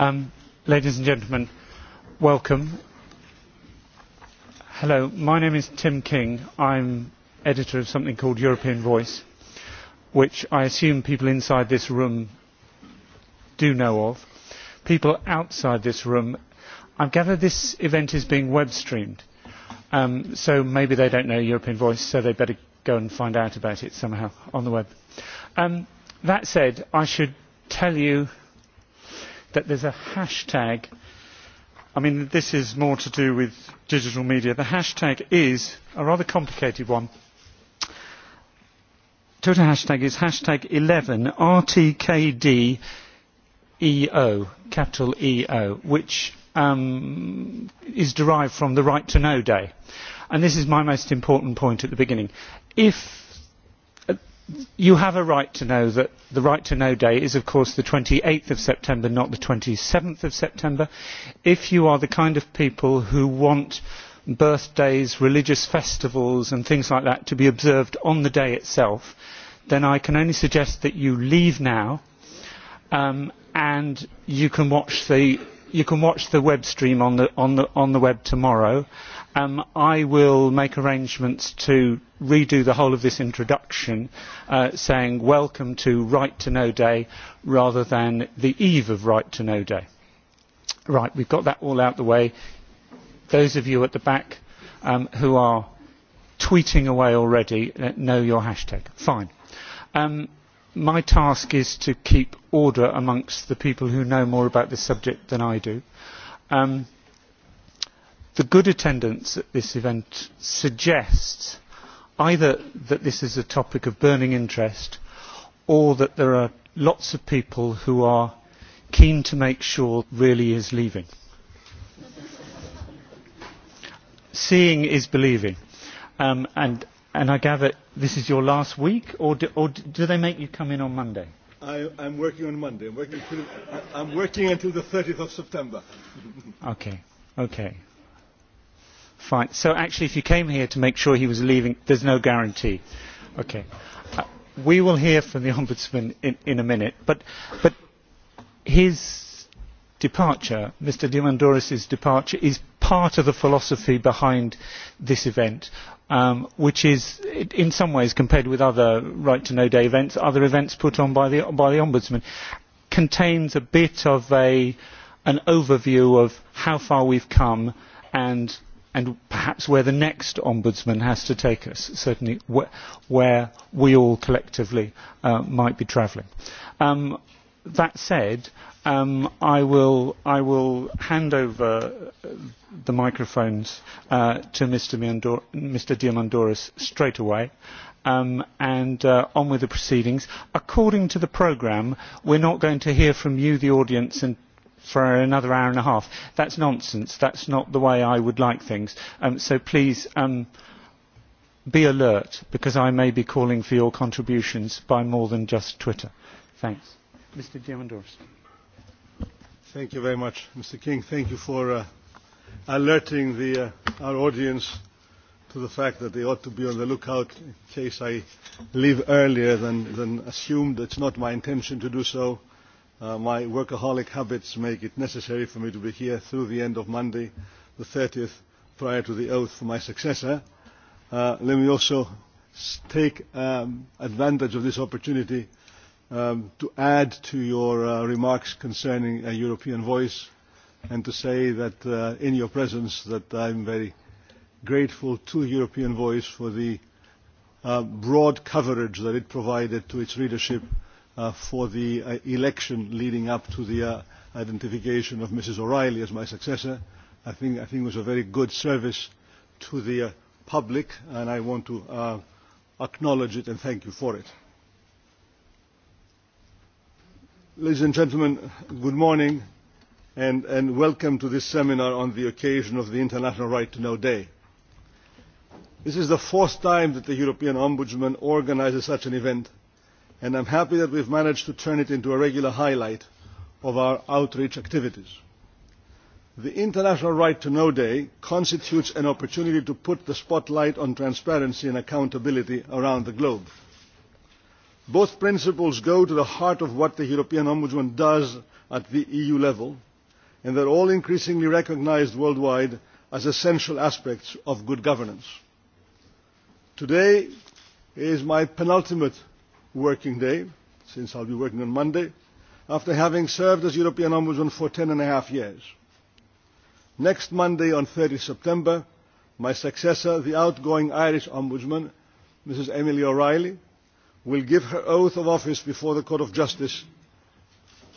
Um, ladies and gentlemen, welcome. Hello, my name is Tim King. I'm editor of something called European Voice, which I assume people inside this room do know of. People outside this room, I gather this event is being web streamed. Um, so maybe they don't know European Voice, so they better go and find out about it somehow on the web. Um, that said, I should tell you that there's a hashtag. I mean, this is more to do with digital media. The hashtag is a rather complicated one. Twitter hashtag is hashtag 11 RTKD EO, capital EO, which um, is derived from the Right to Know Day. And this is my most important point at the beginning. If you have a right to know that the right to know day is of course the 28th of September not the 27th of September if you are the kind of people who want birthdays religious festivals and things like that to be observed on the day itself then i can only suggest that you leave now um, and you can watch the you can watch the web stream on on the web tomorrow Um, I will make arrangements to redo the whole of this introduction uh, saying welcome to Right to Know Day rather than the eve of Right to Know Day. Right, we've got that all out of the way. Those of you at the back um, who are tweeting away already uh, know your hashtag. Fine. Um, my task is to keep order amongst the people who know more about this subject than I do. Um, the good attendance at this event suggests either that this is a topic of burning interest or that there are lots of people who are keen to make sure really is leaving. Seeing is believing. Um, and, and I gather this is your last week, or do, or do they make you come in on Monday? I, I'm working on Monday. I'm working, until, I'm working until the 30th of September. okay, okay. Fine. So actually, if you came here to make sure he was leaving, there's no guarantee. Okay. Uh, we will hear from the Ombudsman in, in a minute. But, but his departure, Mr. Diamandouros' departure, is part of the philosophy behind this event, um, which is, in some ways, compared with other Right to Know Day events, other events put on by the, by the Ombudsman, contains a bit of a, an overview of how far we've come and and perhaps where the next ombudsman has to take us certainly where, we all collectively uh, might be travelling um, that said um i will i will hand over uh, the microphones uh, to mr Miandor straight away um and on with the proceedings according to the programme we're not going to hear from you the audience and for another hour and a half. That's nonsense. That's not the way I would like things. Um, so please um, be alert because I may be calling for your contributions by more than just Twitter. Thanks. Mr. Diamandouros. Thank you very much, Mr. King. Thank you for uh, alerting the, uh, our audience to the fact that they ought to be on the lookout in case I leave earlier than, than assumed. It's not my intention to do so Uh, my workaholic habits make it necessary for me to be here through the end of Monday, the 30th, prior to the oath for my successor. Uh, let me also take um, advantage of this opportunity um, to add to your uh, remarks concerning a European voice and to say that in your presence that I'm very grateful to European Voice for the broad coverage that it provided to its readership Uh, for the uh, election leading up to the uh, identification of Mrs O'Reilly as my successor. I think it was a very good service to the public and I want to acknowledge it and thank you for it. Ladies and gentlemen, good morning and, and welcome to this seminar on the occasion of the International Right to Know Day. This is the fourth time that the European Ombudsman organises such an event and i am happy that we have managed to turn it into a regular highlight of our outreach activities. the international right to know day constitutes an opportunity to put the spotlight on transparency and accountability around the globe. both principles go to the heart of what the european ombudsman does at the eu level and they are all increasingly recognised worldwide as essential aspects of good governance. today is my penultimate working day, since I'll be working on Monday, after having served as European Ombudsman for ten and a half years. Next Monday, on 30 September, my successor, the outgoing Irish Ombudsman, Mrs. Emily O'Reilly, will give her oath of office before the Court of Justice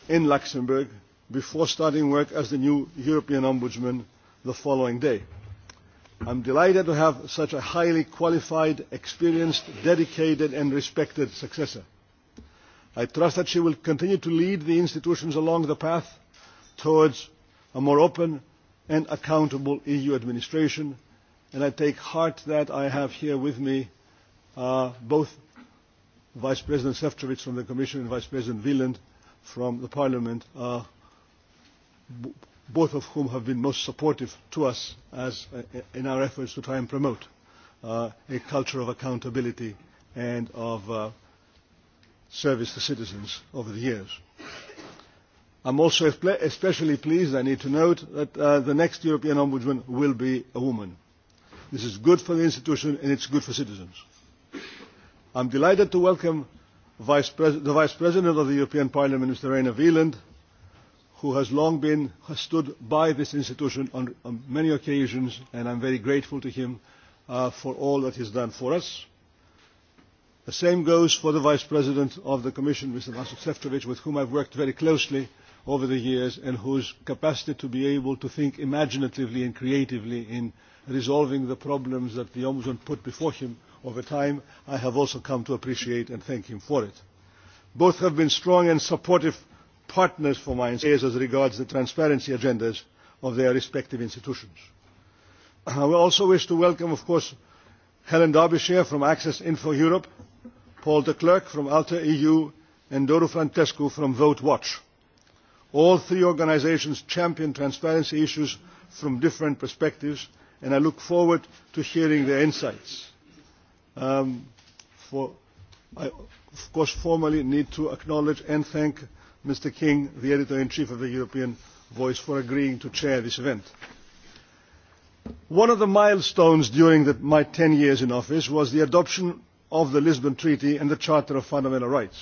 in Luxembourg before starting work as the new European Ombudsman the following day. I'm delighted to have such a highly qualified, experienced, dedicated and respected successor. I trust that she will continue to lead the institutions along the path towards a more open and accountable EU administration and I take heart that I have here with me uh, both Vice President Sefcovic from the Commission and Vice President Wieland from the Parliament uh, both of whom have been most supportive to us as, uh, uh, in our efforts to try and promote uh, a culture of accountability and of uh, service to citizens over the years. I am also especially pleased, I need to note, that uh, the next European Ombudsman will be a woman. This is good for the institution and it's good for citizens. I am delighted to welcome Vice the Vice President of the European Parliament, Mr. Reina Wieland, who has long been has stood by this institution on, on many occasions and I'm very grateful to him uh, for all that he's done for us. The same goes for the Vice President of the Commission, Mr. Vasuk Sefcovic, with whom I've worked very closely over the years and whose capacity to be able to think imaginatively and creatively in resolving the problems that the Ombudsman put before him over time, I have also come to appreciate and thank him for it. Both have been strong and supportive partners for my as regards the transparency agendas of their respective institutions. I uh, also wish to welcome, of course, Helen Derbyshire from Access Info Europe, Paul de Klerk from Alta EU, and Doro Francescu from Vote Watch. All three organisations champion transparency issues from different perspectives, and I look forward to hearing their insights. Um, for, I, of course, formally need to acknowledge and thank Mr King, the editor in chief of the European Voice, for agreeing to chair this event. One of the milestones during my ten years in office was the adoption of the Lisbon Treaty and the Charter of Fundamental Rights.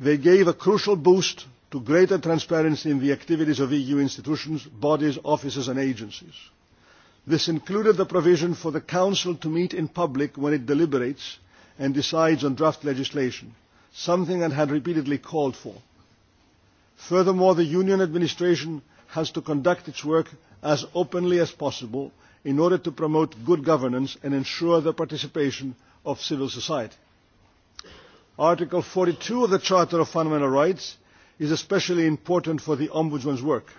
They gave a crucial boost to greater transparency in the activities of EU institutions, bodies, offices and agencies. This included the provision for the Council to meet in public when it deliberates and decides on draft legislation, something that had repeatedly called for. Furthermore, the Union administration has to conduct its work as openly as possible in order to promote good governance and ensure the participation of civil society. Article 42 of the Charter of Fundamental Rights is especially important for the Ombudsman's work.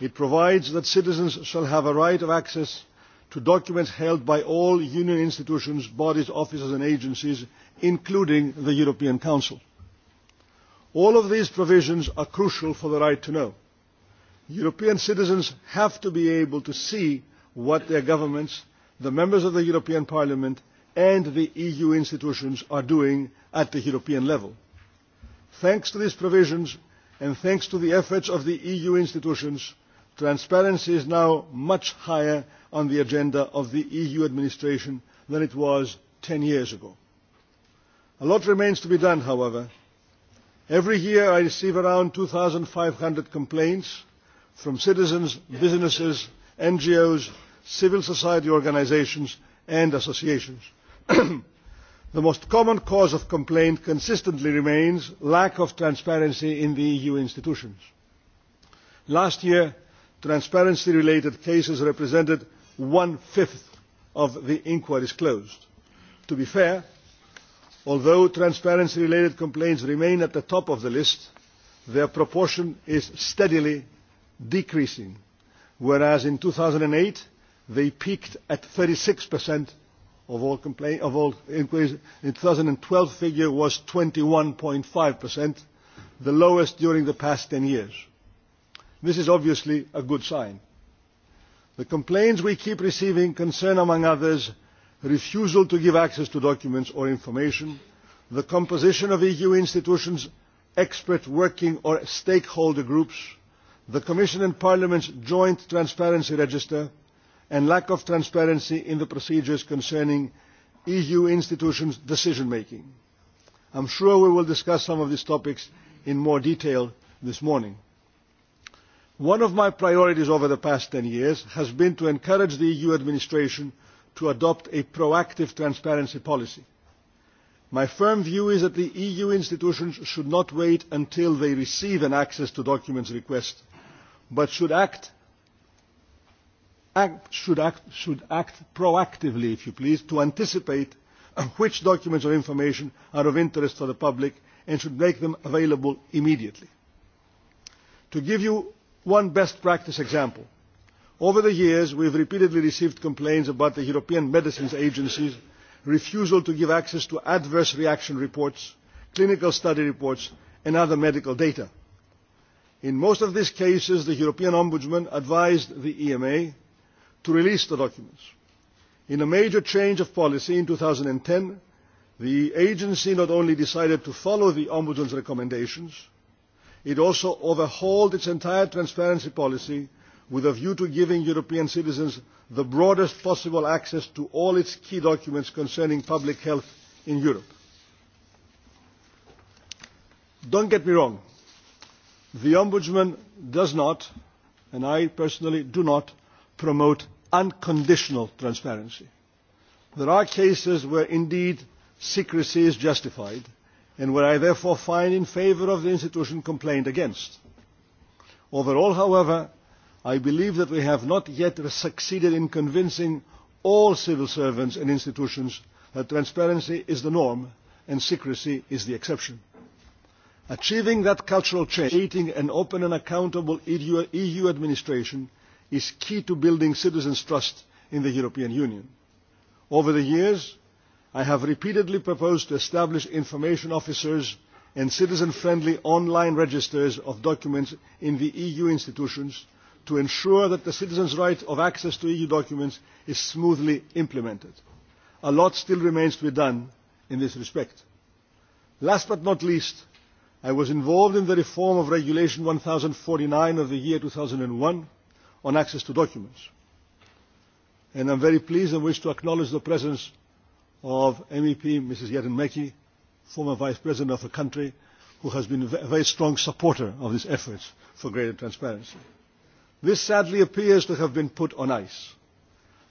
It provides that citizens shall have a right of access to documents held by all Union institutions, bodies, offices and agencies, including the European Council all of these provisions are crucial for the right to know european citizens have to be able to see what their governments the members of the european parliament and the eu institutions are doing at the european level thanks to these provisions and thanks to the efforts of the eu institutions transparency is now much higher on the agenda of the eu administration than it was 10 years ago a lot remains to be done however Every year I receive around 2,500 complaints from citizens, businesses, NGOs, civil society organisations and associations. the most common cause of complaint consistently remains lack of transparency in the EU institutions. Last year, transparency related cases represented one fifth of the inquiries closed. To be fair, although transparency related complaints remain at the top of the list their proportion is steadily decreasing whereas in two thousand eight they peaked at 36% of all complaints of all inquiries the 2012 figure was twenty 21.5% the lowest during the past ten years this is obviously a good sign the complaints we keep receiving concern among others refusal to give access to documents or information, the composition of EU institutions, expert working or stakeholder groups, the Commission and Parliament's joint transparency register, and lack of transparency in the procedures concerning EU institutions' decision making. I am sure we will discuss some of these topics in more detail this morning. One of my priorities over the past ten years has been to encourage the EU administration to adopt a proactive transparency policy. My firm view is that the EU institutions should not wait until they receive an access to documents request, but should act, should act, proactively, if you please, to anticipate which documents or information are of interest to the public and should make them available immediately. To give you one best practice example, over the years we have repeatedly received complaints about the european medicines agency's refusal to give access to adverse reaction reports clinical study reports and other medical data. in most of these cases the european ombudsman advised the ema to release the documents. in a major change of policy in two thousand and ten the agency not only decided to follow the ombudsman's recommendations it also overhauled its entire transparency policy with a view to giving European citizens the broadest possible access to all its key documents concerning public health in Europe. Don't get me wrong, the Ombudsman does not, and I personally do not, promote unconditional transparency. There are cases where indeed secrecy is justified and where I therefore find in favour of the institution complained against. Overall, however, i believe that we have not yet succeeded in convincing all civil servants and institutions that transparency is the norm and secrecy is the exception. Achieving that cultural change, creating an open and accountable EU e administration is key to building citizens' trust in the European Union. Over the years, I have repeatedly proposed to establish information officers and citizen-friendly online registers of documents in the EU institutions to ensure that the citizens' right of access to EU documents is smoothly implemented. A lot still remains to be done in this respect. Last but not least, I was involved in the reform of Regulation 1049 of the year 2001 on access to documents. And am very pleased and wish to acknowledge the presence of MEP Mrs. Meki, former Vice President of the country, who has been a very strong supporter of these efforts for greater transparency. This sadly appears to have been put on ice.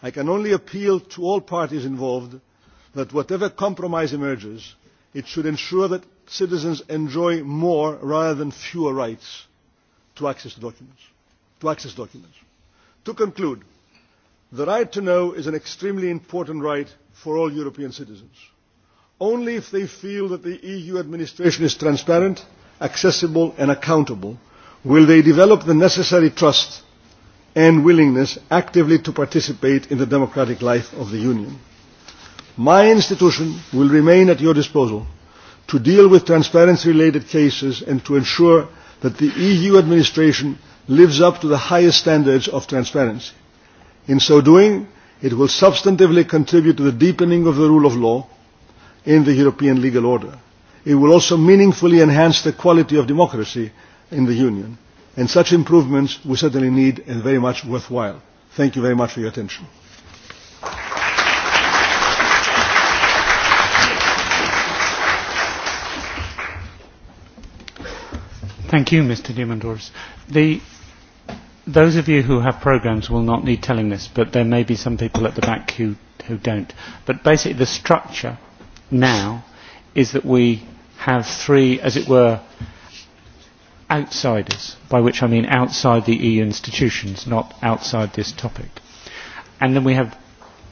I can only appeal to all parties involved that whatever compromise emerges, it should ensure that citizens enjoy more rather than fewer rights to access documents. To, access documents. to conclude, the right to know is an extremely important right for all European citizens. Only if they feel that the EU administration is transparent, accessible and accountable will they develop the necessary trust and willingness actively to participate in the democratic life of the union my institution will remain at your disposal to deal with transparency related cases and to ensure that the eu administration lives up to the highest standards of transparency in so doing it will substantively contribute to the deepening of the rule of law in the european legal order it will also meaningfully enhance the quality of democracy in the Union. And such improvements we certainly need and very much worthwhile. Thank you very much for your attention. Thank you, Mr. Diamandouros. The, those of you who have programs will not need telling this, but there may be some people at the back who, who don't. But basically the structure now is that we have three, as it were, outsiders, by which I mean outside the EU institutions, not outside this topic. And then we have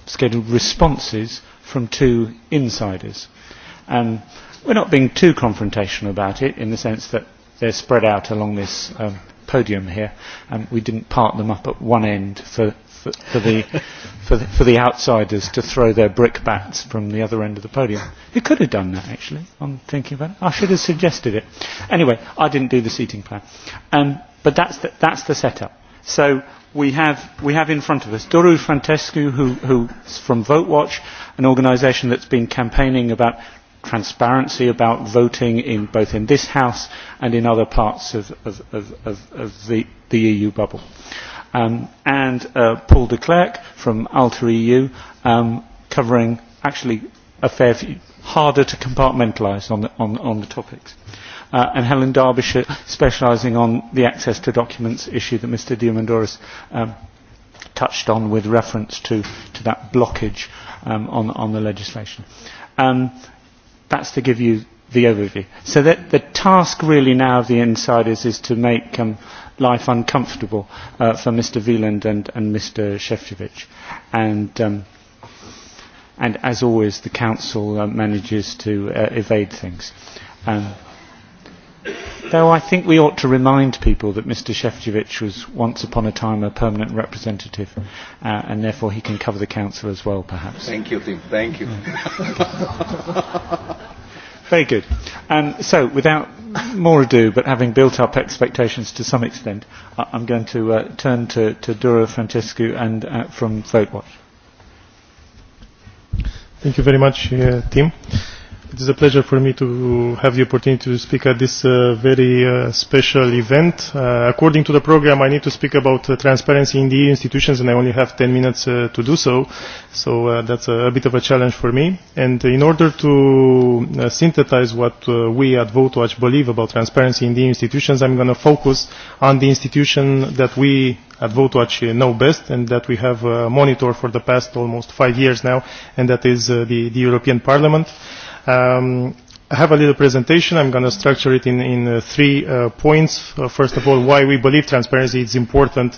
scheduled responses from two insiders. Um, we're not being too confrontational about it in the sense that they're spread out along this um, podium here. Um, we didn't part them up at one end for for, the, for, the, for the outsiders to throw their brick bats from the other end of the podium. You could have done that, actually, I'm thinking about it. I should have suggested it. Anyway, I didn't do the seating plan. Um, but that's the, that's the setup. So we have, we have in front of us Doru Frantescu, who, who's from VoteWatch, an organisation that's been campaigning about transparency about voting in both in this House and in other parts of, of, of, of the, the EU bubble um, and uh, Paul de Klerk from Alter EU um, covering actually a fair few, harder to compartmentalise on the, on, on the topics. Uh, and Helen Derbyshire specialising on the access to documents issue that Mr Diamandouros um, touched on with reference to, to that blockage um, on, on the legislation. Um, that's to give you the overview. So that the task really now of the insiders is to make um, life uncomfortable uh, for Mr. Wieland and, and Mr. Shevchevich. And, um, and as always, the Council uh, manages to uh, evade things. Um, though I think we ought to remind people that Mr. Shevchevich was once upon a time a permanent representative, uh, and therefore he can cover the Council as well, perhaps. Thank you, Tim. Thank you. Very good. Um, so, without more ado, but having built up expectations to some extent, I I'm going to uh, turn to, to Dura Francescu and uh, from VoteWatch. Thank you very much, uh, Tim. It is a pleasure for me to have the opportunity to speak at this uh, very uh, special event. Uh, according to the program, I need to speak about uh, transparency in the EU institutions, and I only have 10 minutes uh, to do so. So uh, that's a, a bit of a challenge for me. And in order to uh, synthesize what uh, we at VoteWatch believe about transparency in the EU institutions, I'm going to focus on the institution that we at VoteWatch know best and that we have uh, monitored for the past almost five years now, and that is uh, the, the European Parliament. Um, I have a little presentation. I'm going to structure it in, in uh, three uh, points. Uh, first of all, why we believe transparency is important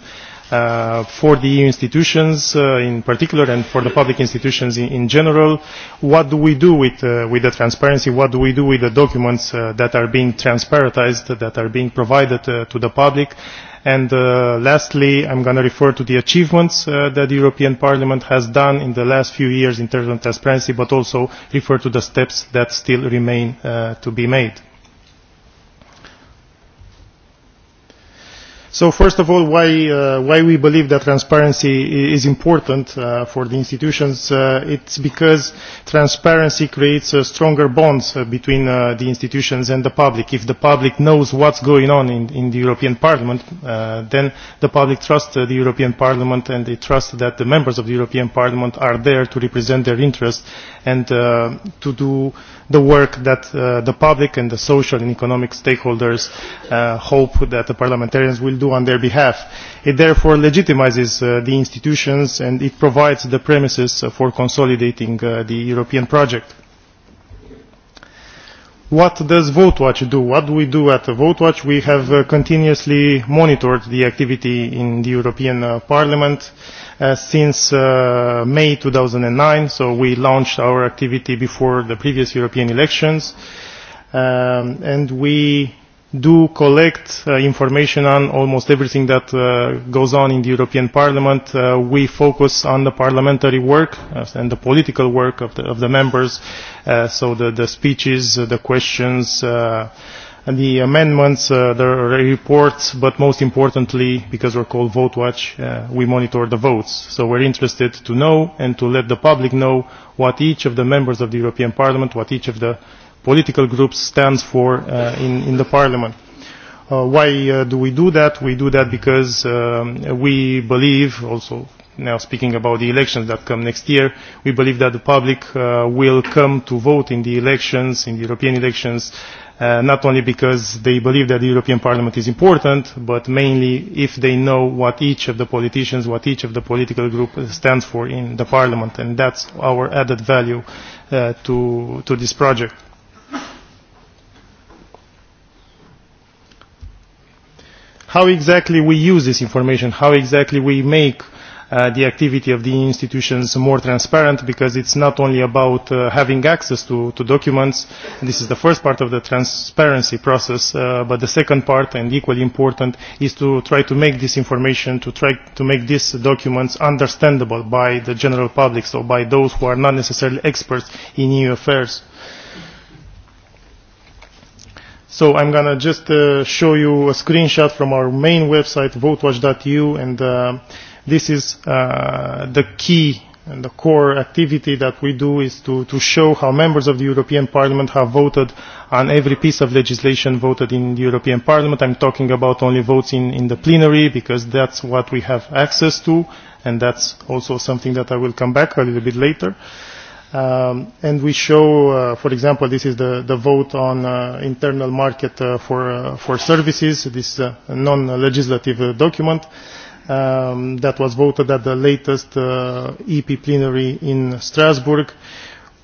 uh, for the EU institutions uh, in particular and for the public institutions in, in general. What do we do with, uh, with the transparency? What do we do with the documents uh, that are being transparentized, that are being provided uh, to the public? And uh, lastly, I'm going to refer to the achievements uh, that the European Parliament has done in the last few years in terms of transparency, but also refer to the steps that still remain uh, to be made. So first of all, why, uh, why we believe that transparency is important uh, for the institutions, uh, it's because transparency creates uh, stronger bonds uh, between uh, the institutions and the public. If the public knows what's going on in, in the European Parliament, uh, then the public trusts uh, the European Parliament and they trust that the members of the European Parliament are there to represent their interests and uh, to do the work that uh, the public and the social and economic stakeholders uh, hope that the parliamentarians will do on their behalf. It therefore legitimizes uh, the institutions and it provides the premises for consolidating the European project What does VoteWatch do? What do we do at VoteWatch? We have uh, continuously monitored the activity in the European uh, Parliament uh, since uh, May 2009, so we launched our activity before the previous European elections, um, and we do collect uh, information on almost everything that uh, goes on in the European Parliament. Uh, we focus on the parliamentary work and the political work of the, of the members, so the, the speeches, the questions, the amendments, the reports, but most importantly, because we're called Vote Watch, we monitor the votes. So we're interested to know and to let the public know what each of the members of the European Parliament, what each of the political groups stands for uh, in, in the parliament. Uh, why uh, do we do that? We do that because um, we believe, also now speaking about the elections that come next year, we believe that the public uh, will come to vote in the elections, in the European elections, uh, not only because they believe that the European Parliament is important, but mainly if they know what each of the politicians, what each of the political groups stands for in the Parliament, and that's our added value uh, to, to this project. how exactly we use this information, how exactly we make Uh, the activity of the institutions more transparent because it's not only about uh, having access to, to documents, and this is the first part of the transparency process, uh, but the second part and equally important is to try to make this information, to try to make these documents understandable by the general public, so by those who are not necessarily experts in EU affairs. So I'm going to just uh, show you a screenshot from our main website, votewatch.eu, and uh, this is uh, the key and the core activity that we do is to, to show how members of the European Parliament have voted on every piece of legislation voted in the European Parliament. I'm talking about only votes in, in the plenary because that's what we have access to and that's also something that I will come back a little bit later. Um, and we show, uh, for example, this is the, the vote on uh, internal market uh, for, uh, for services, this uh, non-legislative uh, document um, that was voted at the latest uh, EP plenary in Strasbourg.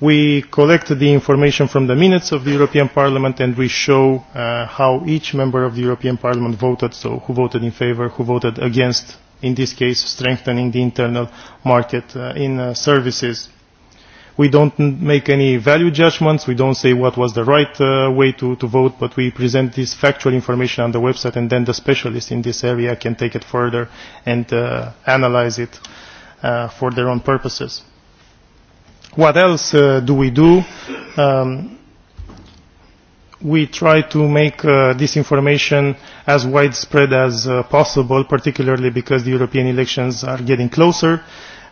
We collect the information from the minutes of the European Parliament and we show uh, how each member of the European Parliament voted, so who voted in favor, who voted against, in this case, strengthening the internal market uh, in uh, services we don't make any value judgments we don't say what was the right uh, way to, to vote but we present this factual information on the website and then the specialists in this area can take it further and uh, analyze it uh, for their own purposes what else uh, do we do um, we try to make uh, this information as widespread as uh, possible particularly because the european elections are getting closer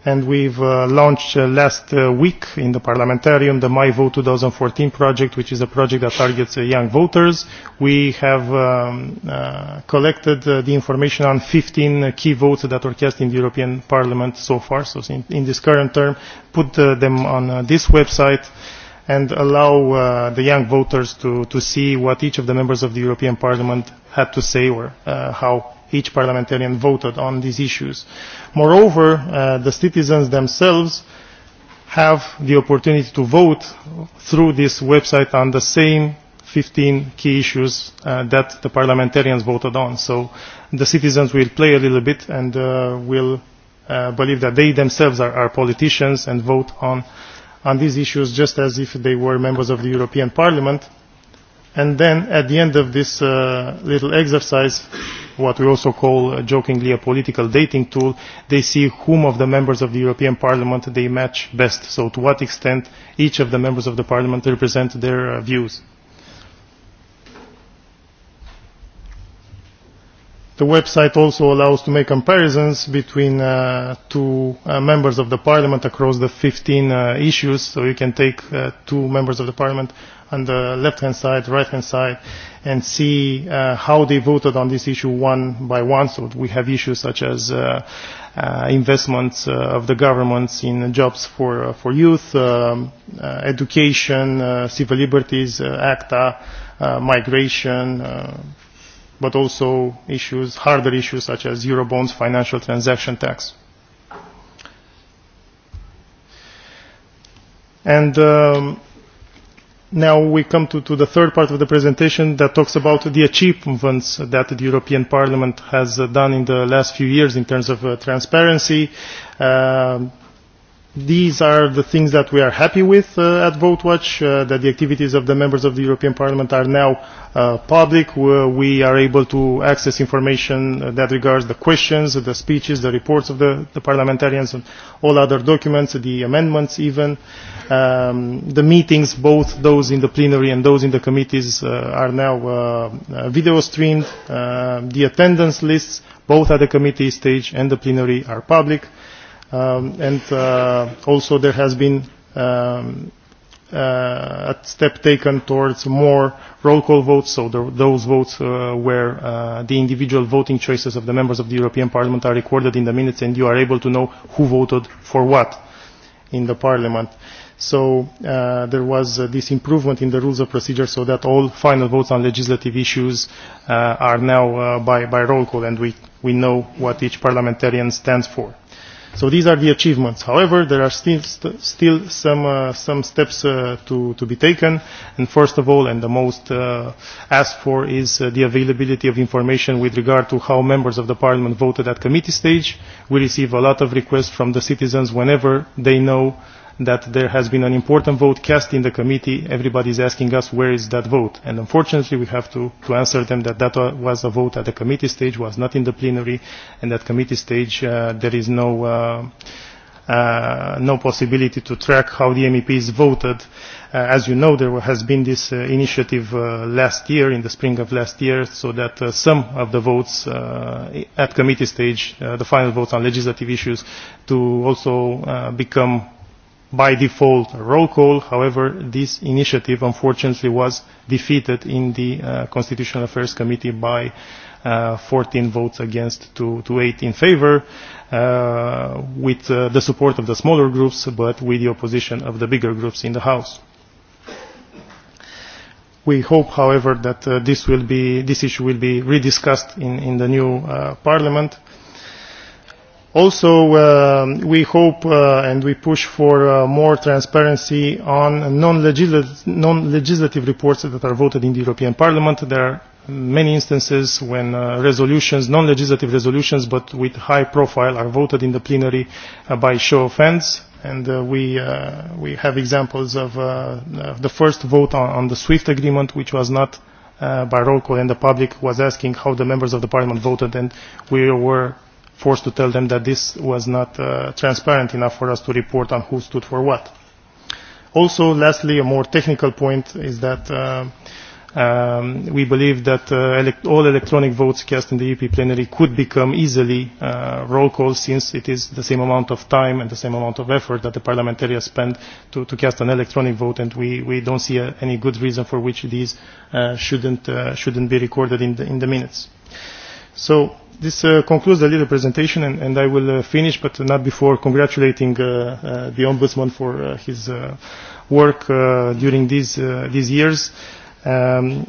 and we've uh, launched uh, last uh, week in the parliamentarium the my vote 2014 project which is a project that targets uh, young voters we have um, uh, collected uh, the information on 15 key votes that were cast in the european parliament so far so in, in this current term put them on this website and allow the young voters to to see what each of the members of the european parliament had to say or how each parliamentarian voted on these issues. Moreover, uh, the citizens themselves have the opportunity to vote through this website on the same 15 key issues uh, that the parliamentarians voted on. So the citizens will play a little bit and uh, will uh, believe that they themselves are, are politicians and vote on, on these issues just as if they were members of the European Parliament and then at the end of this uh, little exercise what we also call uh, jokingly a political dating tool they see whom of the members of the European Parliament they match best so to what extent each of the members of the parliament represent their uh, views The website also allows to make comparisons between uh, two uh, members of the parliament across the 15 uh, issues. So you can take uh, two members of the parliament on the left hand side, right hand side, and see uh, how they voted on this issue one by one. So we have issues such as uh, uh, investments uh, of the governments in jobs for, uh, for youth, um, uh, education, uh, civil liberties, uh, ACTA, uh, migration, uh, but also issues, harder issues such as Eurobonds, financial transaction tax. And um, now we come to, to the third part of the presentation that talks about the achievements that the European Parliament has uh, done in the last few years in terms of uh, transparency. Um, these are the things that we are happy with uh, at VoteWatch, uh, that the activities of the members of the European Parliament are now Uh, public where we are able to access information that regards the questions, the speeches, the reports of the, the parliamentarians and all other documents, the amendments even. Um, the meetings, both those in the plenary and those in the committees uh, are now uh, video streamed. the attendance lists, both at the committee stage and the plenary, are public. Um, and also there has been um, uh, a step taken towards more roll call votes, so those votes uh, where uh, the individual voting choices of the members of the European Parliament are recorded in the minutes and you are able to know who voted for what in the Parliament. So uh, there was this improvement in the rules of procedure so that all final votes on legislative issues are now by, by roll call and we, we know what each parliamentarian stands for. So these are the achievements. However, there are still, st still some, uh, some steps uh, to, to be taken. And first of all, and the most uh, asked for, is uh, the availability of information with regard to how members of the parliament voted at committee stage. We receive a lot of requests from the citizens whenever they know that there has been an important vote cast in the committee. Everybody is asking us where is that vote. And unfortunately, we have to, to answer them that that was a vote at the committee stage, was not in the plenary, and at committee stage uh, there is no, uh, uh, no possibility to track how the MEPs voted. Uh, as you know, there has been this uh, initiative uh, last year, in the spring of last year, so that uh, some of the votes uh, at committee stage, uh, the final votes on legislative issues, to also uh, become by default roll call. However, this initiative unfortunately was defeated in the uh, Constitutional Affairs Committee by uh, 14 votes against to, to in favor, uh, with uh, the support of the smaller groups, but with the opposition of the bigger groups in the House. We hope, however, that uh, this, will be, this issue will be rediscussed in, in the new uh, Parliament Also, um, we hope uh, and we push for uh, more transparency on non-legislative non reports that are voted in the European Parliament. There are many instances when uh, resolutions, non-legislative resolutions, but with high profile, are voted in the plenary uh, by show of hands. And uh, we, we have examples of the first vote on, on the SWIFT agreement, which was not by roll call, and the public was asking how the members of the parliament voted, and we were forced to tell them that this was not uh, transparent enough for us to report on who stood for what. Also, lastly, a more technical point is that uh, um, we believe that uh, elect all electronic votes cast in the EP plenary could become easily uh, roll call since it is the same amount of time and the same amount of effort that the parliamentarians spend to, to cast an electronic vote and we, we don't see uh, any good reason for which these uh, shouldn't, uh, shouldn't be recorded in the, in the minutes. So this uh, concludes the little presentation and, and I will uh, finish but not before congratulating uh, uh, the Ombudsman for uh, his uh, work uh, during these, uh, these years. Um,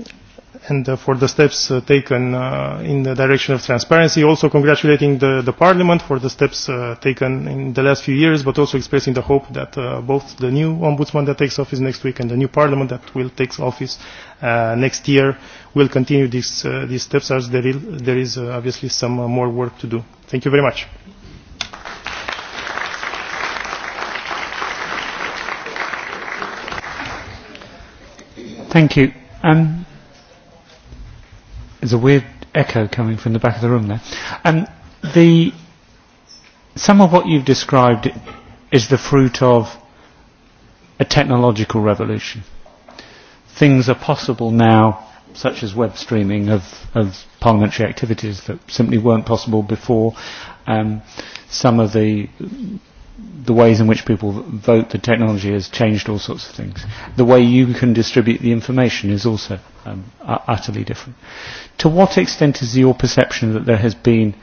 and uh, for the steps uh, taken uh, in the direction of transparency, also congratulating the, Parliament for the steps taken in the last few years, but also expressing the hope that both the new Ombudsman that takes office next week and the new Parliament that will take office next year will continue this, these steps as there is, obviously some more work to do. Thank you very much. Thank you. Um, There's a weird echo coming from the back of the room there. And the, some of what you've described is the fruit of a technological revolution. Things are possible now, such as web streaming of, of parliamentary activities that simply weren't possible before. Um, some of the the ways in which people vote, the technology has changed all sorts of things. The way you can distribute the information is also um, utterly different to what extent is your perception that there has been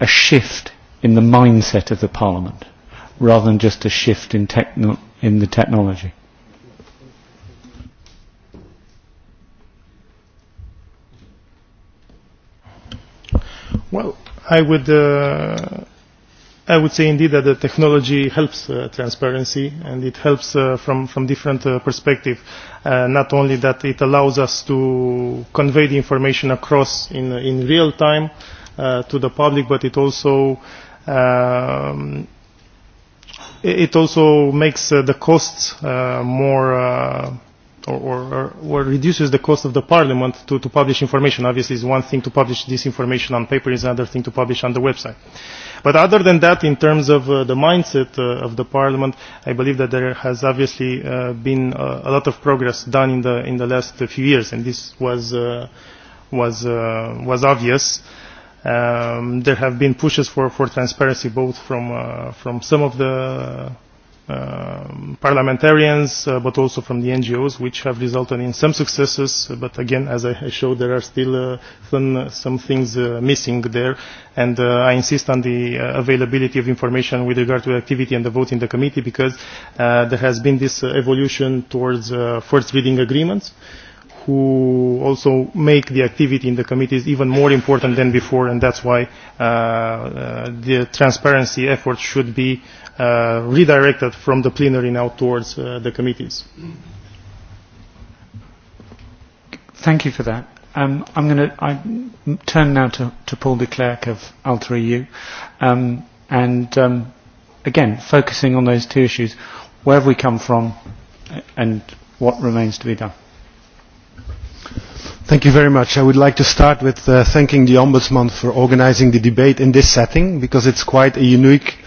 a shift in the mindset of the Parliament rather than just a shift in, techno in the technology? Well, I would, uh, I would say indeed that the technology helps uh, transparency and it helps uh, from, from different uh, perspectives. Uh, not only that it allows us to convey the information across in, in real time uh, to the public, but it also um, it also makes uh, the costs uh, more or, or, or reduces the cost of the parliament to, to publish information. Obviously, it's one thing to publish this information on paper, it's another thing to publish on the website. But other than that, in terms of uh, the mindset uh, of the parliament, I believe that there has obviously uh, been a lot of progress done in the, in the last few years, and this was, uh, was, uh, was obvious. Um, there have been pushes for, for transparency, both from, uh, from some of the Um, parliamentarians uh, but also from the ngos which have resulted in some successes but again as i, I showed there are still uh, some, some things uh, missing there and uh, i insist on the uh, availability of information with regard to activity and the vote in the committee because uh, there has been this evolution towards first reading agreements who also make the activity in the committees even more important than before and that's why uh, uh, the transparency effort should be uh, redirected from the plenary now towards uh, the committees. Thank you for that. Um, I'm going to turn now to, to Paul de Klerk of Alter EU. Um, and um, again, focusing on those two issues, where have we come from uh, and what remains to be done? Thank you very much. I would like to start with uh, thanking the Ombudsman for organizing the debate in this setting because it's quite a unique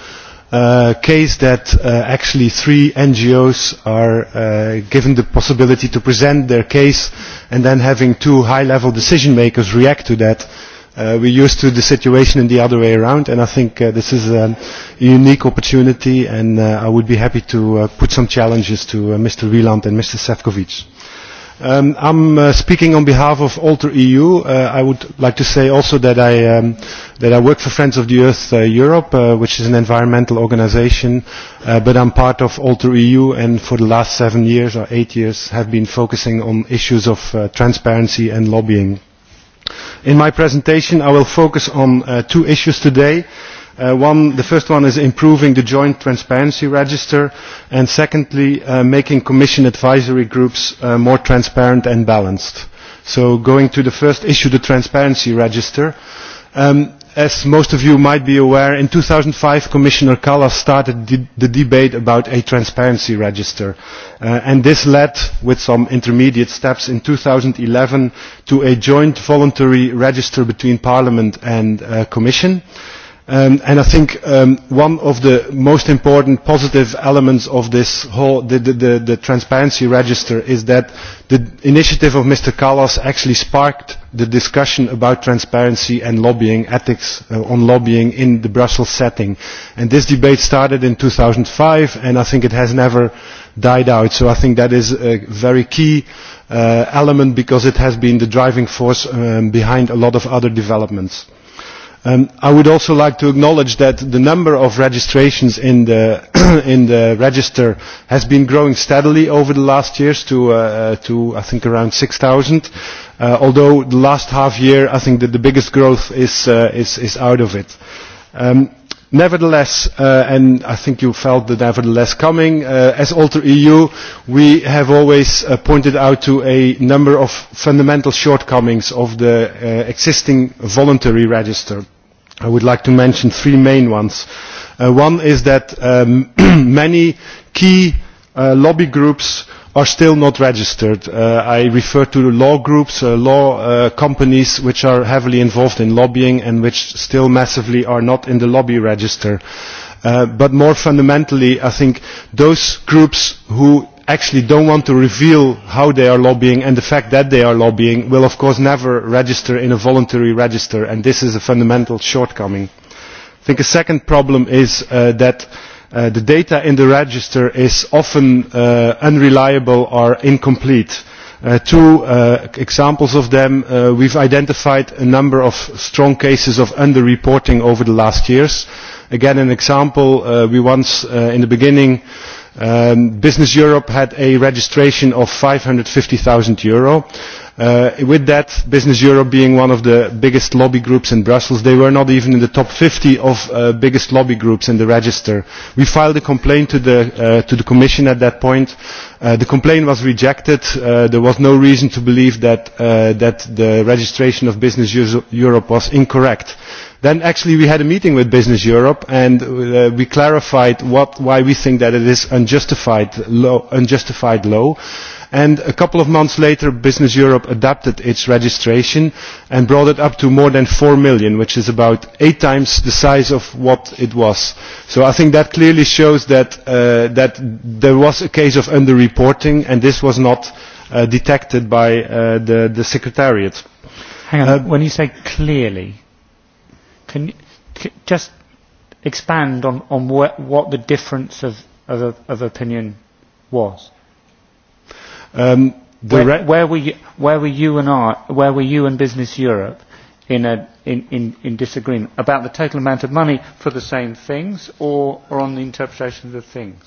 Uh, case that uh, actually three NGOs are uh, given the possibility to present their case and then having two high-level decision makers react to that. We are used to the situation in the other way around and I think this is a unique opportunity and I would be happy to put some challenges to Mr. Wieland and Mr. Sefcovic. Um, I'm uh, speaking on behalf of Alter EU. Uh, I would like to say also that I, um, that I work for Friends of the Earth uh, Europe, uh, which is an environmental organization, uh, but I'm part of Alter EU and for the last seven years or eight years have been focusing on issues of uh, transparency and lobbying. In my presentation, I will focus on uh, two issues today Uh, one, the first one is improving the joint transparency register and secondly uh, making commission advisory groups uh, more transparent and balanced. so going to the first issue the transparency register um, as most of you might be aware in 2005 commissioner kallas started the debate about a transparency register uh, and this led with some intermediate steps in 2011 to a joint voluntary register between parliament and uh, commission Um, and I think um, one of the most important positive elements of this whole the, transparency register is that the initiative of Mr. Kallas actually sparked the discussion about transparency and lobbying ethics uh, on lobbying in the Brussels setting. And this debate started in 2005 and I think it has never died out. So I think that is a very key uh, element because it has been the driving force um, behind a lot of other developments. Um, I would also like to acknowledge that the number of registrations in the, register has been growing steadily over the last years to, uh, uh, I think, around six, Uh, although the last half year, I think that the biggest growth is, uh, out of it. Um, Nevertheless, uh, and I think you felt the nevertheless coming, uh, as Alter EU, we have always uh, pointed out to a number of fundamental shortcomings of the uh, existing voluntary register. I would like to mention three main ones. Uh, one is that um, many key uh, lobby groups are still not registered. Uh, I refer to law groups, uh, law uh, companies which are heavily involved in lobbying and which still massively are not in the lobby register. Uh, but more fundamentally, I think those groups who actually don't want to reveal how they are lobbying and the fact that they are lobbying will of course never register in a voluntary register and this is a fundamental shortcoming. I think a second problem is uh, that Uh, the data in the register is often uh, unreliable or incomplete. Uh, two examples of them we have identified a number of strong cases of under reporting over the last years. again an example we once in the beginning um, business europe had a registration of eur five hundred and fifty Uh, with that, Business Europe being one of the biggest lobby groups in Brussels, they were not even in the top 50 of uh, biggest lobby groups in the register. We filed a complaint to the, uh, to the Commission at that point. Uh, the complaint was rejected. Uh, there was no reason to believe that, uh, that the registration of Business Europe was incorrect. Then actually we had a meeting with Business Europe and uh, we clarified what, why we think that it is unjustified low. Unjustified low and a couple of months later business europe adapted its registration and brought it up to more than four million which is about eight times the size of what it was so i think that clearly shows that uh, that there was a case of under reporting and this was not uh, detected by uh, the the secretariat hang on when you say clearly can you c just expand on on what the difference of of, of opinion was Um, where, were you, where were you and I, where were you and Business Europe in, a, in, in, in disagreement about the total amount of money for the same things or, or on the interpretation of the things?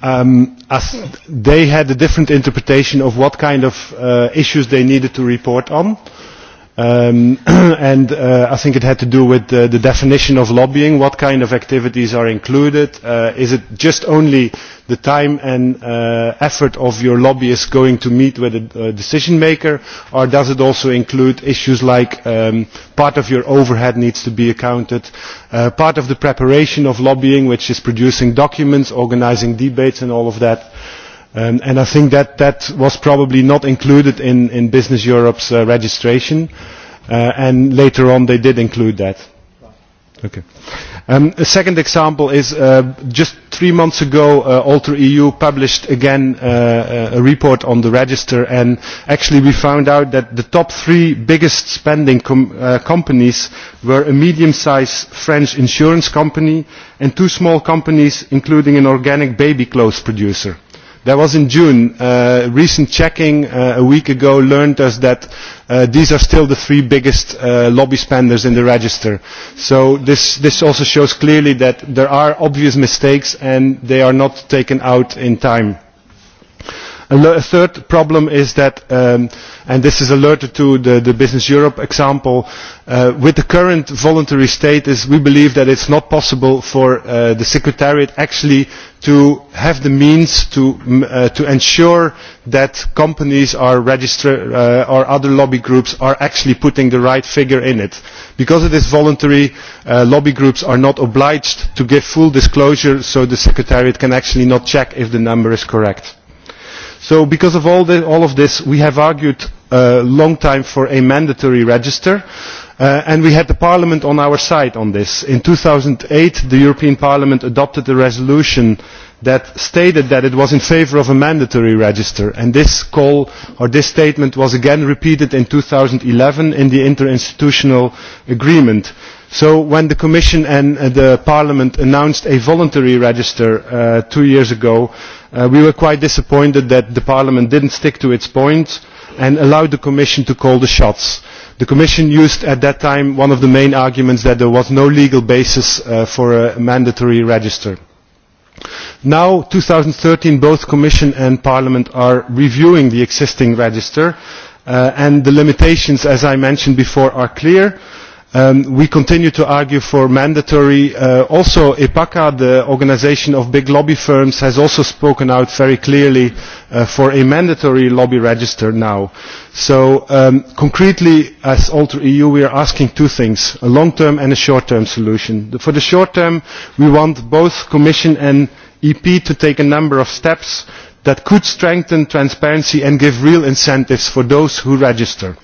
Um, as they had a different interpretation of what kind of uh, issues they needed to report on Um, and uh, I think it had to do with uh, the definition of lobbying, what kind of activities are included, uh, is it just only the time and uh, effort of your lobbyist going to meet with a decision maker, or does it also include issues like um, part of your overhead needs to be accounted, uh, part of the preparation of lobbying, which is producing documents, organising debates and all of that? Um, and I think that that was probably not included in, in Business Europe's uh, registration, uh, and later on they did include that. Okay. Um, a second example is uh, just three months ago, uh, Alter EU published again uh, uh, a report on the register, and actually we found out that the top three biggest spending com uh, companies were a medium-sized French insurance company and two small companies, including an organic baby clothes producer That was in June. Uh, recent checking uh, a week ago learned us that uh, these are still the three biggest uh, lobby spenders in the register. So this, this also shows clearly that there are obvious mistakes and they are not taken out in time. A third problem is that, um, and this is alerted to the, Business Europe example, uh, with the current voluntary status, we believe that it's not possible for uh, the Secretariat actually to have the means to, uh, to ensure that companies are or other lobby groups are actually putting the right figure in it. Because it is voluntary, lobby groups are not obliged to give full disclosure, so the Secretariat can actually not check if the number is correct. So because of all, all of this, we have argued a uh, long time for a mandatory register, uh, and we had the Parliament on our side on this. In 2008, the European Parliament adopted a resolution that stated that it was in favour of a mandatory register, and this call or this statement was again repeated in 2011 in the interinstitutional agreement. So when the Commission and uh, the Parliament announced a voluntary register two years ago, Uh, we were quite disappointed that the Parliament didn't stick to its point and allowed the Commission to call the shots. The Commission used at that time one of the main arguments that there was no legal basis uh, for a mandatory register. Now, 2013, both the Commission and Parliament are reviewing the existing register uh, and the limitations, as I mentioned before, are clear. Um, we continue to argue for mandatory uh, also epaca the organisation of big lobby firms has also spoken out very clearly uh, for a mandatory lobby register now so um, concretely as alter eu we are asking two things a long term and a short term solution for the short term we want both the commission and ep to take a number of steps that could strengthen transparency and give real incentives for those who register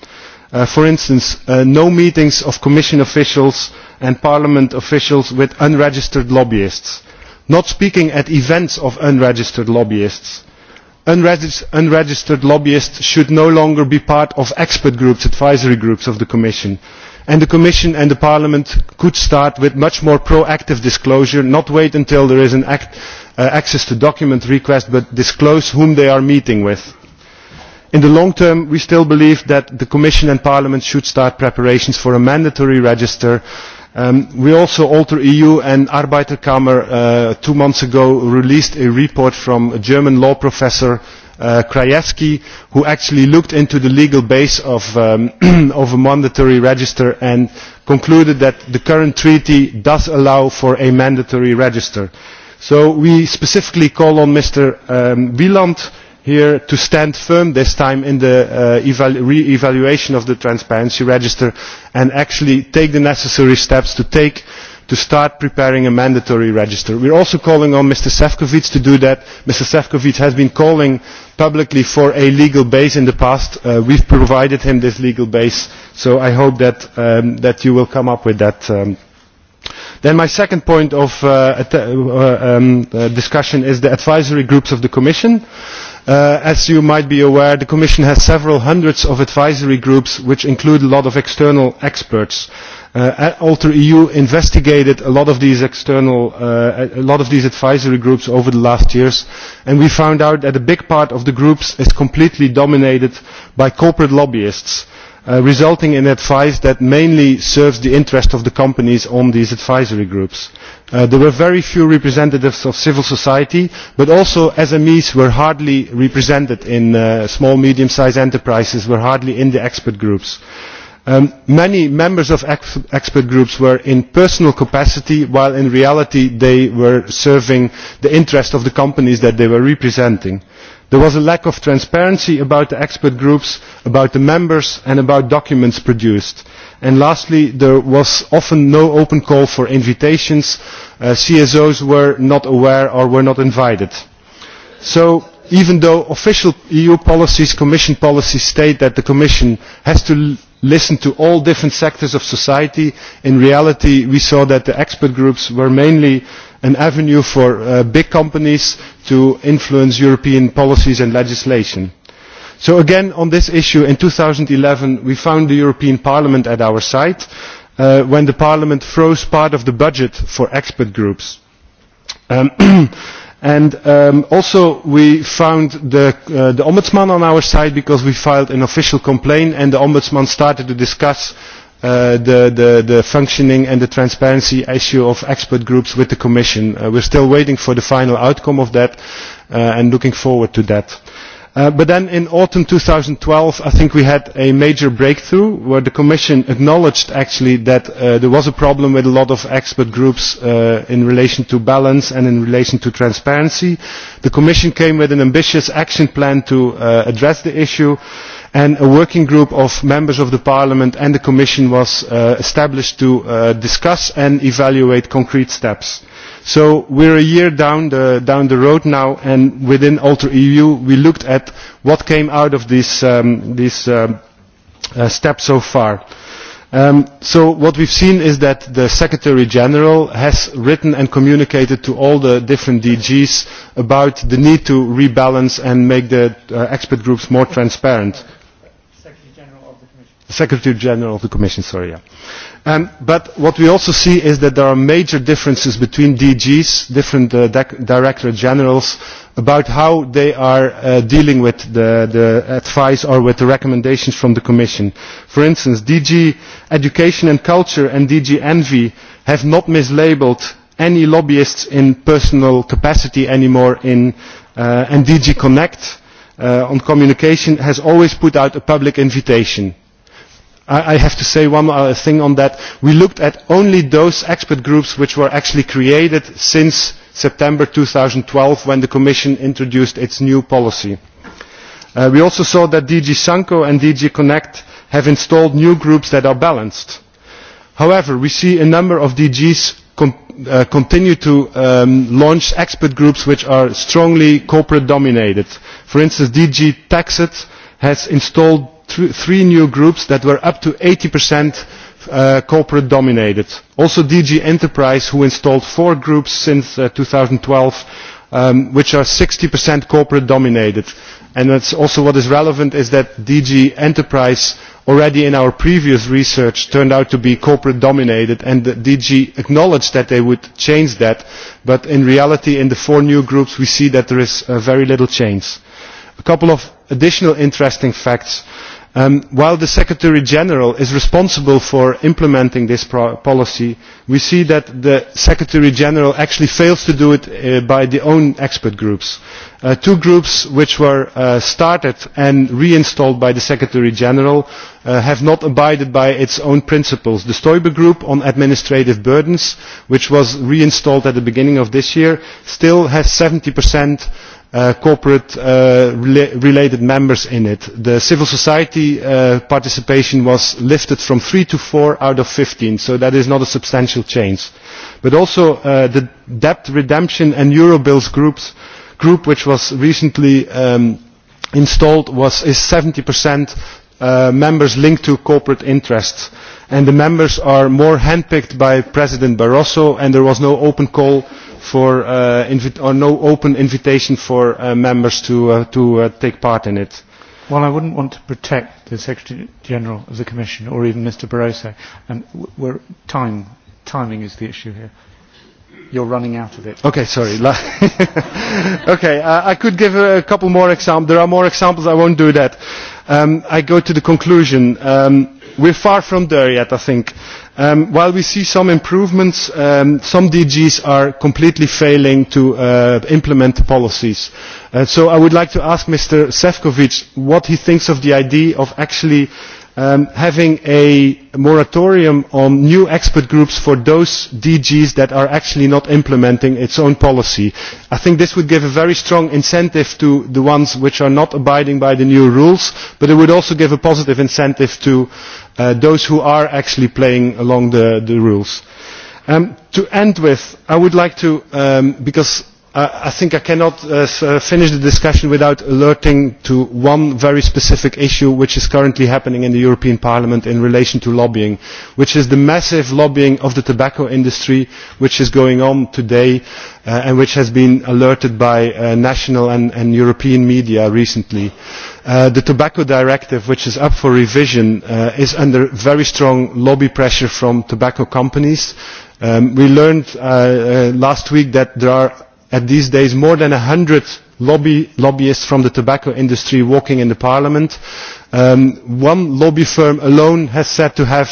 Uh, for instance, uh, no meetings of Commission officials and Parliament officials with unregistered lobbyists, not speaking at events of unregistered lobbyists. unregistered lobbyists should no longer be part of expert groups, advisory groups of the Commission. And the Commission and Parliament could start with much more proactive disclosure, not wait until there is an uh, access to document request, but disclose whom they are meeting with in the long term we still believe that the commission and parliament should start preparations for a mandatory register um, we also alter eu and arbeiterkammer uh, two months ago released a report from a german law professor uh, krajewski who actually looked into the legal base um, of, a mandatory register and concluded that the current treaty does allow for a mandatory register so we specifically call on mr um, wieland here to stand firm this time in the uh, re evaluation of the transparency register and actually take the necessary steps to take to start preparing a mandatory register. We are also calling on Mr Sefcovic to do that. Mr Sefcovic has been calling publicly for a legal base in the past. Uh, we have provided him this legal base, so I hope that, um, that you will come up with that. Um. then my second point of uh, um, discussion is the advisory groups of the Commission. Uh, as you might be aware, the Commission has several hundreds of advisory groups, which include a lot of external experts. Uh, Alter EU investigated a lot of these external, uh, a lot of these advisory groups over the last years, and we found out that a big part of the groups is completely dominated by corporate lobbyists Uh, resulting in advice that mainly serves the interest of the companies on these advisory groups. Uh, there were very few representatives of civil society, but also SMEs were hardly represented in uh, small, medium-sized enterprises, were hardly in the expert groups. Um, many members of expert groups were in personal capacity, while in reality they were serving the interests of the companies that they were representing there was a lack of transparency about the expert groups about the members and about documents produced and lastly there was often no open call for invitations uh, csos were not aware or were not invited so even though official eu policies commission policies state that the commission has to listen to all different sectors of society in reality we saw that the expert groups were mainly an avenue for uh, big companies to influence European policies and legislation. So again, on this issue, in eleven we found the European Parliament at our side uh, when the Parliament froze part of the budget for expert groups. Um, and um, also we found the, uh, the Ombudsman on our side because we filed an official complaint and the Ombudsman started to discuss Uh, the, the, the functioning and the transparency issue of expert groups with the Commission. Uh, we're still waiting for the final outcome of that uh, and looking forward to that. Uh, but then in autumn 2012, I think we had a major breakthrough where the Commission acknowledged actually that uh, there was a problem with a lot of expert groups uh, in relation to balance and in relation to transparency. The Commission came with an ambitious action plan to uh, address the issue and a working group of members of parliament and the commission was uh, established to uh, discuss and evaluate concrete steps so are a year down the road now and within alter eu we looked at what came out of these um, uh, steps so far um, so what have seen is that the secretary general has written and communicated to all the different dgs about the need to rebalance and make the expert groups more transparent Secretary General of the Commission, sorry. Yeah. Um, but what we also see is that there are major differences between DGs, different uh, Directorate Generals, about how they are uh, dealing with the, the advice or with the recommendations from the Commission. For instance, DG Education and Culture and DG Envy have not mislabeled any lobbyists in personal capacity anymore in, uh, and DG Connect uh, on communication has always put out a public invitation i have to say one uh, thing on that. We looked at only those expert groups which were actually created since September 2012 when the Commission introduced its new policy. Uh, we also saw that DG Sanko and DG Connect have installed new groups that are balanced. However, we see a number of DGs uh, continue to um, launch expert groups which are strongly corporate dominated. For instance, DG Taxit has installed three new groups that were up to 80% uh, corporate dominated. Also DG Enterprise, who installed four groups since uh, 2012, um, which are 60% corporate dominated. And that's also what is relevant is that DG Enterprise already in our previous research turned out to be corporate dominated and the DG acknowledged that they would change that but in reality in the four new groups we see that there is uh, very little change. A couple of additional interesting facts. Um, while the secretary general is responsible for implementing this policy we see that the secretary general actually fails to do it uh, by his own expert groups uh, two groups which were uh, started and reinstalled by the secretary general have not abided by its own principles the stoiber group on administrative burdens which was reinstalled at the beginning of this year still has 70% Uh, corporate uh, related members in it. The civil society uh, participation was lifted from three to four out of 15, so that is not a substantial change. But also the debt redemption and Eurobills groups, group which was recently um, installed was, is 70% members linked to corporate interests. And the members are more handpicked by President Barroso and there was no open call for uh, or no open invitation for uh, members to, uh, to uh, take part in it. Well, I wouldn't want to protect the Secretary General of the Commission or even Mr. Barroso. And we're, time, timing is the issue here. You're running out of it. Okay, sorry. okay, uh, I could give a couple more examples. There are more examples. I won't do that. Um, I go to the conclusion. Um, we're far from there yet, I think Um, while we see some improvements, um, some DGs are completely failing to uh, implement the policies. Uh, so I would like to ask Mr. Sefcovic what he thinks of the idea of actually Um, having a moratorium on new expert groups for those DGs that are actually not implementing its own policy. I think this would give a very strong incentive to the ones which are not abiding by the new rules, but it would also give a positive incentive to uh, those who are actually playing along the, rules. Um, to end with, I would like to, um, because i think I cannot uh, uh, finish the discussion without alerting to one very specific issue which is currently happening in the European Parliament in relation to lobbying, which is the massive lobbying of the tobacco industry which is going on today uh, and which has been alerted by national and, European media recently. The Tobacco Directive, which is up for revision, is under very strong lobby pressure from tobacco companies. Um, we learned last week that there are at these days more than hundred lobby lobbyists from the tobacco industry walking in the parliament um, one lobby firm alone has said to have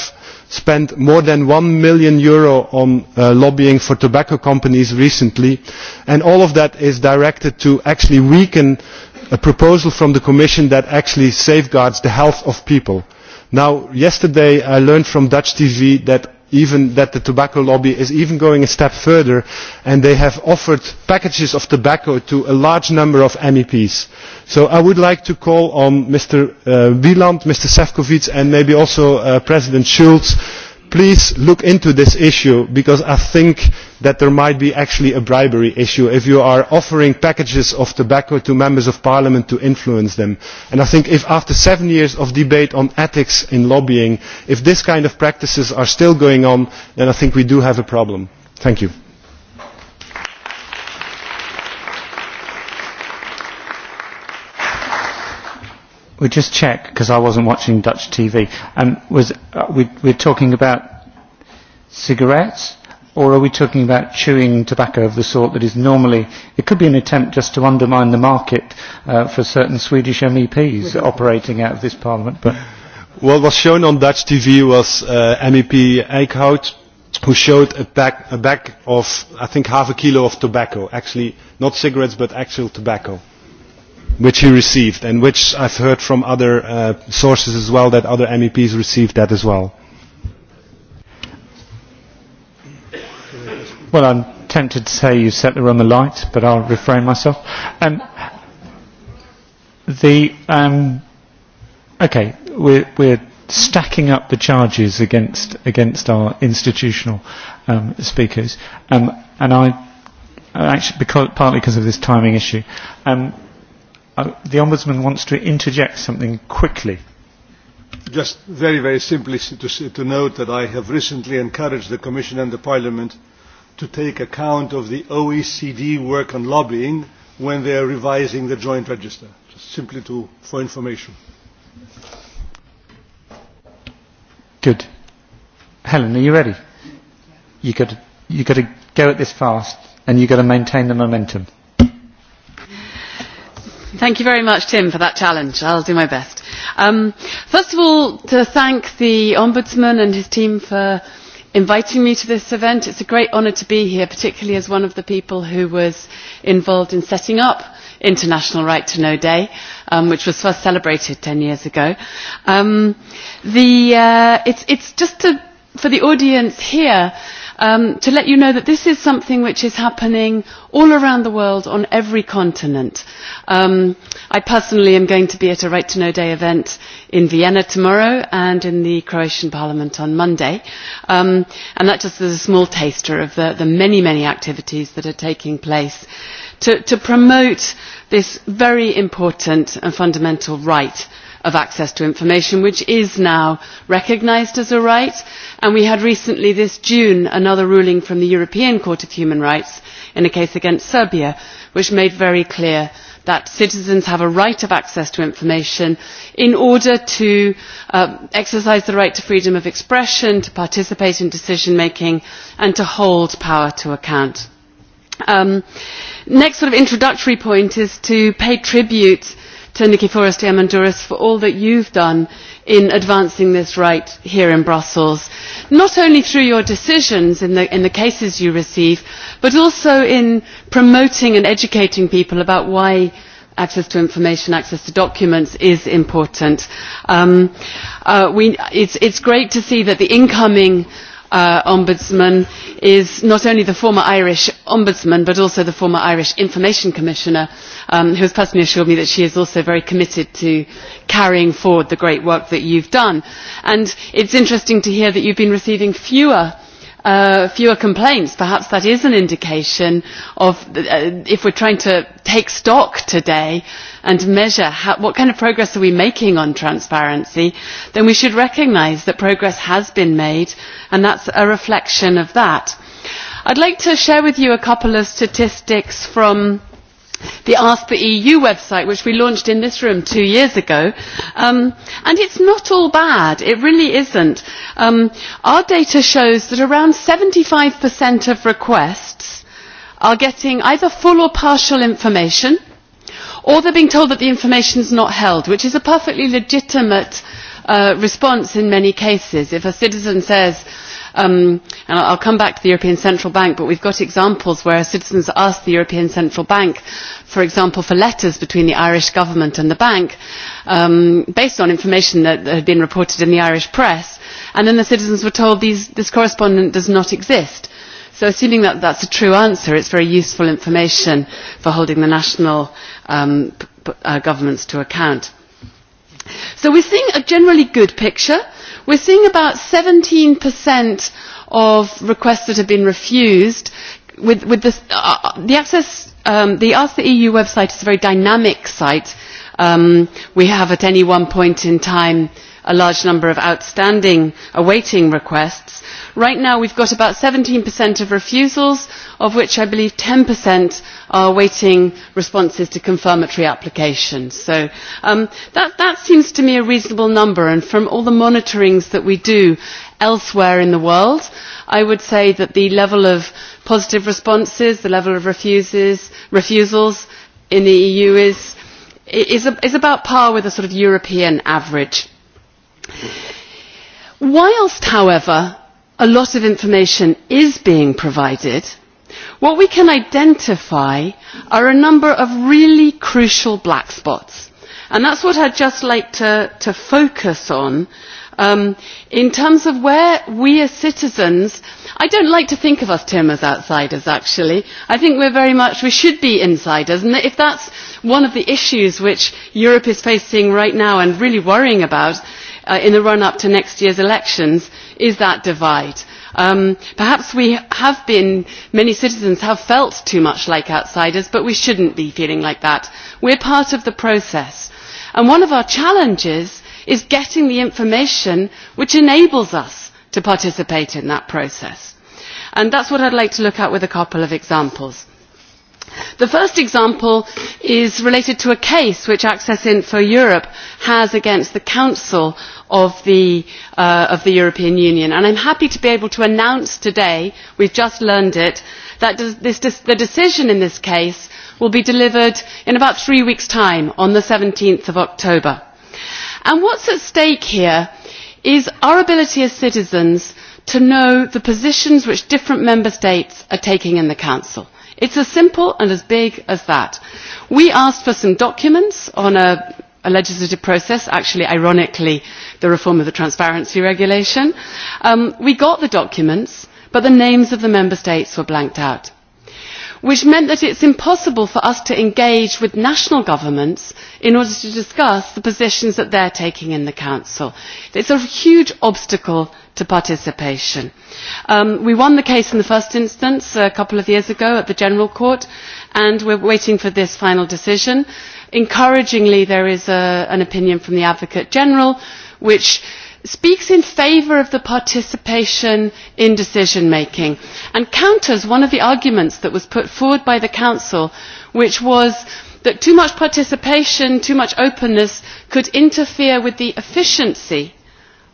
spent more than one million euro on uh, lobbying for tobacco companies recently and all of that is directed to actually weaken a proposal from the commission that actually safeguards the health of people now yesterday i learned from dutch tv that even that the tobacco lobby is even going a step further and they have offered packages of tobacco to a large number of meps. so i would like to call on mr uh, wieland mr efovi and maybe also uh, president schulz please look into this issue because I think that there might be actually a bribery issue if you are offering packages of tobacco to members of parliament to influence them. And I think if after seven years of debate on ethics in lobbying, if these kind of practices are still going on, then I think we do have a problem. Thank you. we just check because I wasn't watching Dutch TV. Um, was uh, we, we're talking about cigarettes, or are we talking about chewing tobacco of the sort that is normally? It could be an attempt just to undermine the market uh, for certain Swedish MEPs operating out of this Parliament. But what was shown on Dutch TV was uh, MEP Eickhout who showed a pack a bag of I think half a kilo of tobacco, actually not cigarettes but actual tobacco which he received and which I've heard from other uh, sources as well that other MEPs received that as well. Well, I'm tempted to say you set the room alight, but I'll refrain myself. Um, the um, okay, we're, we're stacking up the charges against against our institutional um, speakers, um, and I actually because partly because of this timing issue. Um, Uh, the Ombudsman wants to interject something quickly. Just very, very simply to, to note that I have recently encouraged the Commission and the Parliament to take account of the OECD work on lobbying when they are revising the joint register, just simply to, for information. Good. Helen, are you ready? You've got you to go at this fast and you've got to maintain the momentum. Thank you very much, Tim, for that challenge. I'll do my best. Um, first of all, to thank the Ombudsman and his team for inviting me to this event. It's a great honour to be here, particularly as one of the people who was involved in setting up International Right to Know Day, um, which was first celebrated 10 years ago. Um, the, uh, it's, it's just to for the audience here um, to let you know that this is something which is happening all around the world on every continent. Um, I personally am going to be at a Right to Know Day event in Vienna tomorrow and in the Croatian Parliament on Monday. Um, and that just is a small taster of the, the many, many activities that are taking place to, to promote this very important and fundamental right of access to information which is now recognised as a right and we had recently this june another ruling from the european court of human rights in a case against serbia which made very clear that citizens have a right of access to information in order to um, exercise the right to freedom of expression to participate in decision making and to hold power to account. Um, next sort of introductory point is to pay tribute to Nikki Forrest Diamandouros for all that you've done in advancing this right here in Brussels, not only through your decisions in the, cases you receive, but also in promoting and educating people about why access to information, access to documents is important. Um, uh, It is it's great to see that the incoming Uh, ombudsman is not only the former irish ombudsman but also the former irish information commissioner um, who has personally assured me that she is also very committed to carrying forward the great work that you have done. it is interesting to hear that you have been receiving fewer uh, fewer complaints. Perhaps that is an indication of uh, if we're trying to take stock today and measure how, what kind of progress are we making on transparency, then we should recognise that progress has been made and that's a reflection of that. I'd like to share with you a couple of statistics from the ask the eu website which we launched in this room two years ago and um, and it's not all bad it really isn't. Um, our data shows that around seventy five of requests are getting either full or partial information or they are being told that the information is not held which is a perfectly legitimate uh, response in many cases. if a citizen says um, and I'll come back to the European Central Bank, but we've got examples where citizens ask the European Central Bank, for example, for letters between the Irish government and the bank, um, based on information that, had been reported in the Irish press, and then the citizens were told these, this correspondence does not exist. So assuming that that is a true answer, it is very useful information for holding the national um, uh, governments to account. So we're seeing a generally good picture We are seeing about 17% of requests that have been refused. With, with the, uh, uh, the access, um, the Ask the EU website is a very dynamic site. Um, we have at any one point in time a large number of outstanding awaiting requests right now we have got about seventeen of refusals of which i believe ten are awaiting responses to confirmatory applications so um, that, that seems to me a reasonable number and from all the monitorings that we do elsewhere in the world i would say that the level of positive responses the level of refuses, refusals in the eu is, is, is about par with a sort of european average. whilst however a lot of information is being provided what we can identify are a number of really crucial black spots and that's what i'd just like to, to focus on um, in terms of where we as citizens i don't like to think of us tim as outsiders actually i think we're very much we should be insiders and if that's one of the issues which europe is facing right now and really worrying about uh, in the run up to next year's elections is that divide. Um, perhaps we have been many citizens have felt too much like outsiders but we should not be feeling like that. we are part of the process and one of our challenges is getting the information which enables us to participate in that process and that is what i would like to look at with a couple of examples the first example is related to a case which access info europe has against the council of the, uh, european union and i am happy to be able to announce today we have just learned it that the decision in this case will be delivered in about three weeks' time on seventeen october. what is at stake here is our ability as citizens to know the positions which different member states are taking in the council. It's as simple and as big as that. We asked for some documents on a, legislative process, actually ironically the reform of the transparency regulation. Um, we got the documents, but the names of the member states were blanked out which meant that it is impossible for us to engage with national governments in order to discuss the positions that they are taking in the council. it is a huge obstacle to participation. Um, we won the case in the first instance a couple of years ago at the general court and we are waiting for this final decision. encouragingly there is an opinion from the advocate general which speaks in favour of the participation in decision making and counters one of the arguments that was put forward by the council which was that too much participation too much openness could interfere with the efficiency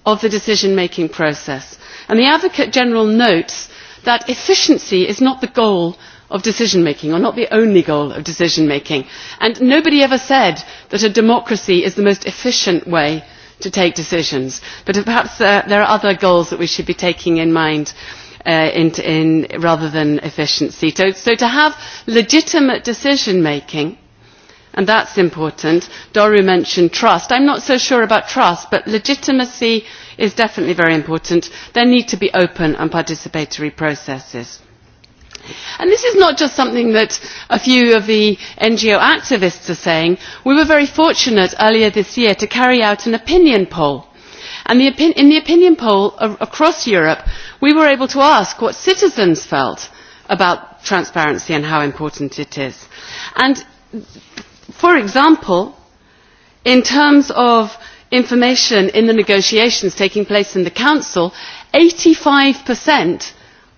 of the decision making process and the advocate general notes that efficiency is not the goal of decision making or not the only goal of decision making and nobody ever said that a democracy is the most efficient way to take decisions. But perhaps uh, there are other goals that we should be taking in mind uh, in, rather than efficiency. So, so to have legitimate decision making, and that's important. Doru mentioned trust. I'm not so sure about trust, but legitimacy is definitely very important. There need to be open and participatory processes and this is not just something that a few of the ngo activists are saying we were very fortunate earlier this year to carry out an opinion poll and in the opinion poll across europe we were able to ask what citizens felt about transparency and how important it is and for example in terms of information in the negotiations taking place in the council eighty five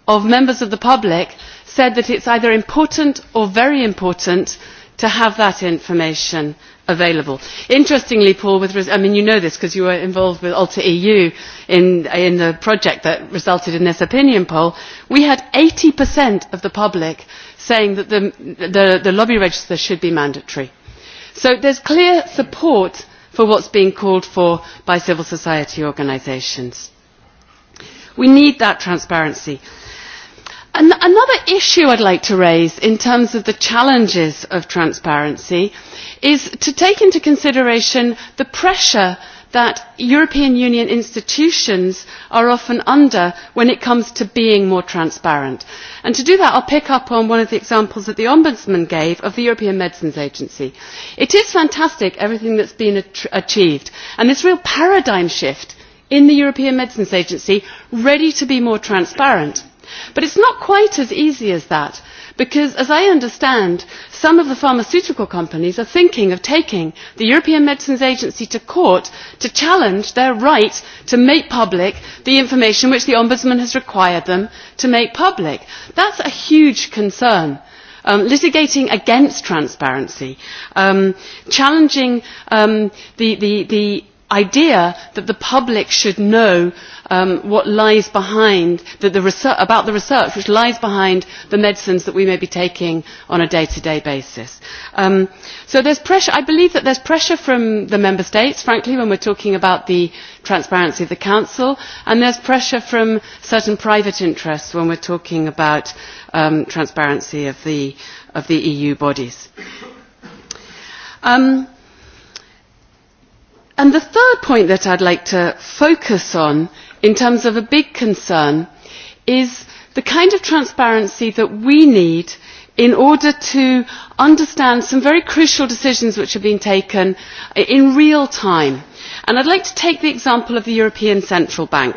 of members of the public said that it is either important or very important to have that information available. interestingly paul with i mean you know this because you were involved with alter eu in, in the project that resulted in this opinion poll we had 80% of the public saying that the, the, the lobby register should be mandatory. so there is clear support for what is being called for by civil society organisations. we need that transparency another issue I'd like to raise in terms of the challenges of transparency is to take into consideration the pressure that European Union institutions are often under when it comes to being more transparent. And to do that, I'll pick up on one of the examples that the Ombudsman gave of the European Medicines Agency. It is fantastic, everything that's been achieved, and this real paradigm shift in the European Medicines Agency, ready to be more transparent but it is not quite as easy as that because as i understand some of the pharmaceutical companies are thinking of taking the european medicines agency to court to challenge their right to make public the information which the ombudsman has required them to make public. that is a huge concern. Um, litigating against transparency um, challenging um, the idea that the public should know um, what lies behind the about the research which lies behind the medicines that we may be taking on a day to day basis. Um, so there's pressure, I believe that there is pressure from the member states, frankly, when we are talking about the transparency of the council, and there is pressure from certain private interests when we are talking about um, transparency of the, EU e bodies the third point that I'd like to focus on in terms of a big concern is the kind of transparency that we need in order to understand some very crucial decisions which have been taken in real time. And I'd like to take the example of the European Central Bank.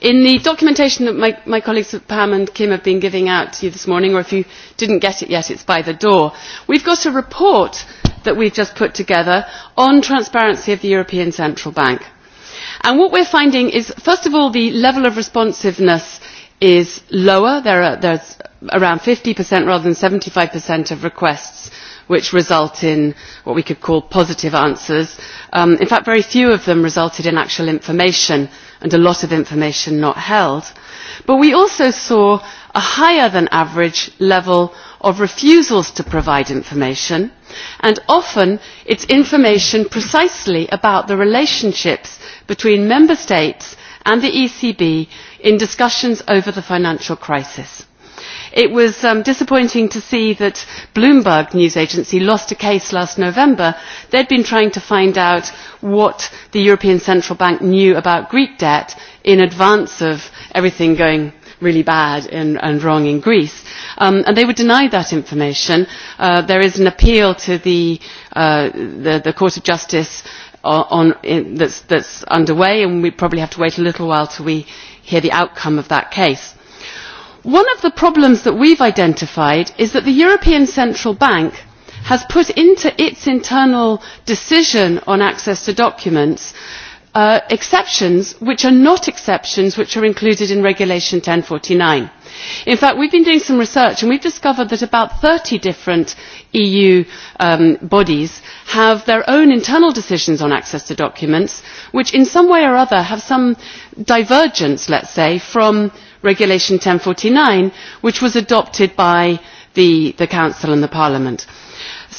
In the documentation that my, my colleagues Pam and Kim have been giving out to you this morning, or if you didn't get it yet, it's by the door, we've got a report that we have just put together on transparency of the european central bank. And what we are finding is first of all the level of responsiveness is lower there are around fifty rather than seventy five of requests which result in what we could call positive answers. Um, in fact very few of them resulted in actual information and a lot of information not held. but we also saw a higher than average level of refusals to provide information and often it is information precisely about the relationships between member states and the ecb in discussions over the financial crisis. it was um, disappointing to see that bloomberg news agency lost a case last november. they had been trying to find out what the european central bank knew about greek debt in advance of everything going really bad and, and wrong in Greece. Um, and they were denied that information. Uh, there is an appeal to the, uh, the, Court of Justice on, is that's, that's underway and we probably have to wait a little while until we hear the outcome of that case. One of the problems that we've identified is that the European Central Bank has put into its internal decision on access to documents Uh, exceptions which are not exceptions which are included in regulation no one thousand and forty nine in fact we have been doing some research and we have discovered that about thirty different eu um, bodies have their own internal decisions on access to documents which in some way or other have some divergence let us say from regulation no one thousand and forty nine which was adopted by the, the council and the parliament.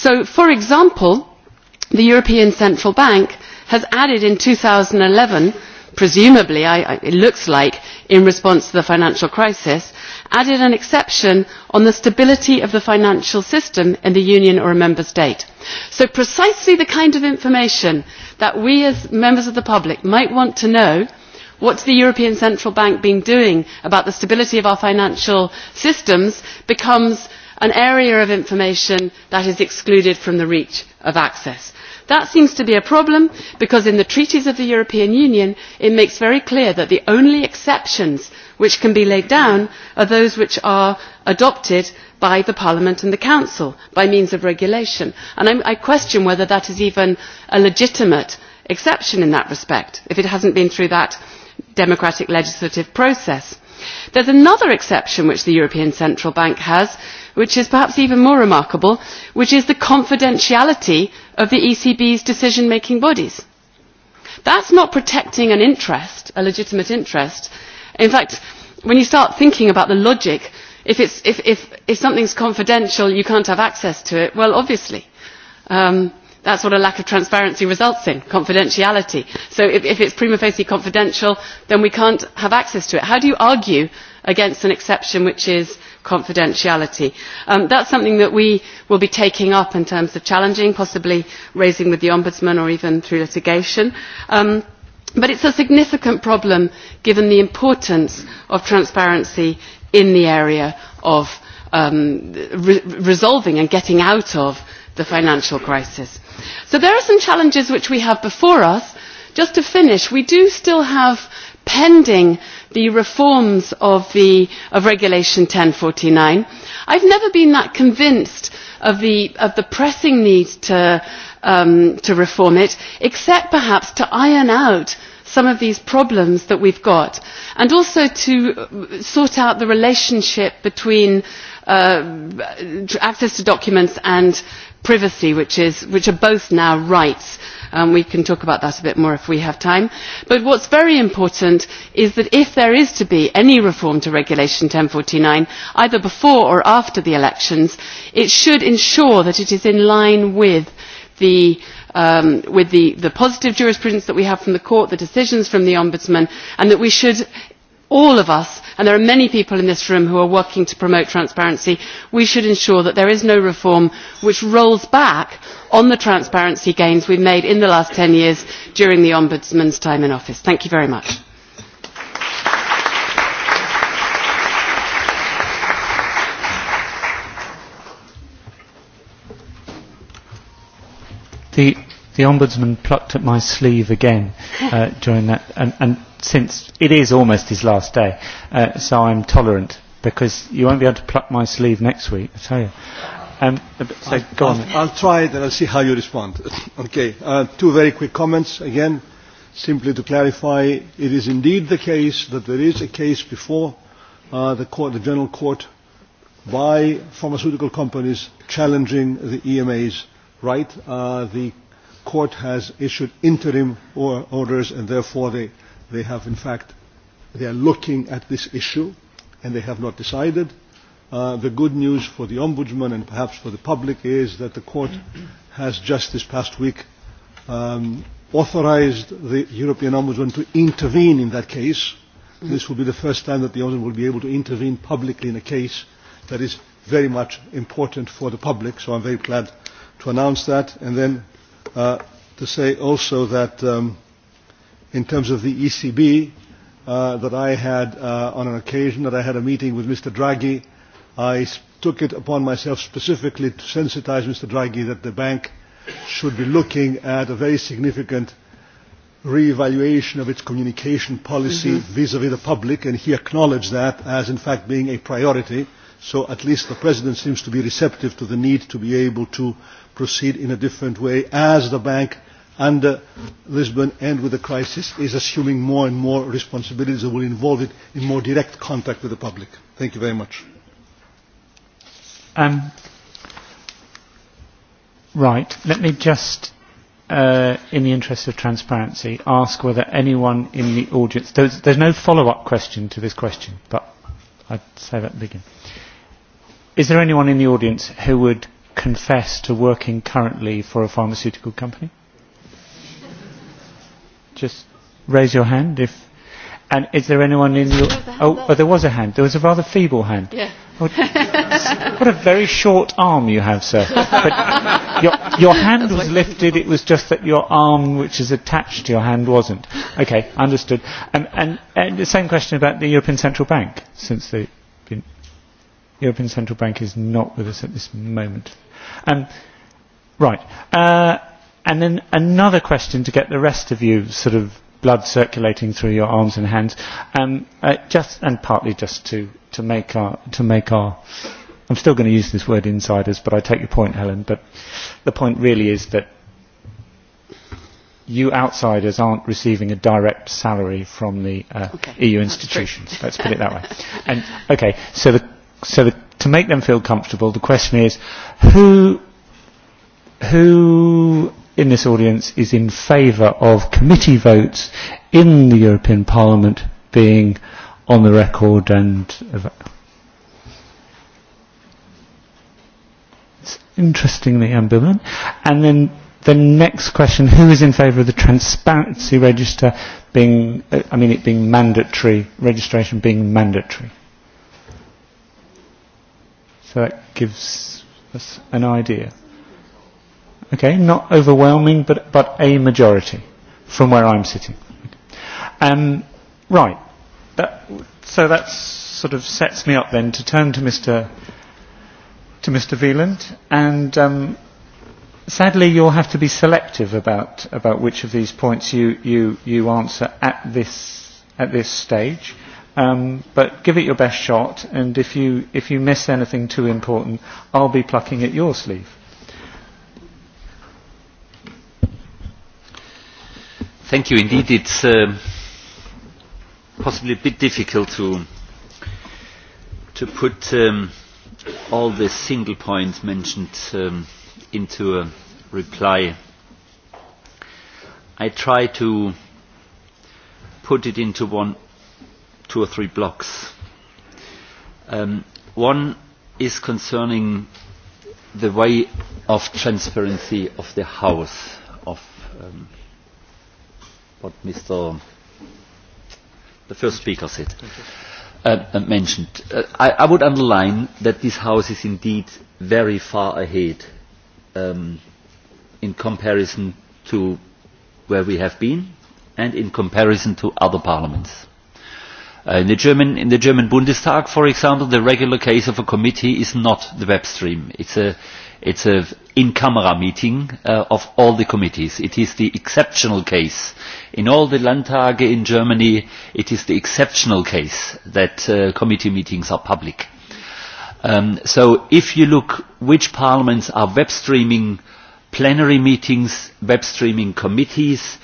so for example the european central bank has added in 2011 presumably it looks like in response to the financial crisis added an exception on the stability of the financial system in the union or a member state so precisely the kind of information that we as members of the public might want to know has the european central bank been doing about the stability of our financial systems becomes an area of information that is excluded from the reach of access that seems to be a problem because in the treaties of the european union it makes very clear that the only exceptions which can be laid down are those which are adopted by parliament and the council by means of regulation and i question whether that is even a legitimate exception in that respect if it has not been through that democratic legislative process. there is another exception which the european central bank has which is perhaps even more remarkable which is the confidentiality of the ecb's decision making bodies. that is not protecting an interest a legitimate interest. in fact when you start thinking about the logic if, it's, if, if, if something is confidential you can't have access to it well obviously um, that's that is what a lack of transparency results in confidentiality. so if it is prima facie confidential then we can't have access to it. how do you argue against an exception which is confidentiality. Um, that is something that we will be taking up in terms of challenging possibly raising with the ombudsman or even through litigation um, but it is a significant problem given the importance of transparency in the area of um, resolving and getting out of the financial crisis. so there are some challenges which we have before us. just to finish we do still have pending the reforms of, the, of Regulation 1049, I've never been that convinced of the, of the pressing need to, um, to reform it, except perhaps to iron out some of these problems that we've got and also to uh, sort out the relationship between uh, access to documents and privacy which, is, which are both now rights and we can talk about that a bit more if we have time. but what is very important is that if there is to be any reform to regulation no one thousand and forty nine either before or after the elections it should ensure that it is in line with the um, with the positive jurisprudence that we have from the court the decisions from the ombudsman and that we should all of us and there are many people in this room who are working to promote transparency we should ensure that there is no reform which rolls back on the transparency gains we have made in the last 10 years during the ombudsman's time in office thank you very much the Ombudsman plucked at my sleeve again uh, during that, and, and since it is almost his last day, uh, so I'm tolerant because you won't be able to pluck my sleeve next week, I tell you. Um, so I'll, go on. I'll, I'll try it and I'll see how you respond. okay, uh, two very quick comments. Again, simply to clarify, it is indeed the case that there is a case before uh, the, court, the General Court by pharmaceutical companies challenging the EMA's right. Uh, the court has issued interim orders and therefore they, they have in fact they are looking at this issue and they have not decided. Uh, the good news for the Ombudsman and perhaps for the public is that the court has just this past week um, authorized the European Ombudsman to intervene in that case. This will be the first time that the Ombudsman will be able to intervene publicly in a case that is very much important for the public, so I'm very glad to announce that. And then Uh, to say also that um, in terms of the ECB, uh, that I had uh, on an occasion that I had a meeting with Mr. Draghi, I took it upon myself specifically to sensitize Mr. Draghi that the bank should be looking at a very significant evaluation of its communication policy mm-hmm. vis-à-vis mm -hmm. -vis the public, and he acknowledged that as in fact being a priority so at least the president seems to be receptive to the need to be able to proceed in a different way as the bank under lisbon and with the crisis is assuming more and more responsibilities that will involve it in more direct contact with the public. thank you very much. Um, right let me just uh, in the interest of transparency, ask whether anyone in the audience... There's, there's no follow-up question to this question, but I'd say that begin. Is there anyone in the audience who would confess to working currently for a pharmaceutical company? Just raise your hand if. And is there anyone in the. Oh, oh, there was a hand. There was a rather feeble hand. Yeah. Oh, what a very short arm you have, sir. your, your hand was lifted, it was just that your arm, which is attached to your hand, wasn't. Okay, understood. and, and the same question about the European Central Bank, since the European Central Bank is not with us at this moment. Um, right. Uh, and then another question to get the rest of you sort of blood circulating through your arms and hands, um, uh, just and partly just to, to make our to make our. I'm still going to use this word insiders, but I take your point, Helen. But the point really is that you outsiders aren't receiving a direct salary from the uh, EU institutions. Let's put it that way. And okay, so the so the, to make them feel comfortable, the question is who, who in this audience is in favour of committee votes in the European Parliament being on the record and it's interestingly ambivalent. And then the next question, who is in favour of the transparency register being, I mean it being mandatory, registration being mandatory? So that gives us an idea. Okay, not overwhelming, but, but a majority from where I'm sitting. Um, right. That, so that sort of sets me up then to turn to Mr. to Mr. Veland. And um, sadly, you'll have to be selective about, about which of these points you, you, you answer at this, at this stage Um, but give it your best shot, and if you, if you miss anything too important, I'll be plucking at your sleeve. Thank you. Indeed, it's um, possibly a bit difficult to, to put um, all the single points mentioned um, into a reply. I try to put it into one two or three blocks. Um, one is concerning the way of transparency of the House, of um, what Mr. the first speaker said, uh, uh, mentioned. Uh, I, I would underline that this House is indeed very far ahead um, in comparison to where we have been and in comparison to other parliaments Uh, in, the German, in the German Bundestag, for example, the regular case of a committee is not the web stream. It's a, it's an in-camera meeting uh, of all the committees. It is the exceptional case. In all the Landtage in Germany, it is the exceptional case that uh, committee meetings are public. Um, so if you look which parliaments are web streaming plenary meetings, web streaming committees,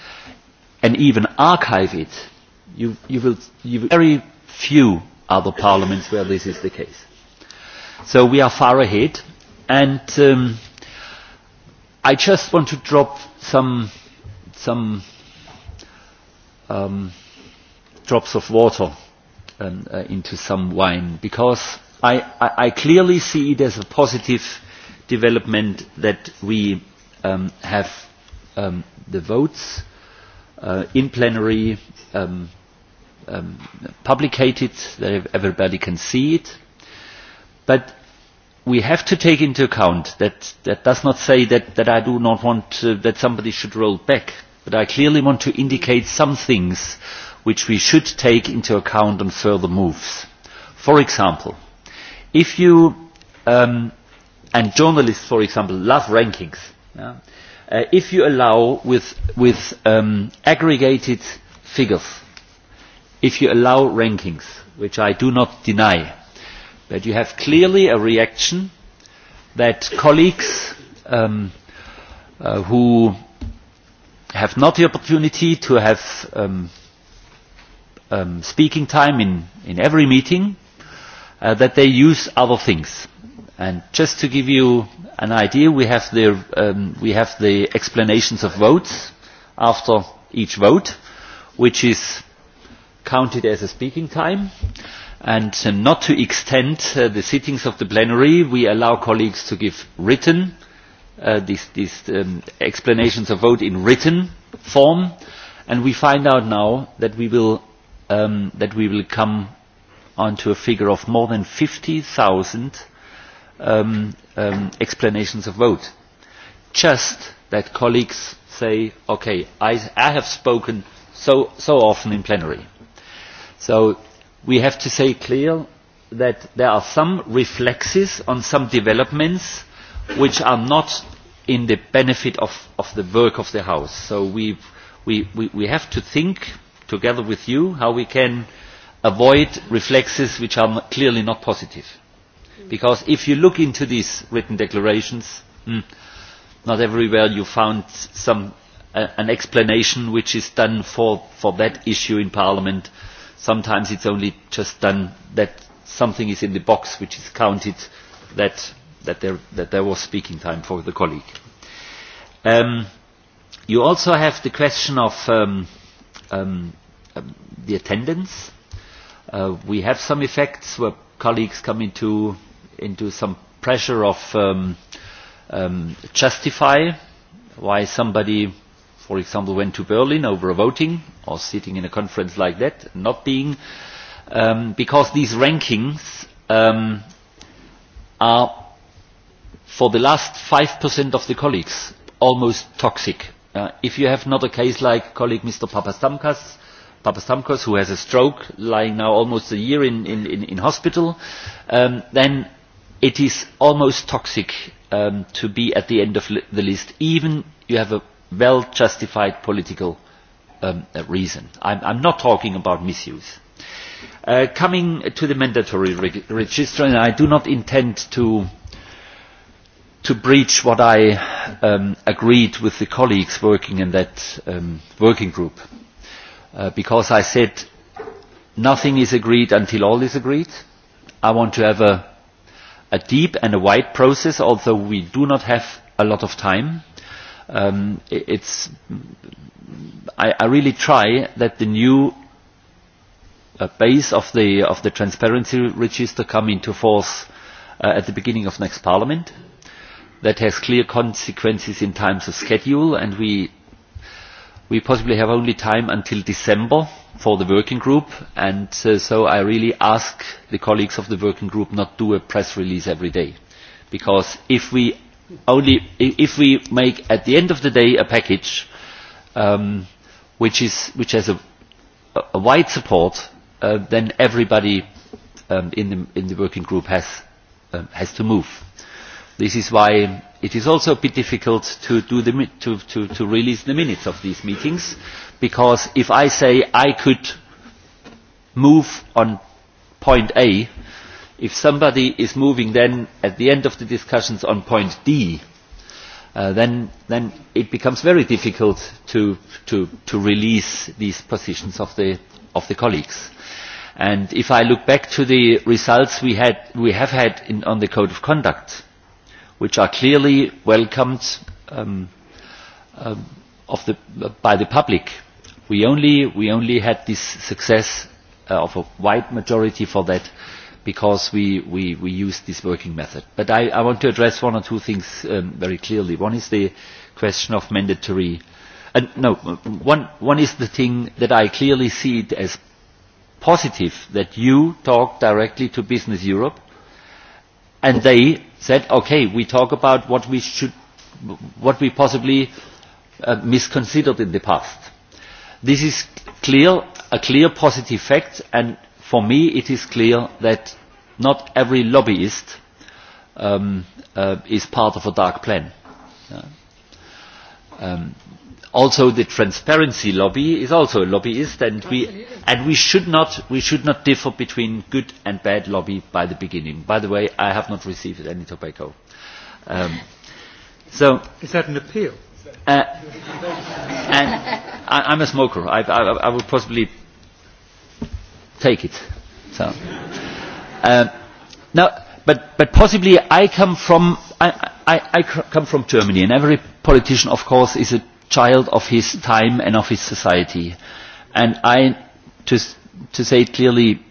and even archive it, you, you will you very few other parliaments where this is the case. So we are far ahead and um, I just want to drop some some um, drops of water uh, into some wine because I, I, I clearly see it as a positive development that we um, have um, the votes uh, in plenary um, um, publicated that everybody can see it. But we have to take into account that that does not say that, that I do not want that somebody should roll back, but I clearly want to indicate some things which we should take into account on further moves. For example, if you um, and journalists, for example, love rankings. Uh, if you allow with, with um, aggregated figures, if you allow rankings, which I do not deny, that you have clearly a reaction that colleagues um, uh, who have not the opportunity to have um, um, speaking time in, in every meeting, uh, that they use other things. And just to give you an idea, we have the, um, we have the explanations of votes after each vote, which is counted as a speaking time and uh, not to extend uh, the sittings of the plenary we allow colleagues to give written uh, these, these um, explanations of vote in written form and we find out now that we will um, that we will come onto a figure of more than 50,000 um, explanations of vote. Just that colleagues say, okay, I, I have spoken so, so often in plenary. So we have to say clear that there are some reflexes on some developments which are not in the benefit of, the work of the House. So we, we, we, have to think together with you how we can avoid reflexes which are clearly not positive. Because if you look into these written declarations, hmm, not everywhere you found some, uh, an explanation which is done for that issue in Parliament sometimes it's only just done that something is in the box which is counted that, that, there, that there was speaking time for the colleague. Um, you also have the question of um, um, um the attendance. Uh, we have some effects where colleagues come into, into some pressure of um, um, justify why somebody for example went to Berlin over voting or sitting in a conference like that, not being um, because these rankings um, are for the last five 5% of the colleagues almost toxic. Uh, if you have not a case like colleague Mr. Papastamkas, Papastamkos, who has a stroke, lying now almost a year in, in, in, in hospital, um, then it is almost toxic um, to be at the end of the list, even you have a well justified political um, uh, reason. I'm, I'm not talking about misuse. Uh, coming to the mandatory reg register, and I do not intend to to breach what I um, agreed with the colleagues working in that um, working group, uh, because I said nothing is agreed until all is agreed. I want to have a, a deep and a wide process, although we do not have a lot of time um, it's I, really try that the new uh, base of the transparency register come into force uh, at the beginning of next parliament. That has clear consequences in times of schedule, and we we possibly have only time until December for the working group, and uh, so I really ask the colleagues of the working group not to do a press release every day, because if we only if we make at the end of the day a package um, which, is, which has a, a wide support, uh, then everybody um, in, the, in the working group has, um, has to move. This is why it is also a bit difficult to, do the, to, to, to release the minutes of these meetings, because if I say I could move on point A, if somebody is moving then at the end of the discussions on point d uh, then then it becomes very difficult to to to release these positions of the of the colleagues and if i look back to the results we had we have had on the code of conduct which are clearly welcomed um, um, of by the public we only we only had this success uh, of a wide majority for that because we, we, we use this working method. But I, I want to address one or two things um, very clearly. One is the question of mandatory... and uh, no, one, one is the thing that I clearly see it as positive, that you talk directly to Business Europe and they said, okay, we talk about what we, should, what we possibly uh, misconsidered in the past. This is clear, a clear positive fact and for me it is clear that not every lobbyist um, uh, is part of a dark plan. Um, also the transparency lobby is also a lobbyist and we, and we, should not, we should not differ between good and bad lobby by the beginning. By the way, I have not received any tobacco. Um, so, is that an appeal? Uh, and I, I'm a smoker. I, I, I would possibly take it. So, uh, now, but, but possibly I come from I, I, I come from Germany, and every politician, of course, is a child of his time and of his society. And I, to, to say it clearly,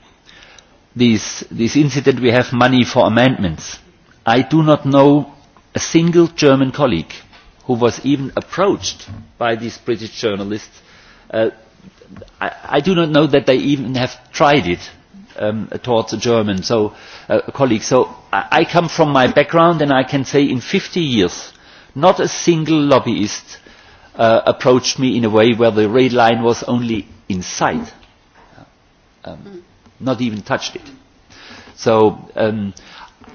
this, this incident, we have money for amendments. I do not know a single German colleague who was even approached by these British journalists uh, i, I do not know that they even have tried it um, towards a German so, uh, colleague. So I, I come from my background and I can say in 50 years, not a single lobbyist uh, approached me in a way where the red line was only inside. Uh, um, mm. not even touched it. So um,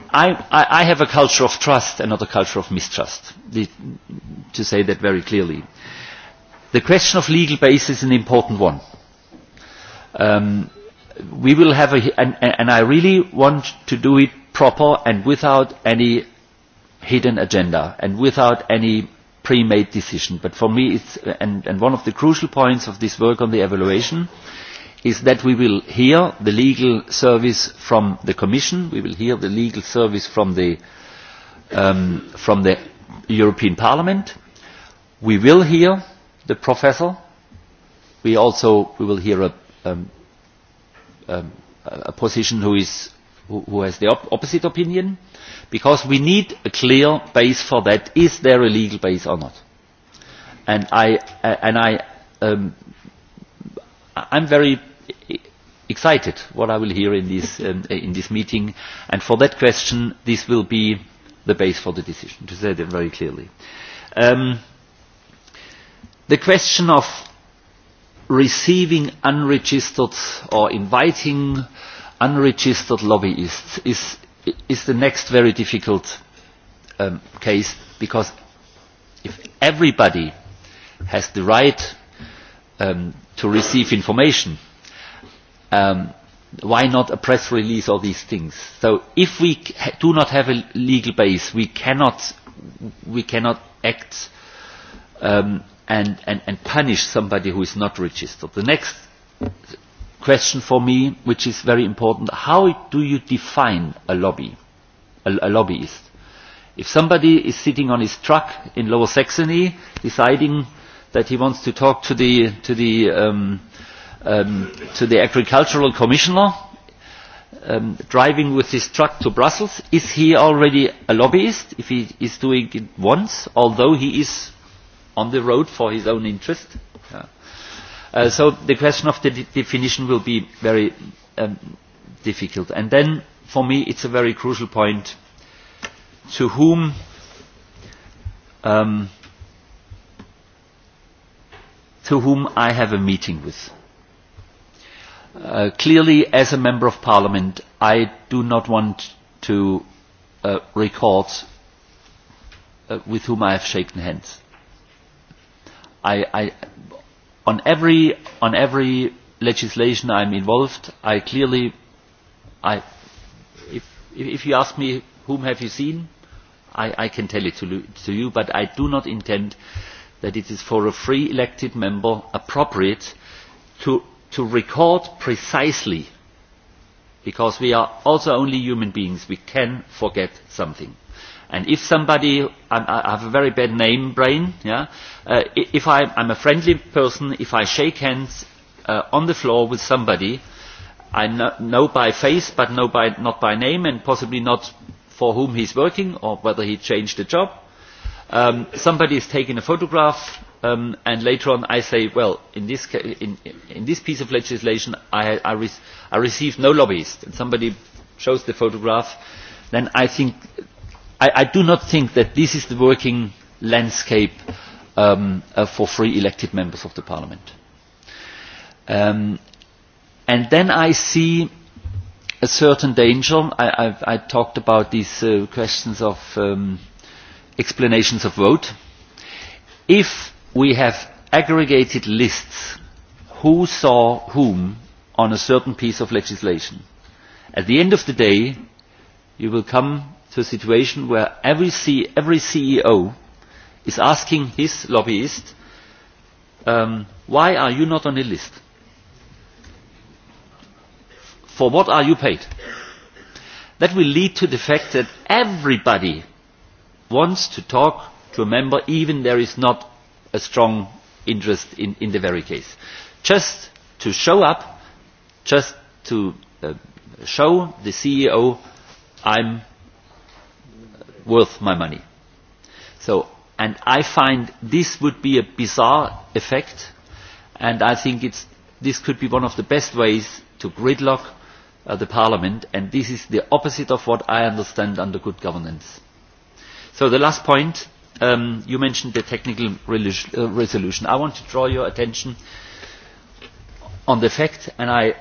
I, I, I have a culture of trust and not a culture of mistrust, to say that very clearly the question of legal base is an important one. Um, we will have a, and, and I really want to do it proper and without any hidden agenda and without any pre-made decision. But for me, it's, and, and one of the crucial points of this work on the evaluation is that we will hear the legal service from the Commission, we will hear the legal service from the, um, from the European Parliament, we will hear the professor. We also we will hear a, um, um, a position who, is, who, who has the op opposite opinion because we need a clear base for that. Is there a legal base or not? And I, uh, and I, um, I'm very excited what I will hear in this, um, uh, in this meeting. And for that question, this will be the base for the decision, to say that very clearly. Um, The question of receiving unregistered or inviting unregistered lobbyists is, is the next very difficult um, case because if everybody has the right um, to receive information, um, why not a press release or these things? So if we do not have a legal base, we cannot, we cannot act um, and, and, and punish somebody who is not registered. The next question for me, which is very important, how do you define a lobby, a, lobbyist? If somebody is sitting on his truck in Lower Saxony deciding that he wants to talk to the, to the, um, um, to the agricultural commissioner, um, driving with his truck to Brussels, is he already a lobbyist if he is doing it once, although he is on the road for his own interest. Uh, so the question of the de definition will be very um, difficult. And then for me it's a very crucial point to whom um, to whom I have a meeting with. Uh, clearly, as a Member of Parliament, I do not want to uh, record uh, with whom I have shaken hands i, I, on every on every legislation I'm involved, I clearly, I, if if you ask me whom have you seen, I, I can tell it to, to you, but I do not intend that it is for a free elected member appropriate to to record precisely, because we are also only human beings. We can forget something And if somebody, I have a very bad name, brain, yeah? Uh, if I, I'm a friendly person, if I shake hands uh, on the floor with somebody, I know, know by face but know by, not by name and possibly not for whom he's working or whether he changed the job. Um, somebody is taking a photograph um, and later on I say, well, in this, ca in, in this piece of legislation I, I, re I received no lobbyist. And somebody shows the photograph, then I think i, do not think that this is the working landscape um, uh, for free elected members of the parliament. Um, and then I see a certain danger. I, I, I talked about these uh, questions of um, explanations of vote. If we have aggregated lists who saw whom on a certain piece of legislation, at the end of the day, you will come to a situation where every, C, every CEO is asking his lobbyist, um, why are you not on the list? For what are you paid? That will lead to the fact that everybody wants to talk to a member even there is not a strong interest in, in the very case. Just to show up, just to uh, show the CEO I'm worth my money. So, and I find this would be a bizarre effect, and I think it's, this could be one of the best ways to gridlock uh, the parliament, and this is the opposite of what I understand under good governance. So the last point, um, you mentioned the technical uh, resolution. I want to draw your attention on the fact, and I,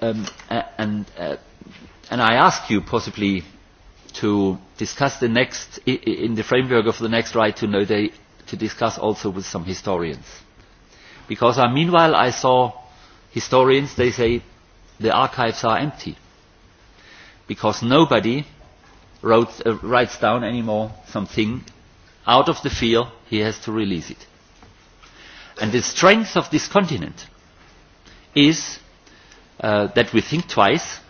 um, and, uh, and I ask you possibly to discuss the next in the framework of the next right to know day to discuss also with some historians because uh, meanwhile i saw historians they say the archives are empty because nobody wrote, uh, writes down anymore something out of the fear he has to release it and the strength of this continent is uh, that we think twice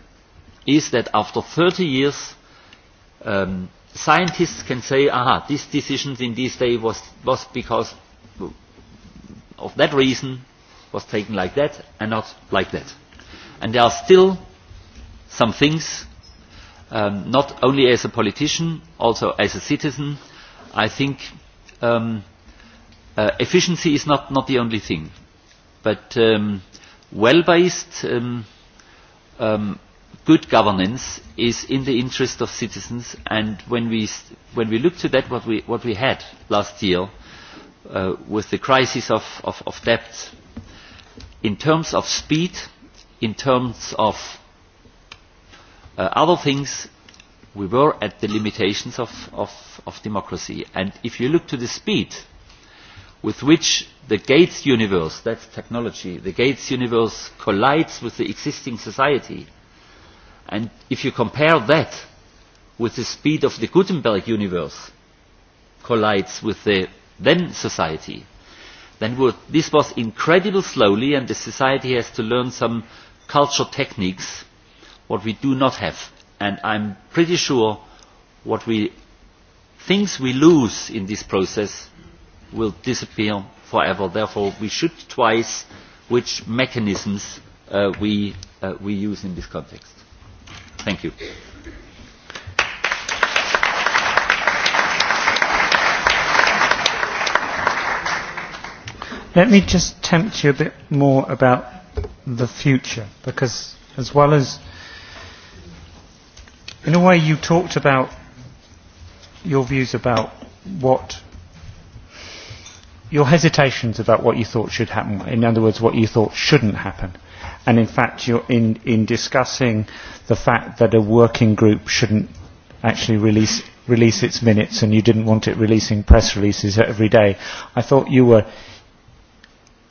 is that after 30 years um, scientists can say, aha, this decision in this day was, was because of that reason was taken like that and not like that. And there are still some things, um, not only as a politician, also as a citizen, I think um, uh, efficiency is not, not the only thing. But um, well-based um, um, good governance is in the interest of citizens and when we when we look to that what we what we had last year uh, with the crisis of, of, of debt in terms of speed in terms of uh, other things we were at the limitations of, of, of democracy and if you look to the speed with which the gates universe that's technology the gates universe collides with the existing society And if you compare that with the speed of the Gutenberg universe collides with the then society, then would, this was incredibly slowly and the society has to learn some culture techniques what we do not have. And I'm pretty sure what we things we lose in this process will disappear forever. Therefore, we should twice which mechanisms uh, we, uh, we use in this context. Thank you. Let me just tempt you a bit more about the future, because as well as, in a way, you talked about your views about what, your hesitations about what you thought should happen, in other words, what you thought shouldn't happen and in fact you're in, in discussing the fact that a working group shouldn't actually release release its minutes and you didn't want it releasing press releases every day. I thought you were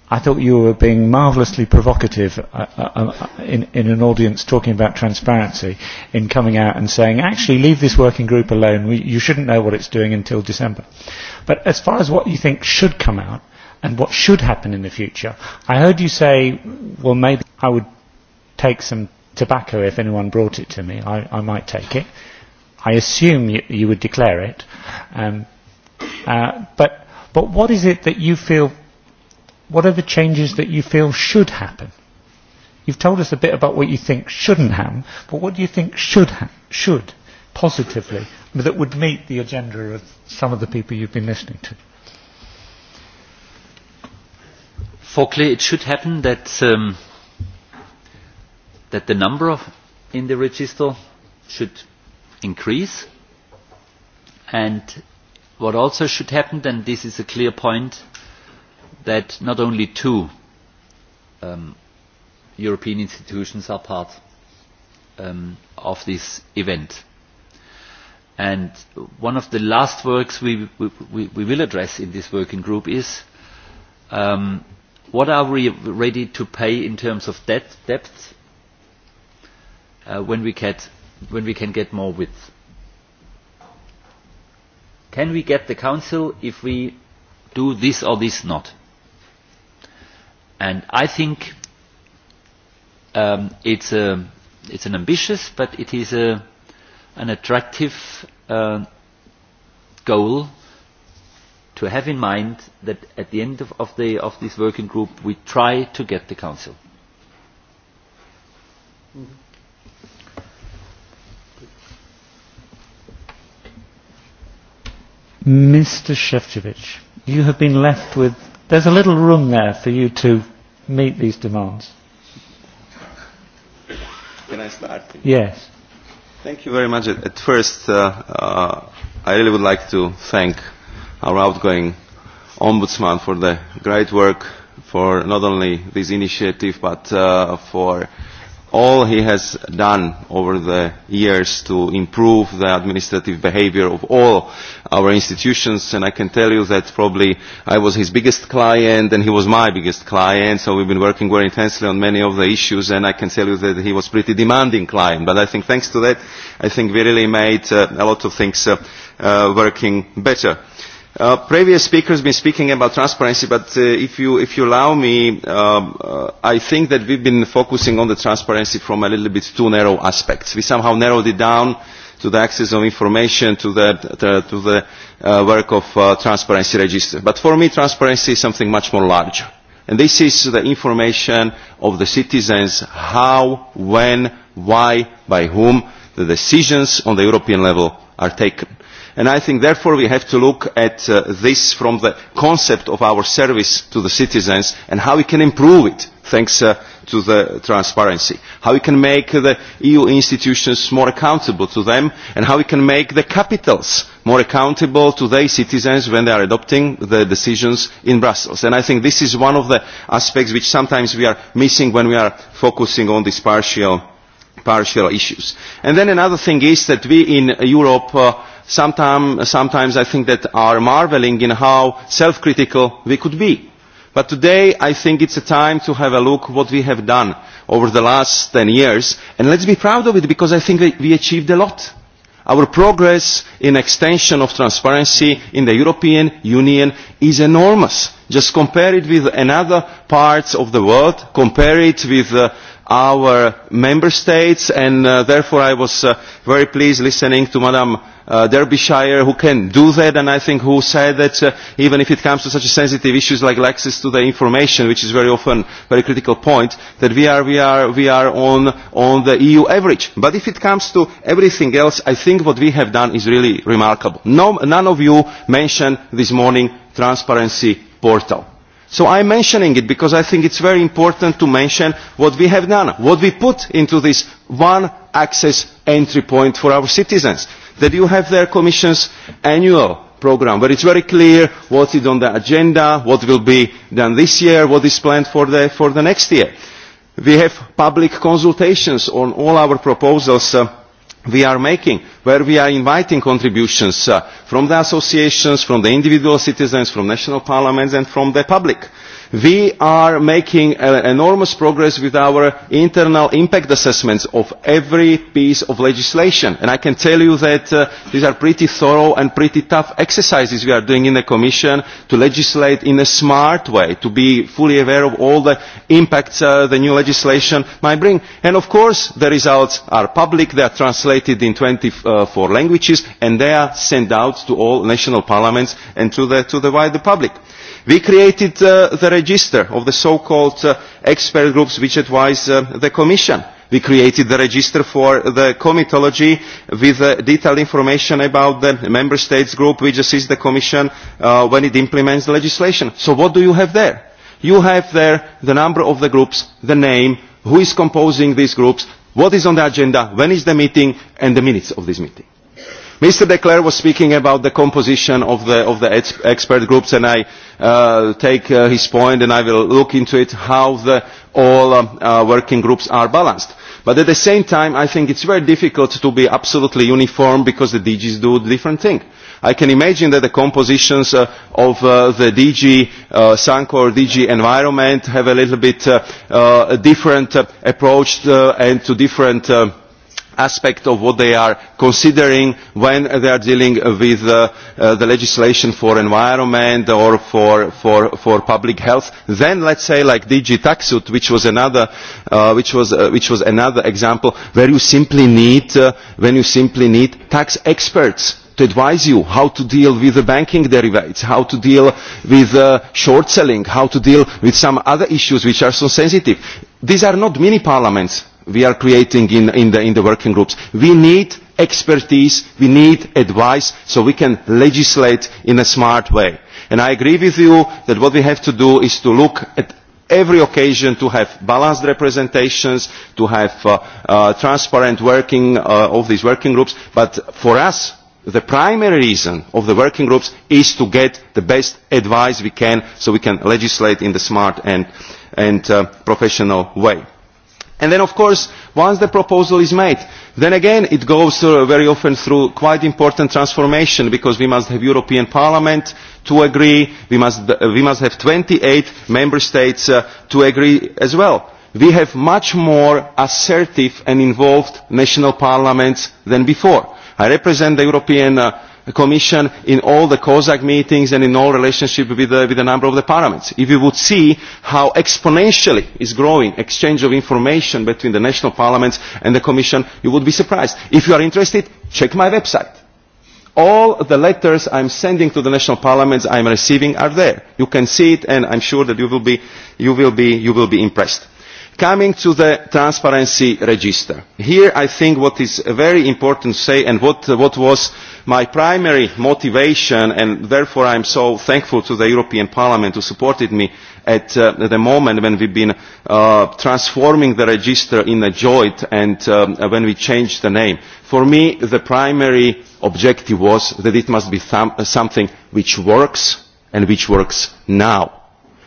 I thought you were being marvellously provocative uh, uh, uh, in, in an audience talking about transparency in coming out and saying, actually, leave this working group alone. We, you shouldn't know what it's doing until December. But as far as what you think should come out, and what should happen in the future. I heard you say, well, maybe I would take some tobacco if anyone brought it to me. I, I might take it. I assume you, you would declare it. Um, uh, but, but what is it that you feel, what are the changes that you feel should happen? You've told us a bit about what you think shouldn't happen, but what do you think should, ha should positively, that would meet the agenda of some of the people you've been listening to? for it should happen that um, that the number of in the register should increase and what also should happen and this is a clear point that not only two um, European institutions are part um, of this event. And one of the last works we, we, we will address in this working group is um, What are we ready to pay in terms of debt depth uh, when we get when we can get more width? Can we get the Council if we do this or this not? And I think um, it's a it's an ambitious but it is a an attractive uh, goal to have in mind that at the end of, of, the, of this working group we try to get the Council. Mr. Shevchevich, you have been left with... There's a little room there for you to meet these demands. Can I start? Yes. Thank you very much. At first, uh, uh, I really would like to thank our outgoing ombudsman for the great work for not only this initiative but uh, for all he has done over the years to improve the administrative behavior of all our institutions and I can tell you that probably I was his biggest client and he was my biggest client so we've been working very intensely on many of the issues and I can tell you that he was pretty demanding client but I think thanks to that I think we really made uh, a lot of things uh, uh, working better. Uh, previous speakers have been speaking about transparency, but uh, if, you, if you allow me, um, uh, I think that we've been focusing on the transparency from a little bit too narrow aspects. We somehow narrowed it down to the access of information, to the, to, the work of transparency register. But for me, transparency is something much more larger. And this is the information of the citizens, how, when, why, by whom the decisions on the European level are taken and i think therefore we have to look at uh, this from the concept of our service to the citizens and how we can improve it thanks uh, to the transparency how we can make the eu institutions more accountable to them and how we can make the capitals more accountable to their citizens when they are adopting the decisions in brussels and i think this is one of the aspects which sometimes we are missing when we are focusing on these partial partial issues and then another thing is that we in europe uh, sometime, sometimes I think that are marveling in how self-critical we could be. But today I think it's a time to have a look what we have done over the last 10 years and let's be proud of it because I think we achieved a lot. Our progress in extension of transparency in the European Union is enormous. Just compare it with another parts of the world, compare it with uh, our member states and uh, therefore i was uh, very pleased listening to madam uh, derbyshire who can do that and i think who said that even if it comes to such sensitive issues like access to the information which is very often a very critical point that we are, we are, we are on, on the eu average but if it comes to everything else i think what we have done is really remarkable. none of you mentioned this morning transparency portal So I am mentioning it because I think it is very important to mention what we have done, what we put into this one access entry point for our citizens. That you have their Commission's annual programme where is very clear what is on the agenda, what will be done this year, what is planned for the, for the next year. We have public consultations on all our proposals uh, we are making where we are inviting contributions uh, from the associations from the individual citizens from national parliaments and from the public we are making enormous progress with our internal impact assessments of every piece of legislation and i can tell you that uh, these are pretty thorough and pretty tough exercises we are doing in the commission to legislate in a smart way to be fully aware of all the impacts uh, the new legislation might bring and of course the results are public they are translated in 24 languages and they are sent out to all national parliaments and to the to the wider public we created uh, the register of the so called uh, expert groups which advise uh, the commission we created the register for the comitology with detailed information about the member states group which assists the commission when it implements the legislation. so what do you have there? you have there the number of the groups, the name, who is composing these groups, what is on the agenda, when is the meeting and the minutes of this meeting. Mr De was speaking about the composition of the, expert groups and I uh, take uh, his point and I will look into it how all um, uh, working groups are balanced. But at the same time I think it's very difficult to be absolutely uniform because the DGs do different things. I can imagine that the compositions of the DG SANCO or DG Environment have a little bit different approach and to different um, aspect of what they are considering when they are dealing with uh, uh, the legislation for environment or for, public health. Then let's say like DG Taxut, which was another, uh, which was, which was another example where simply need, when you simply need tax experts to advise you how to deal with the banking derivatives, how to deal with uh, short selling, how to deal with some other issues which are so sensitive. These are not mini parliaments we are creating in, in, the, in the working groups. We need expertise, we need advice so we can legislate in a smart way. And I agree with you that what we have to do is to look at every occasion to have balanced representations, to have uh, uh, transparent working uh, of these working groups. But for us, the primary reason of the working groups is to get the best advice we can so we can legislate in a smart and, uh, professional way. And then of course, once the proposal is made, then again it goes uh, very often through quite important transformation because we must have European Parliament to agree, we must, have uh, we must have 28 member states to agree as well. We have much more assertive and involved national parliaments than before i represent the European uh, Commission in all the COSAC meetings and in all relationship with, with a number of the parliaments. If you would see how exponentially is growing exchange of information between the national parliaments and the Commission, you would be surprised. If you are interested, check my website. All the letters I am sending to the national parliaments I am receiving are there. You can see it and I am sure that you will be, you will be, you will be impressed Coming to the transparency register, here I think what is very important to say and what, what was my primary motivation and therefore I am so thankful to the European Parliament who supported me at uh, the moment when we have been uh, transforming the register in a joint and um, when we changed the name. For me the primary objective was that it must be uh, something which works and which works now.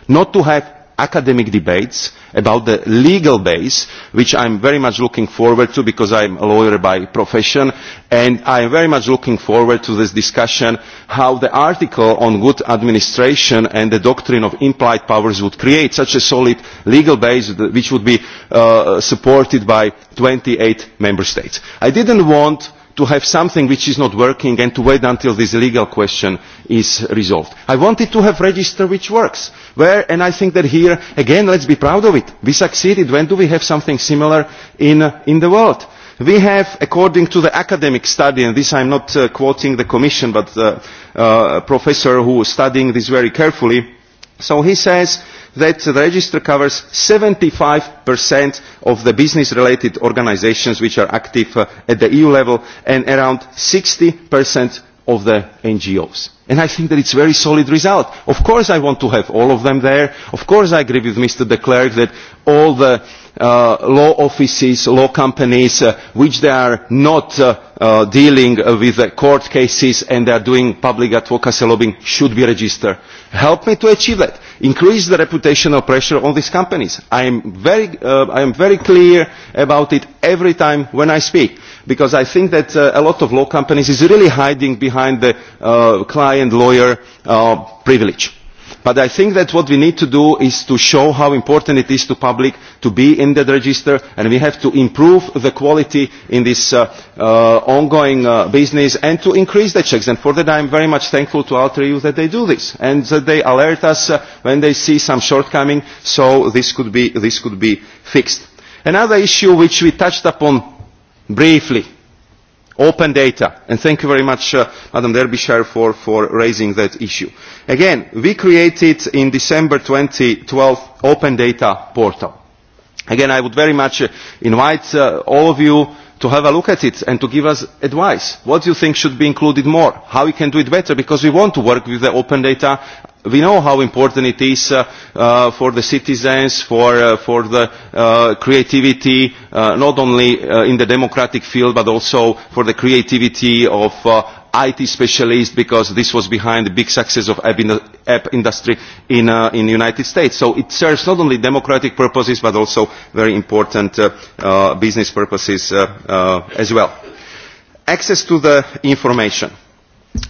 Not to have academic debates about the legal base, which I am very much looking forward to because I am a lawyer by profession and I am very much looking forward to this discussion how the article on good administration and the doctrine of implied powers would create such a solid legal base which would be uh, supported by twenty eight Member States. I did not want to have something which is not working and to wait until this legal question is resolved. I wanted to have a register which works. Where, and I think that here, again, let's be proud of it. We succeeded. When do we have something similar in, uh, in the world? We have, according to the academic study, and this I am not uh, quoting the Commission, but uh, uh, professor who was studying this very carefully, So he says that the register covers 75% of the business-related organisations which are active uh, at the EU level and around 60% of the ngos and i think that it's a very solid result of course i want to have all of them there of course i agree with mr de klerk that all the uh, law offices law companies uh, which they are not uh, uh, dealing with the court cases and they are doing public advocacy lobbying should be registered help me to achieve that increase the reputational pressure on these companies. I am very, uh, I am very clear about it every time when I speak because I think that uh, a lot of law companies is really hiding behind the uh, client-lawyer privilege but i think that what we need to do is to show how important it is to the public to be in that register and we have to improve the quality in this uh, uh, ongoing uh, business and to increase the checks and for that i am very much thankful to alter you that they do this and that they alert us when they see some shortcoming so this could be, this could be fixed. another issue which we touched upon briefly open data and thank you very much uh, madam derbyshire for, raising that issue. again we created in december 2012 open data portal. again i would very much uh, invite uh, all of you to have a look at it and to give us advice what do you think should be included more how we can do it better because we want to work with the open data we know how important it is uh, uh, for the citizens for uh, for the uh, creativity uh, not only uh, in the democratic field but also for the creativity of IT specialists because this was behind the big success of app, the, app industry in the in United States. So it serves not only democratic purposes but also very important business purposes as well. Access to the information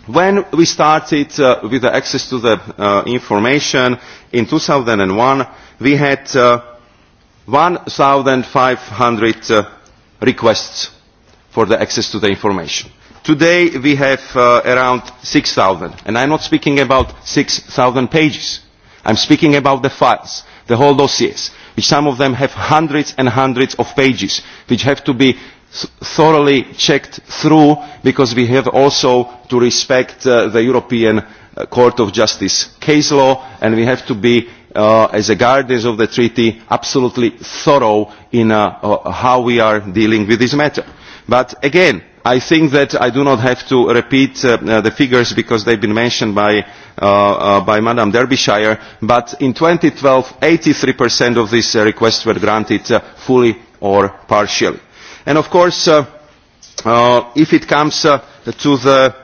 when we started uh, with the access to the uh, information in 2001 we had uh, 1500 uh, requests for the access to the information today we have uh, around 6000 and i'm not speaking about 6000 pages i'm speaking about the files the whole dossiers which some of them have hundreds and hundreds of pages which have to be thoroughly checked through because we have also to respect uh, the European uh, Court of Justice case law and we have to be uh, as a guardians of the treaty absolutely thorough in how we are dealing with this matter. But again, I think that I do not have to repeat the figures because they've been mentioned by, by Madam Derbyshire, but in 2012, 83% of these requests were granted fully or partially and of course uh, uh, if it comes uh, to the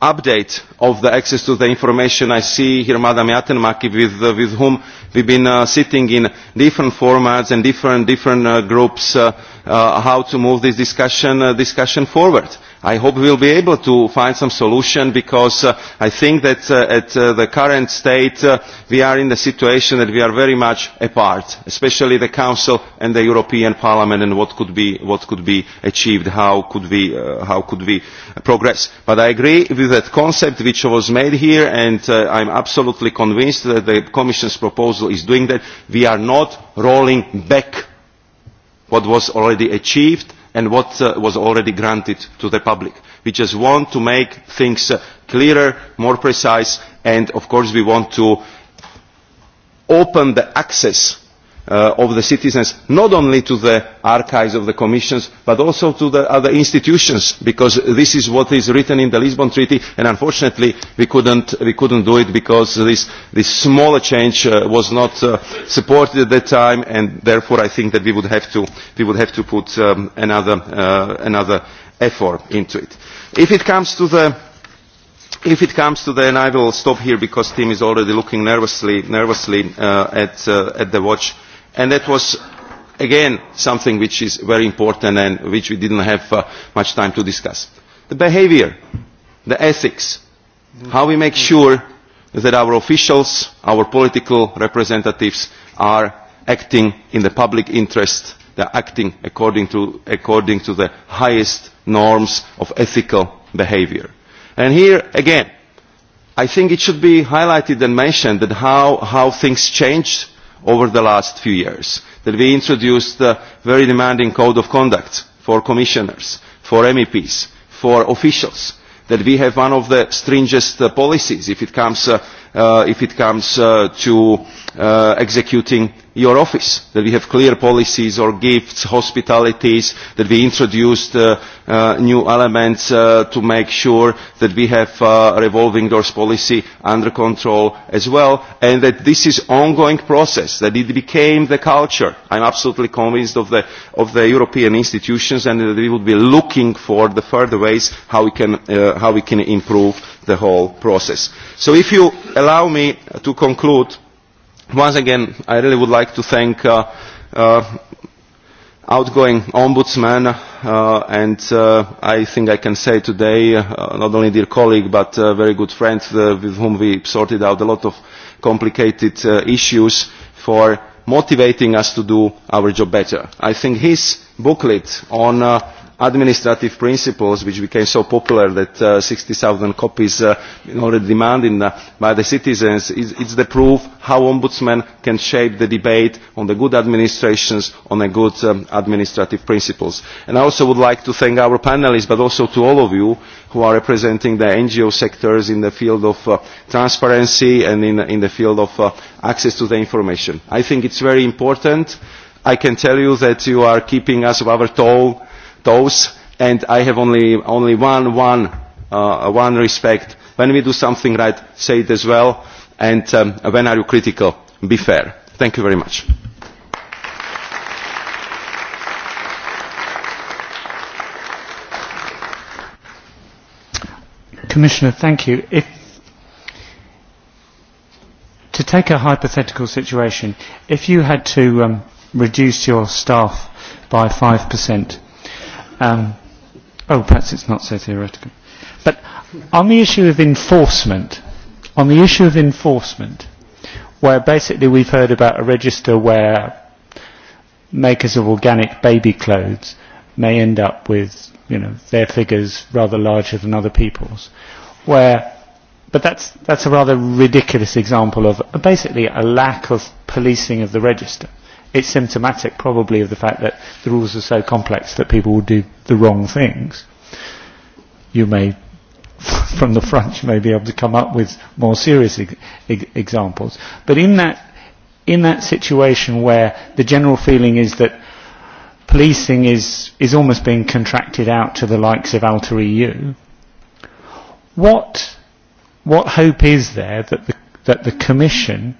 update of the access to the information. I see here Madam Yatenmaki with, uh, with whom we've been uh, sitting in different formats and different, different uh, groups uh, uh, how to move this discussion, uh, discussion forward i hope we will be able to find some solution because uh, i think that uh, at uh, the current state we are in a situation that we are very much apart especially the council and the european parliament and what could be what could be achieved how could we how could we progress but i agree with that concept which was made here and i'm absolutely convinced that the commission's proposal is doing that we are not rolling back what was already achieved and what uh, was already granted to the public. We just want to make things uh, clearer, more precise and of course we want to open the access Uh, of the citizens not only to the archives of the commissions but also to the other institutions because this is what is written in the lisbon treaty and unfortunately we could not do it because this this smaller change uh, was not uh, supported at that time and therefore i think that we would have to we would have to put um, another another effort into it if it comes to the If it comes to the, and I will stop here because Tim is already looking nervously, nervously at, at the watch, and that was again something which is very important and which we didn't have uh, much time to discuss. The behavior, the ethics, how we make sure that our officials, our political representatives are acting in the public interest, they are acting according to, according to the highest norms of ethical behavior. And here again, I think it should be highlighted and mentioned that how, how things change over the last few years that we introduced a very demanding code of conduct for commissioners for meps for officials that we have one of the stringest uh, policies if it comes uh, uh, if it comes to Uh, executing your office, that we have clear policies or gifts, hospitalities, that we introduced uh, uh, new elements to make sure that we have revolving doors policy under control as well, and that this is ongoing process, that it became the culture. I'm absolutely convinced of the, of the European institutions and that we will be looking for the further ways how we can, how we can improve the whole process. So if you allow me to conclude, once again i really would like to thank uh, uh, outgoing ombudsman uh, and uh, i think i can say today uh, not only dear colleague but a uh, very good friend with whom we sorted out a lot of complicated issues for motivating us to do our job better. i think his booklet on administrative principles which became so popular that uh, 60,000 copies uh, already demanded uh, by the citizens it's, the proof how ombudsmen can shape the debate on the good administrations on the good um, administrative principles and I also would like to thank our panelists but also to all of you who are representing the NGO sectors in the field of uh, transparency and in, the field of uh, access to the information I think it's very important I can tell you that you are keeping us our toll Those and I have only, only one, one, uh, one respect. When we do something right, say it as well. And um, when are you critical, be fair. Thank you very much. Commissioner, thank you. If, to take a hypothetical situation, if you had to um, reduce your staff by 5%, Um, oh, perhaps it's not so theoretical. But on the issue of enforcement, on the issue of enforcement, where basically we've heard about a register where makers of organic baby clothes may end up with, you know, their figures rather larger than other people's, where but that's, that's a rather ridiculous example of basically a lack of policing of the register it's symptomatic probably of the fact that the rules are so complex that people will do the wrong things. You may, from the front, you may be able to come up with more serious e examples. But in that, in that situation where the general feeling is that policing is, is almost being contracted out to the likes of Alter EU, what, what hope is there that the, that the Commission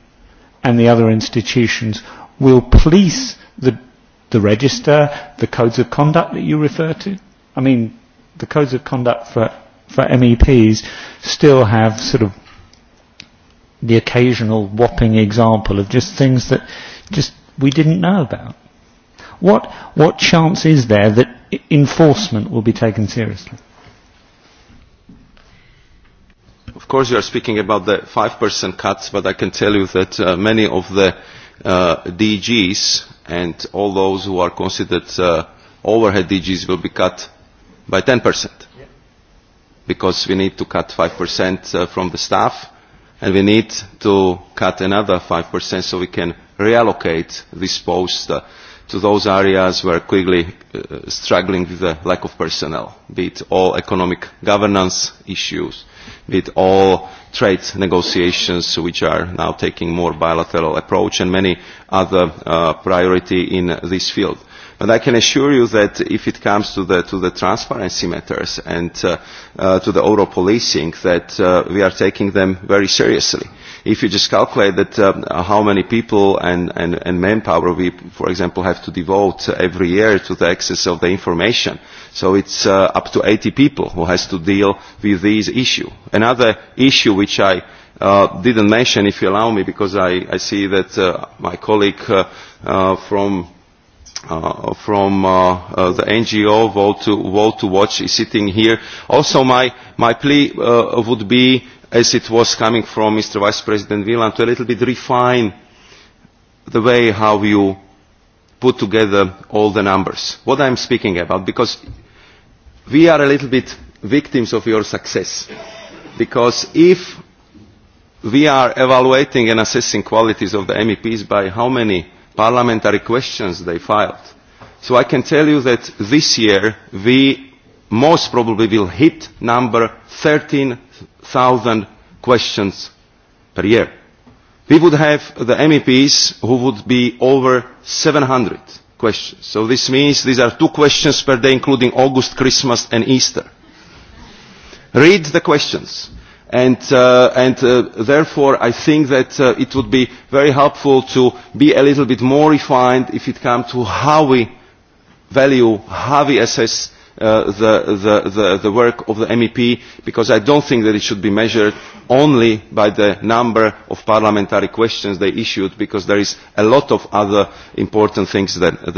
and the other institutions will police the, the register, the codes of conduct that you refer to? I mean, the codes of conduct for, for MEPs still have sort of the occasional whopping example of just things that just we didn't know about. What, what chance is there that e, enforcement will be taken seriously? Of course you are speaking about the 5% cuts, but I can tell you that uh, many of the uh, DGs and all those who are considered uh, overhead DGs will be cut by 10%. Because we need to cut 5% uh, from the staff and we need to cut another 5% so we can reallocate this post uh, to those areas where quickly uh, struggling with the lack of personnel, be it all economic governance issues, with all trade negotiations which are now taking more bilateral approach and many other uh, priority in this field. But I can assure you that if it comes to the, to the transparency matters and uh, uh, to the overall policing, that uh, we are taking them very seriously. If you just calculate that um, how many people and, and, and manpower we, for example, have to devote every year to the access of the information, So it's uh, up to 80 people who has to deal with these issue. Another issue which I uh, didn't mention, if you allow me, because I, I see that uh, my colleague uh, uh, from uh, from uh, uh, the NGO Vote to, Vote to Watch is sitting here. Also, my, my plea uh, would be, as it was coming from Mr. Vice President Villan, to a little bit refine the way how you put together all the numbers. What I'm speaking about, because we are a little bit victims of your success because if we are evaluating and assessing qualities of the meps by how many parliamentary questions they filed so i can tell you that this year we most probably will hit number 13000 questions per year we would have the meps who would be over 700 questions. So this means these are two questions per day, including August, Christmas and Easter. Read the questions. And, uh, and uh, therefore I think that uh, it would be very helpful to be a little bit more refined if it comes to how we value, how we assess Uh, the, work of the MEP because I don't think that it should be measured only by the number of parliamentary questions they issued because there is a lot of other important things that uh,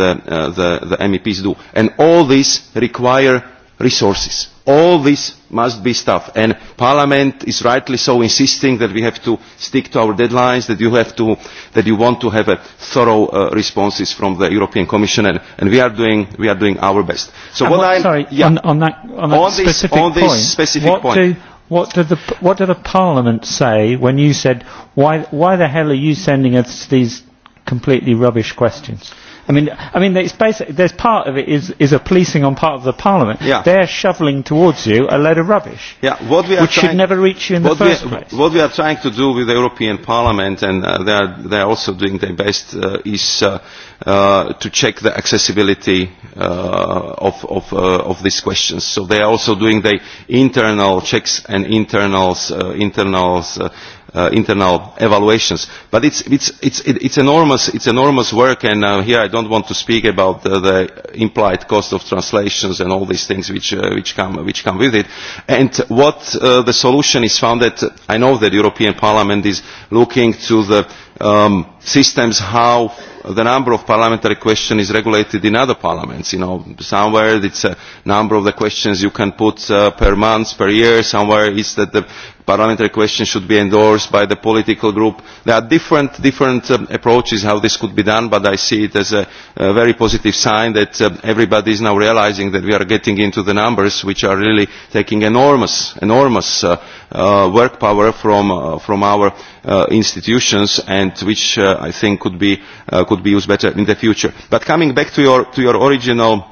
the, MEPs do. And all this require resources. All this must be stuff and Parliament is rightly so insisting that we have to stick to our deadlines, that you have to that you want to have a thorough uh, responses from the European Commission and, and we are doing we are doing our best. So what, I'm sorry, yeah, on, on that on that on specific this, on point, this specific what point. Do, what did the what did the Parliament say when you said why why the hell are you sending us these completely rubbish questions? I mean, I mean, it's basically there's part of it is, is a policing on part of the parliament. Yeah. They're shoveling towards you a load of rubbish, what we are which should never reach you in the first place. What we are trying to do with the European Parliament, and uh, they, are, they are also doing their best, uh, is uh, uh, to check the accessibility uh, of, of, uh, of these questions. So they are also doing the internal checks and internals, uh, internals uh, Uh, internal evaluations. But it's, it's, it's, it's, enormous, it's enormous work, and uh, here I don't want to speak about the, the implied cost of translations and all these things which, uh, which, come, which come with it. And what the solution is found that I know that European Parliament is looking to the um, systems how the number of parliamentary questions is regulated in other parliaments. You know, somewhere it's a number of the questions you can put per month, per year. Somewhere it's that the parliamentary question should be endorsed by the political group. There are different, different um, approaches how this could be done, but I see it as a, a very positive sign that um, everybody is now realizing that we are getting into the numbers which are really taking enormous, enormous uh, uh, work power from, uh, from our uh, institutions and which uh, I think could be, uh, could be used better in the future. But coming back to your, to your original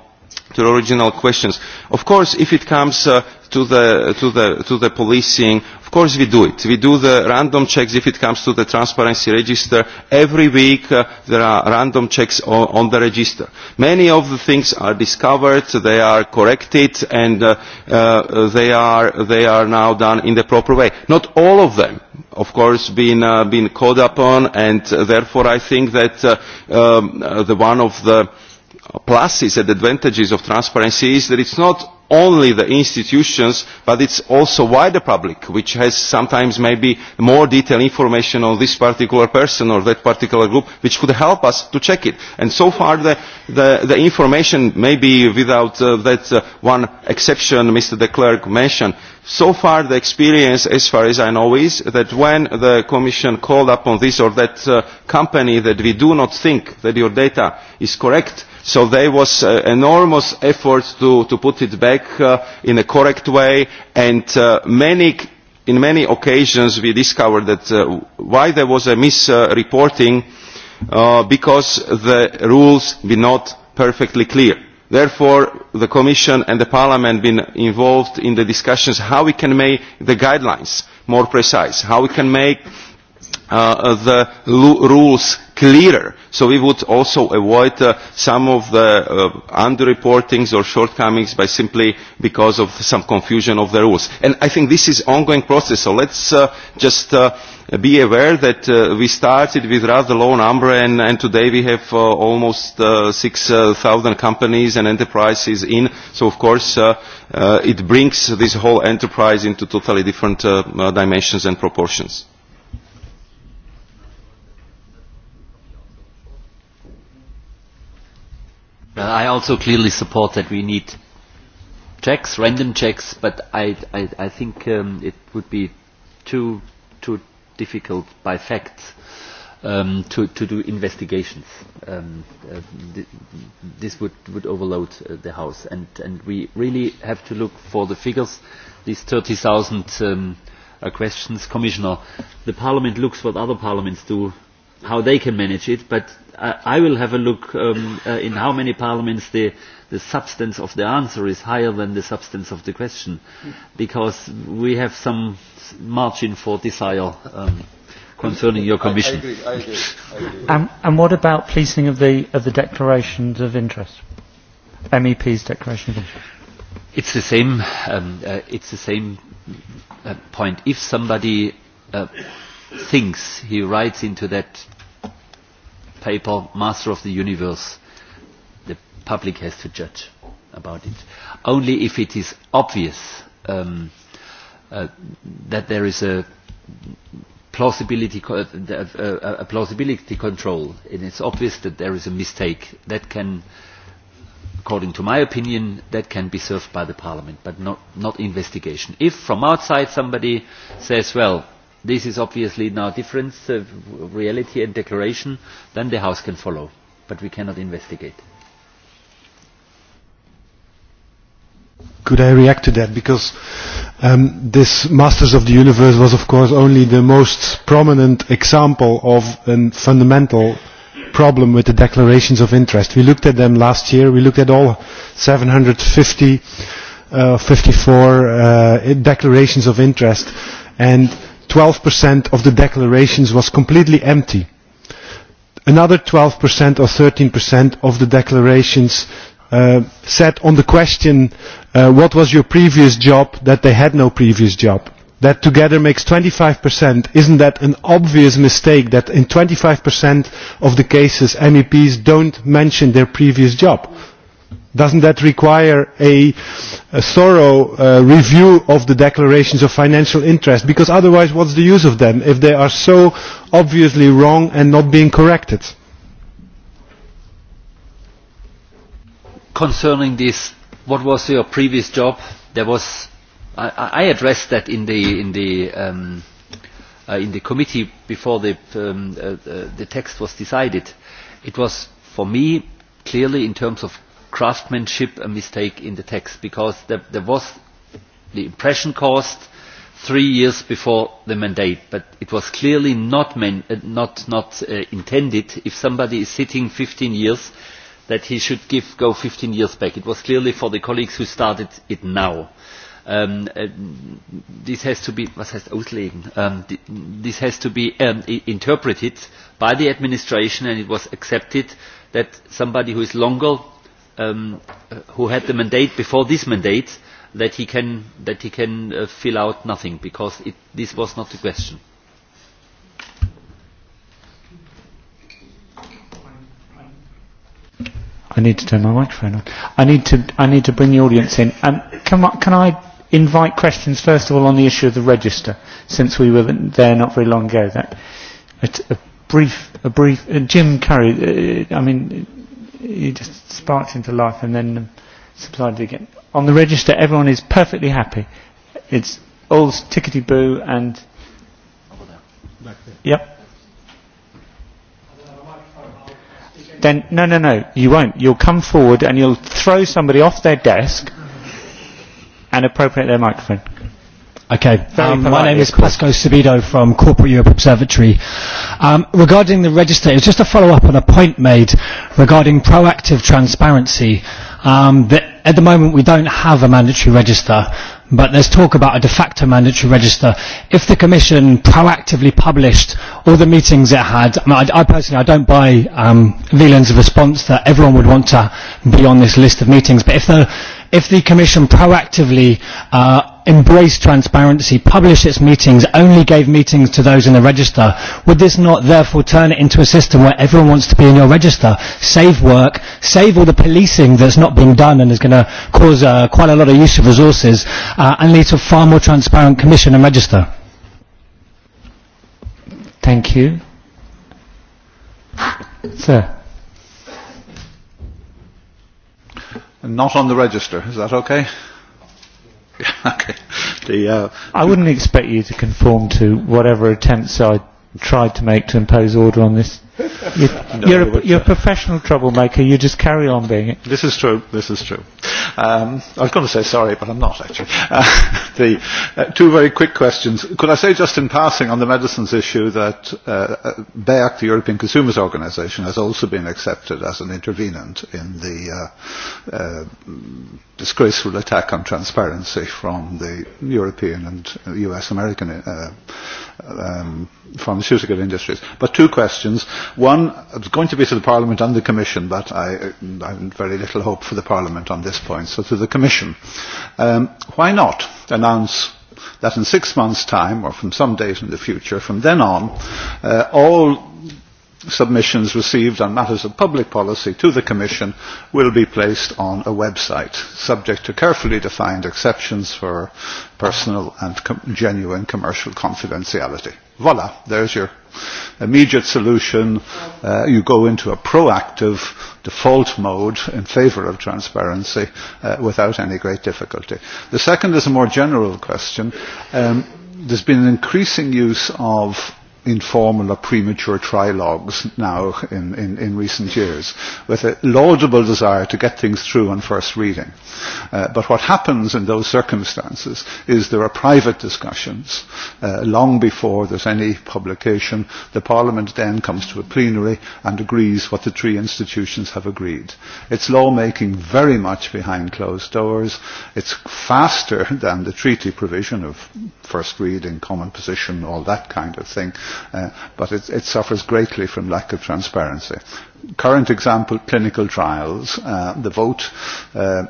to the original questions. Of course, if it comes uh, to, the, to, the, to the policing, of course we do it. We do the random checks if it comes to the transparency register. Every week uh, there are random checks on, the register. Many of the things are discovered, they are corrected, and uh, they, are, they are now done in the proper way. Not all of them, of course, been, uh, been called upon, and therefore I think that um, the one of the pluses and advantages of transparency is that it's not only the institutions but it's also wider public which has sometimes maybe more detailed information on this particular person or that particular group which could help us to check it and so far the, the, the information maybe without uh, that uh, one exception Mr. de Klerk mentioned so far the experience as far as i know is that when the commission called upon this or that uh, company that we do not think that your data is correct so there was uh, enormous effort to, to put it back uh, in a correct way and uh, many in many occasions we discovered that why there was a misreporting because the rules were not perfectly clear therefore the commission and the parliament have been involved in the discussions on how we can make the guidelines more precise how we can make uh, the rules clearer so we would also avoid uh, some of the uh, under reportings or shortcomings by simply because of some confusion of the rules and i think this is an ongoing process so let's uh, just be aware that uh, we started with rather low number and, and today we have uh, almost uh, 6,000 uh, companies and enterprises in. So of course uh, uh, it brings this whole enterprise into totally different uh, uh dimensions and proportions. I also clearly support that we need checks, random checks, but I, I, I think um, it would be too, too difficult by facts um, to, to do investigations. Um, uh, this would, would overload uh, the House. And, and we really have to look for the figures, these 30,000 um, uh, questions. Commissioner, the Parliament looks what other parliaments do, how they can manage it, but I, I will have a look um, in how many parliaments the the substance of the answer is higher than the substance of the question because we have some margin for desire um, concerning your commission. I, agree, I agree, I agree. And, and what about policing of the, of the declarations of interest? MEP's declaration of interest? It's the same, um, uh, it's the same uh, point. If somebody uh, thinks he writes into that paper, Master of the Universe, public has to judge about it. Only if it is obvious um, uh, that there is a plausibility, uh, uh, uh, a plausibility control, and it's obvious that there is a mistake that can, according to my opinion, that can be served by the Parliament, but not, not investigation. If from outside somebody says, well, this is obviously now difference uh reality and declaration, then the House can follow, but we cannot investigate. Could I react to that? Because um, this Masters of the Universe was, of course, only the most prominent example of a fundamental problem with the declarations of interest. We looked at them last year. We looked at all 750, uh, 54 uh, declarations of interest, and 12% of the declarations was completely empty. Another 12% or 13% of the declarations uh, said on the question, uh, what was your previous job, that they had no previous job. That together makes 25%. Isn't that an obvious mistake that in 25% of the cases MEPs don't mention their previous job? Doesn't that require a, a thorough uh, review of the declarations of financial interest? Because otherwise, what's the use of them if they are so obviously wrong and not being corrected? concerning this, what was your previous job? There was, I, I addressed that in the in the um, uh, in the committee before the um, uh, the text was decided. It was for me clearly in terms of craftsmanship a mistake in the text because there, there was the impression caused three years before the mandate, but it was clearly not, meant, uh, not, not uh, intended if somebody is sitting 15 years that he should give, go 15 years back. It was clearly for the colleagues who started it now. Um, uh, this has to be, was heißt um, this has to be um, interpreted by the administration and it was accepted that somebody who is longer, uh, who had the mandate before this mandate, that he can, that he can uh, fill out nothing because it, this was not the question. I need to turn my microphone on. I need to, I need to bring the audience in. Um, can, I, can I invite questions, first of all, on the issue of the register, since we were there not very long ago? That, it's a brief, a brief, uh, Jim Curry, uh, I mean, he just sparked into life and then um, subsided again. On the register, everyone is perfectly happy. It's all tickety-boo and... Over there. Back there. Yep. then no, no, no, you won't. You'll come forward and you'll throw somebody off their desk and appropriate their microphone. Okay. Um, my name is Pasco Sabido from Corporate Europe Observatory. Um, regarding the register, it just a follow-up on a point made regarding proactive transparency. Um, that at the moment we don't have a mandatory register but there's talk about a de facto mandatory register. If the Commission proactively published all the meetings it had, I, I, I personally I don't buy um, Veland's response that everyone would want to be on this list of meetings, but if the, if the Commission proactively uh, embraced transparency, published its meetings, only gave meetings to those in the register, would this not therefore turn it into a system where everyone wants to be in your register? Save work, save all the policing that's not being done and is going to cause uh, quite a lot of use of resources uh, and lead to a far more transparent commission and register. Thank you. Sir. Not on the register, is that okay? Okay. The, uh... I wouldn't expect you to conform to whatever attempts I tried to make to impose order on this. You, no, you're, a, uh, professional troublemaker. You just carry on being it. This is true. This is true. Um, I was going to say sorry, but I'm not actually. Uh, the, uh, two very quick questions. Could I say just in passing on the medicines issue that uh, uh BEAC, the European Consumers Organization, has also been accepted as an intervenant in the uh, uh, disgraceful attack on transparency from the European and US American uh, um, pharmaceutical industries. But two questions. One, it's going to be to the Parliament and the Commission, but I, I have very little hope for the Parliament on this point. So to the Commission, um, why not announce that in six months' time, or from some days in the future, from then on, uh, all submissions received on matters of public policy to the Commission will be placed on a website, subject to carefully defined exceptions for personal and com genuine commercial confidentiality. Voila, there's your immediate solution. Uh, you go into a proactive default mode in favour of transparency uh, without any great difficulty. The second is a more general question. Um, there's been an increasing use of informal or premature trilogues now in, in, in recent years with a laudable desire to get things through on first reading. Uh, but what happens in those circumstances is there are private discussions uh, long before there's any publication. The Parliament then comes to a plenary and agrees what the three institutions have agreed. It's lawmaking very much behind closed doors. It's faster than the treaty provision of first reading, common position, all that kind of thing. Uh, but it, it suffers greatly from lack of transparency. Current example, clinical trials. Uh, the vote uh,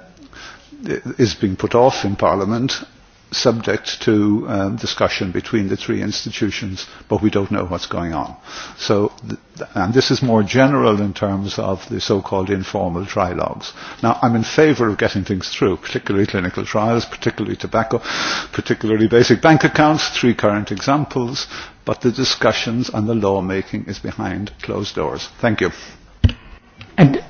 is being put off in Parliament subject to um, discussion between the three institutions, but we don't know what's going on. So, th and this is more general in terms of the so-called informal trilogues. Now, I'm in favour of getting things through, particularly clinical trials, particularly tobacco, particularly basic bank accounts, three current examples, but the discussions and the lawmaking is behind closed doors. Thank you. And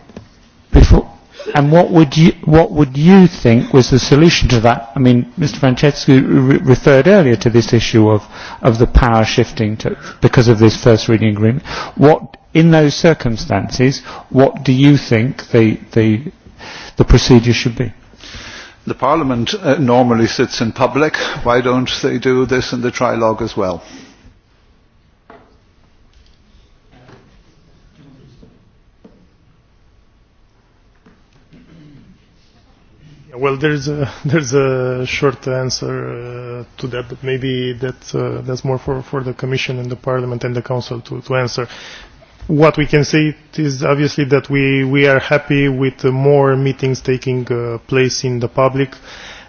before And what would you what would you think was the solution to that? I mean, Mr. Francescu re referred earlier to this issue of of the power shifting to, because of this first reading agreement. What in those circumstances, what do you think the the the procedure should be? The Parliament uh, normally sits in public. Why don't they do this in the trilogue as well? well, there's a, there's a short answer uh, to that, but maybe that, uh, that's more for, for the Commission and the Parliament and the Council to, to answer. What we can say is obviously that we, we are happy with more meetings taking uh, place in the public,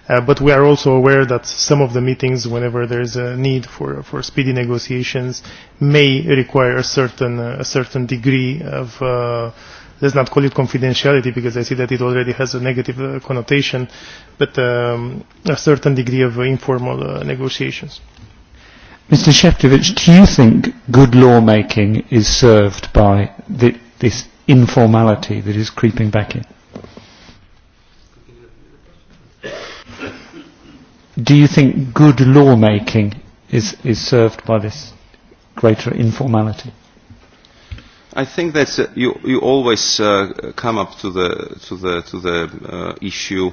uh, but we are also aware that some of the meetings, whenever there is a need for, for speedy negotiations, may require a certain, uh, a certain degree of uh, let's not call it confidentiality because I see that it already has a negative uh, connotation, but um, a certain degree of informal uh, negotiations. Mr. Shevchevich, do you think good lawmaking is served by the, this informality that is creeping back in? Do you think good lawmaking is, is served by this greater informality? I think that uh, you, you always uh, come up to the, to the, to the uh, issue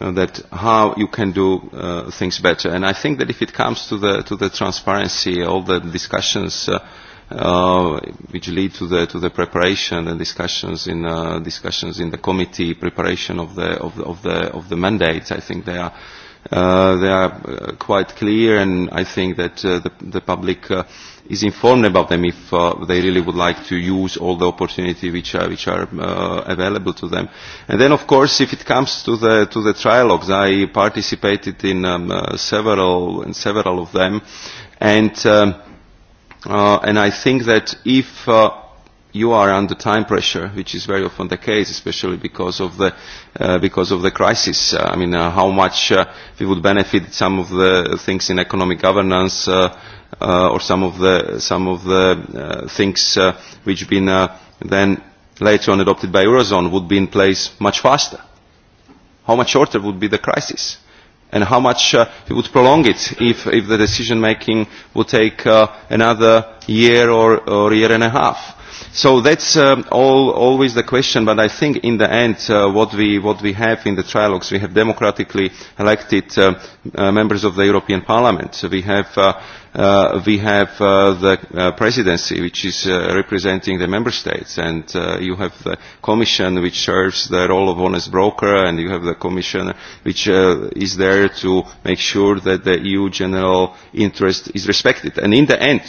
uh, that how you can do uh, things better. And I think that if it comes to the, to the transparency, all the discussions uh, uh, which lead to the, to the preparation and discussions in, uh, discussions in the committee, preparation of the, of the, of the, of the mandates, I think they are Uh, they are uh, quite clear and I think that uh, the, the public uh, is informed about them if uh, they really would like to use all the opportunities which are, which are uh, available to them. And then of course if it comes to the, to the trilogues, I participated in um, uh, several, in several of them and, um, uh, and I think that if uh, you are under time pressure, which is very often the case, especially because of the, uh, because of the crisis. Uh, I mean, uh, how much uh, we would benefit some of the things in economic governance uh, uh, or some of the, some of the uh, things uh, which been uh, then later on adopted by Eurozone would be in place much faster. How much shorter would be the crisis? And how much uh, would prolong it if, if the decision making would take uh, another year or, or year and a half? So that's um, all, always the question, but I think in the end uh, what, we, what we have in the trilogues, we have democratically elected uh, uh, members of the European Parliament. We have, uh, uh, we have uh, the uh, presidency which is uh, representing the member states and uh, you have the commission which serves the role of honest broker and you have the commission which uh, is there to make sure that the EU general interest is respected. And in the end,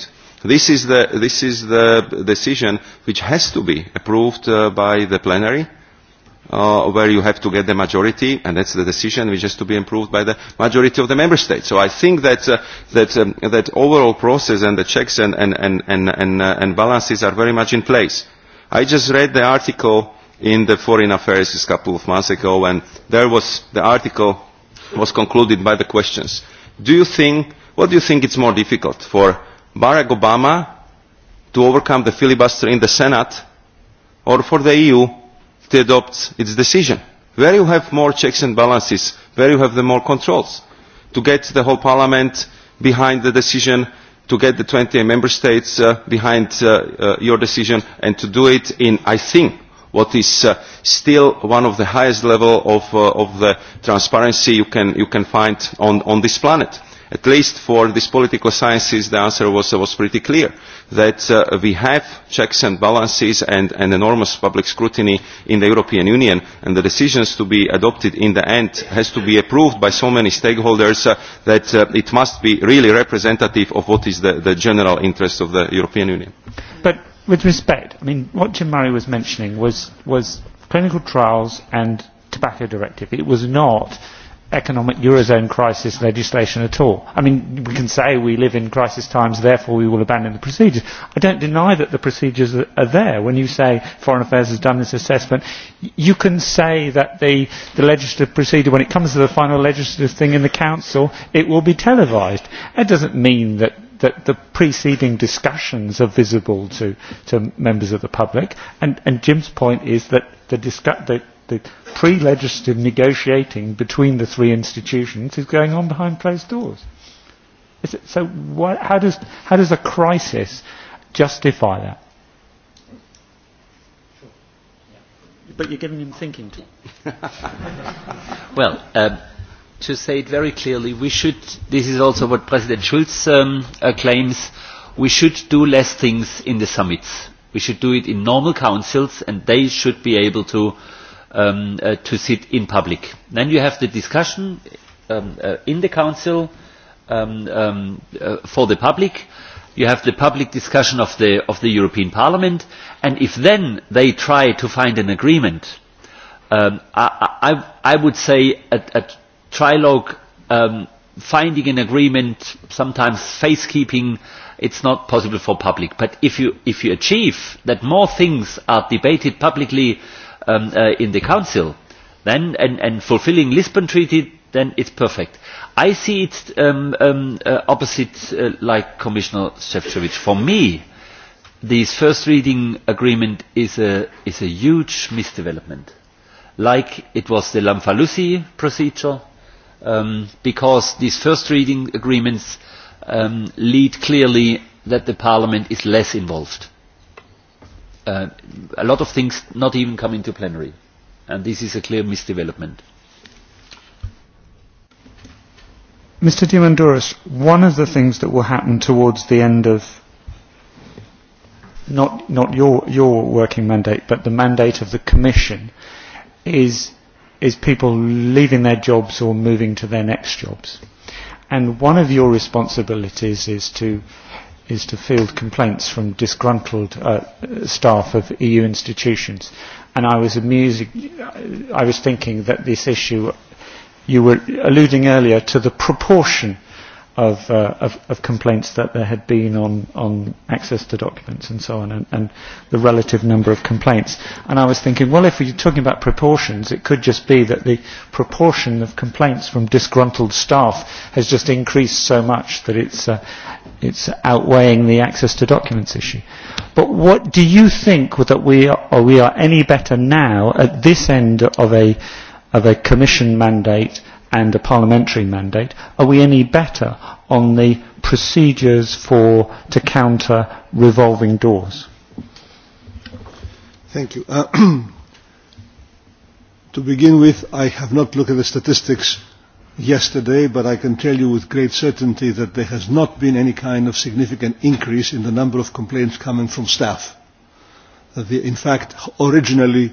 This is the, this is the decision which has to be approved uh, by the plenary, uh, where you have to get the majority, and that's the decision which has to be approved by the majority of the member states. So I think that uh, that um, that overall process and the checks and and and and and, uh, and balances are very much in place. I just read the article in the Foreign Affairs a couple of months ago, and there was the article was concluded by the questions. Do you think? What do you think is more difficult for? barack obama to overcome the filibuster in the senate or for the eu to adopt its decision where you have more checks and balances where you have the more controls to get the whole parliament behind the decision to get the 20 member states uh, behind uh, uh, your decision and to do it in i think what is uh, still one of the highest level of, uh, of the transparency you can, you can find on, on this planet at least for these political sciences the answer was, uh, was pretty clear that uh, we have checks and balances and, enormous public scrutiny in the European Union and the decisions to be adopted in the end has to be approved by so many stakeholders uh, that it must be really representative of what is the, general interest of the European Union. But with respect, I mean, what Jim Murray was mentioning was, was clinical trials and tobacco directive. It was not economic eurozone crisis legislation at all. I mean, we can say we live in crisis times, therefore we will abandon the procedures. I don't deny that the procedures are there. When you say Foreign Affairs has done this assessment, you can say that the, the legislative procedure, when it comes to the final legislative thing in the Council, it will be televised. That doesn't mean that that the preceding discussions are visible to, to members of the public. And, and Jim's point is that the, the that pre-legislative negotiating between the three institutions is going on behind closed doors. Is it, so what, how, does, how does a crisis justify that? But you're giving him thinking to. well, uh, to say it very clearly, we should, this is also what President Schulz um, uh, claims, we should do less things in the summits. We should do it in normal councils and they should be able to Um, uh, to sit in public. Then you have the discussion um, uh, in the Council um, um uh, for the public, you have the public discussion of the, of the European Parliament, and if then they try to find an agreement, I, I, I would say a, a trilogue finding an agreement, sometimes facekeeping, it's not possible for public. But if you, if you achieve that more things are debated publicly um, uh, in the Council, then and, and fulfilling Lisbon Treaty, then it's perfect. I see it um, um, uh, opposite, uh, like Commissioner Shevchevich. For me, this first reading agreement is a, is a huge misdevelopment, like it was the Lamfalussy procedure, um, because these first reading agreements um, lead clearly that the Parliament is less involved Uh, a lot of things not even come into plenary and this is a clear misdevelopment. Mr Diamandouros, one of the things that will happen towards the end of not not your your working mandate but the mandate of the commission is is people leaving their jobs or moving to their next jobs and one of your responsibilities is to is to field complaints from disgruntled uh, staff of EU institutions. And I was amusing, I was thinking that this issue, you were alluding earlier to the proportion of, uh, of, of complaints that there had been on, on access to documents and so on, and, and the relative number of complaints. And I was thinking, well, if you're talking about proportions, it could just be that the proportion of complaints from disgruntled staff has just increased so much that it's, uh, it's outweighing the access to documents issue. But what do you think that we are, or we are any better now at this end of a, of a commission mandate and a parliamentary mandate, are we any better on the procedures for to counter revolving doors? Thank you. Uh, to begin with, I have not looked at the statistics yesterday, but I can tell you with great certainty that there has not been any kind of significant increase in the number of complaints coming from staff. In fact, originally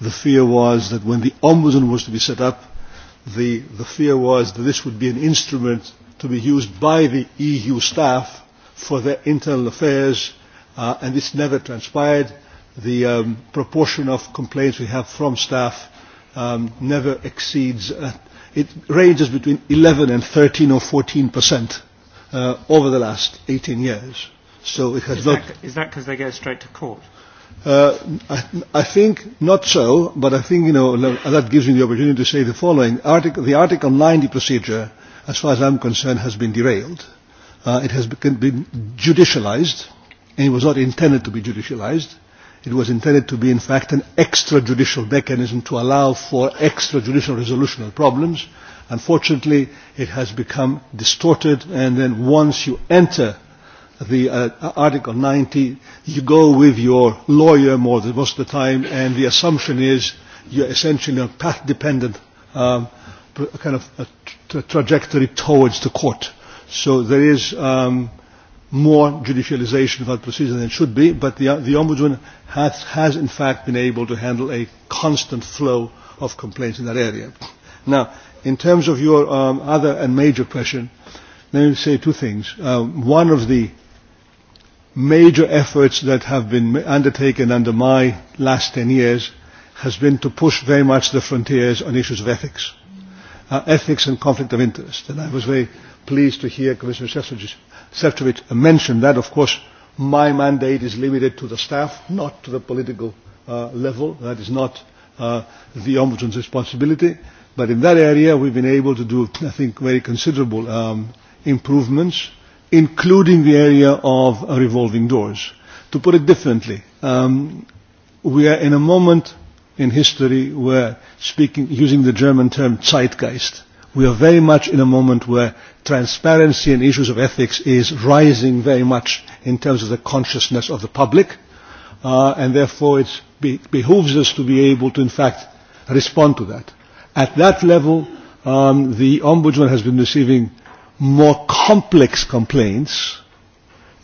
the fear was that when the ombudsman was to be set up, the, the fear was that this would be an instrument to be used by the EU staff for their internal affairs, uh, and this never transpired. The um, proportion of complaints we have from staff um, never exceeds, uh, it ranges between 11 and 13 or 14 percent uh, over the last 18 years. So it has is not. That, is that because they go straight to court? Uh, I, I think not so, but I think you know that gives me the opportunity to say the following: Article, the Article 90 procedure, as far as I'm concerned, has been derailed. Uh, it has been judicialized, and it was not intended to be judicialized. It was intended to be, in fact, an extrajudicial mechanism to allow for extrajudicial resolution of problems. Unfortunately, it has become distorted, and then once you enter the uh, Article 90, you go with your lawyer more than most of the time, and the assumption is you're essentially a path-dependent um, kind of a tra trajectory towards the court. So there is um, more judicialization of that procedure than it should be, but the, the Ombudsman has, has in fact been able to handle a constant flow of complaints in that area. Now, in terms of your um, other and major question, let me say two things. Uh, one of the major efforts that have been undertaken under my last 10 years has been to push very much the frontiers on issues of ethics, uh, ethics and conflict of interest. And I was very pleased to hear Commissioner Sefcovic mention that. Of course, my mandate is limited to the staff, not to the political uh, level. That is not uh, the Ombudsman's responsibility. But in that area, we've been able to do, I think, very considerable um, improvements including the area of revolving doors. To put it differently, um, we are in a moment in history where, speaking, using the German term zeitgeist, we are very much in a moment where transparency and issues of ethics is rising very much in terms of the consciousness of the public, uh, and therefore it be, behooves us to be able to, in fact, respond to that. At that level, um, the Ombudsman has been receiving more complex complaints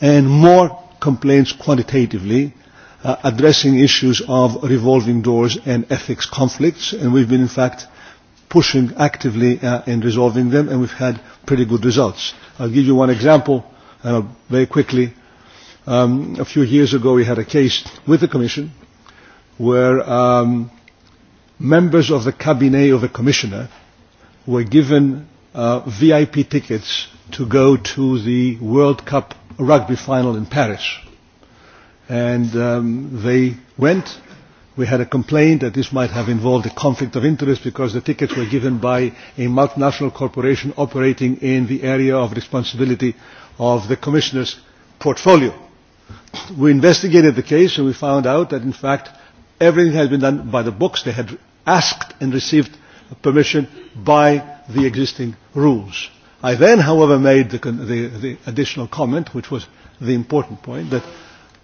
and more complaints quantitatively uh, addressing issues of revolving doors and ethics conflicts and we've been in fact pushing actively uh, in resolving them and we've had pretty good results. I'll give you one example uh, very quickly. Um, a few years ago we had a case with the Commission where um, members of the cabinet of a commissioner were given uh, VIP tickets to go to the World Cup rugby final in Paris. And um, they went. We had a complaint that this might have involved a conflict of interest because the tickets were given by a multinational corporation operating in the area of responsibility of the Commissioner's portfolio. We investigated the case and we found out that in fact everything had been done by the books. They had asked and received permission by the existing rules. I then, however, made the, the, the additional comment, which was the important point, that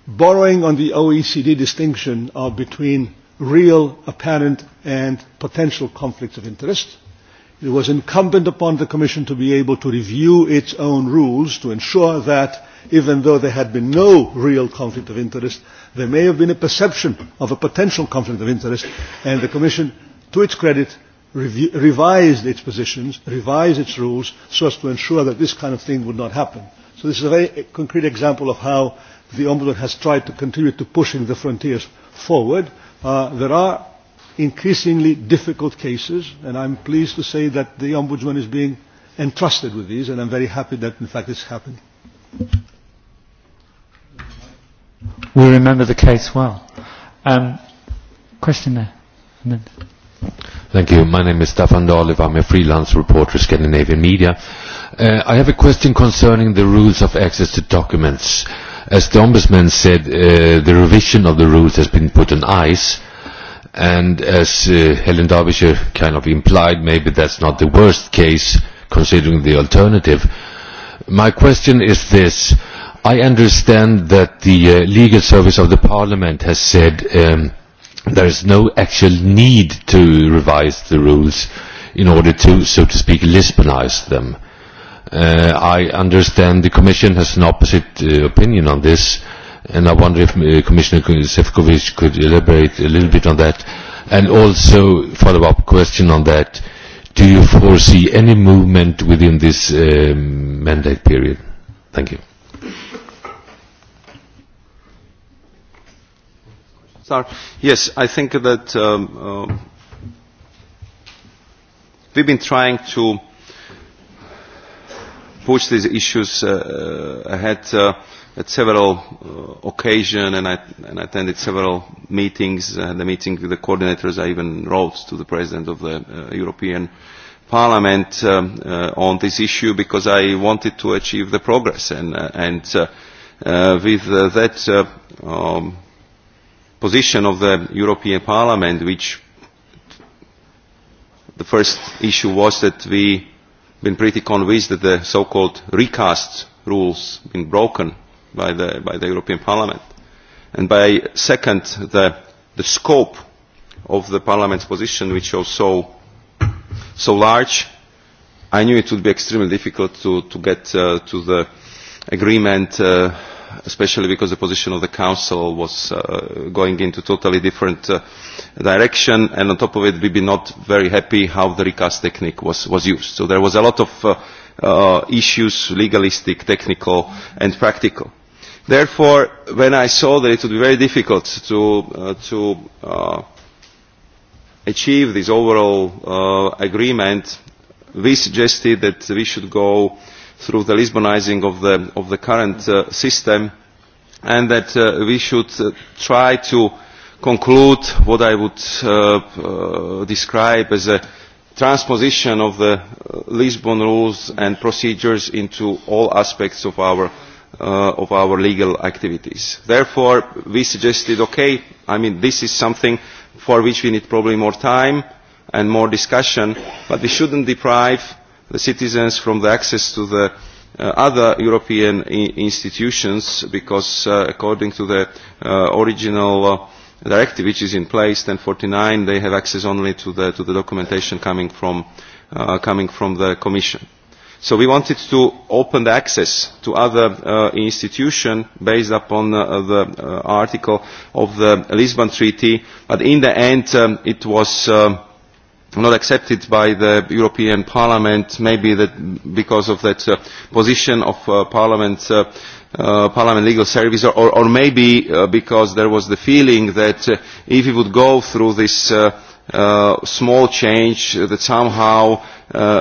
borrowing on the OECD distinction of between real, apparent and potential conflicts of interest, it was incumbent upon the Commission to be able to review its own rules to ensure that even though there had been no real conflict of interest, there may have been a perception of a potential conflict of interest, and the Commission, to its credit, review, revised its positions, revised its rules so as to ensure that this kind of thing would not happen. So this is a very eh, concrete example of how the Ombudsman has tried to continue to pushing the frontiers forward. Uh, there are increasingly difficult cases and I'm pleased to say that the Ombudsman is being entrusted with these and I'm very happy that in fact this happening. We remember the case well. Um, question there. And then... Thank you. My name is Stefan Dahlöf. I'm a freelance reporter at Scandinavian Media. Uh, I have a question concerning the rules of access to documents. As the Ombudsman said, uh, the revision of the rules has been put on ice, and as uh, Helen Derbyshire kind of implied, maybe that's not the worst case, considering the alternative. My question is this. I understand that the uh, Legal Service of the Parliament has said... Um, there is no actual need to revise the rules in order to, so to speak, Lisbonise them. Uh, I understand the Commission has an opposite uh, opinion on this, and I wonder if uh, Commissioner Sefcovic could elaborate a little bit on that. And also, follow-up question on that, do you foresee any movement within this um, mandate period? Thank you. Yes, I think that um, uh, we've been trying to push these issues uh, uh ahead uh, at several uh, occasions and I and attended several meetings. Uh, the meeting with the coordinators, I even wrote to the President of the uh, European Parliament um, uh, on this issue because I wanted to achieve the progress and, uh, and uh, uh, with uh, that uh, um, position of the European Parliament, which the first issue was that we been pretty convinced that the so-called recast rules been broken by the, by the European Parliament. And by second, the, the scope of the Parliament's position, which was so, so large, I knew it would be extremely difficult to, to get uh, to the agreement uh, especially because the position of the Council was uh, going into a totally different uh, direction and on top of it we be not very happy how the recast technique was, was used. So there was a lot of uh, uh, issues, legalistic, technical and practical. Therefore, when I saw that it would be very difficult to, uh, to achieve this overall agreement, we suggested that we should go through the lisbonising of the, of the current uh, system and that uh, we should uh, try to conclude what I would describe as a transposition of the Lisbon rules and procedures into all aspects of our uh, of our legal activities. Therefore we suggested okay, I mean this is something for which we need probably more time and more discussion, but we shouldn't deprive the citizens from the access to the uh, other European institutions because uh, according to the uh, original directive which is in place, 1049, they have access only to the, to the documentation coming from, coming from the Commission. So we wanted to open the access to other institutions based upon the article of the Lisbon Treaty, but in the end um, it was um, not accepted by the European Parliament, maybe that because of that uh, position of uh, Parliament, uh, uh Parliament Legal Service, or, or maybe uh, because there was the feeling that uh, if we would go through this small change, that somehow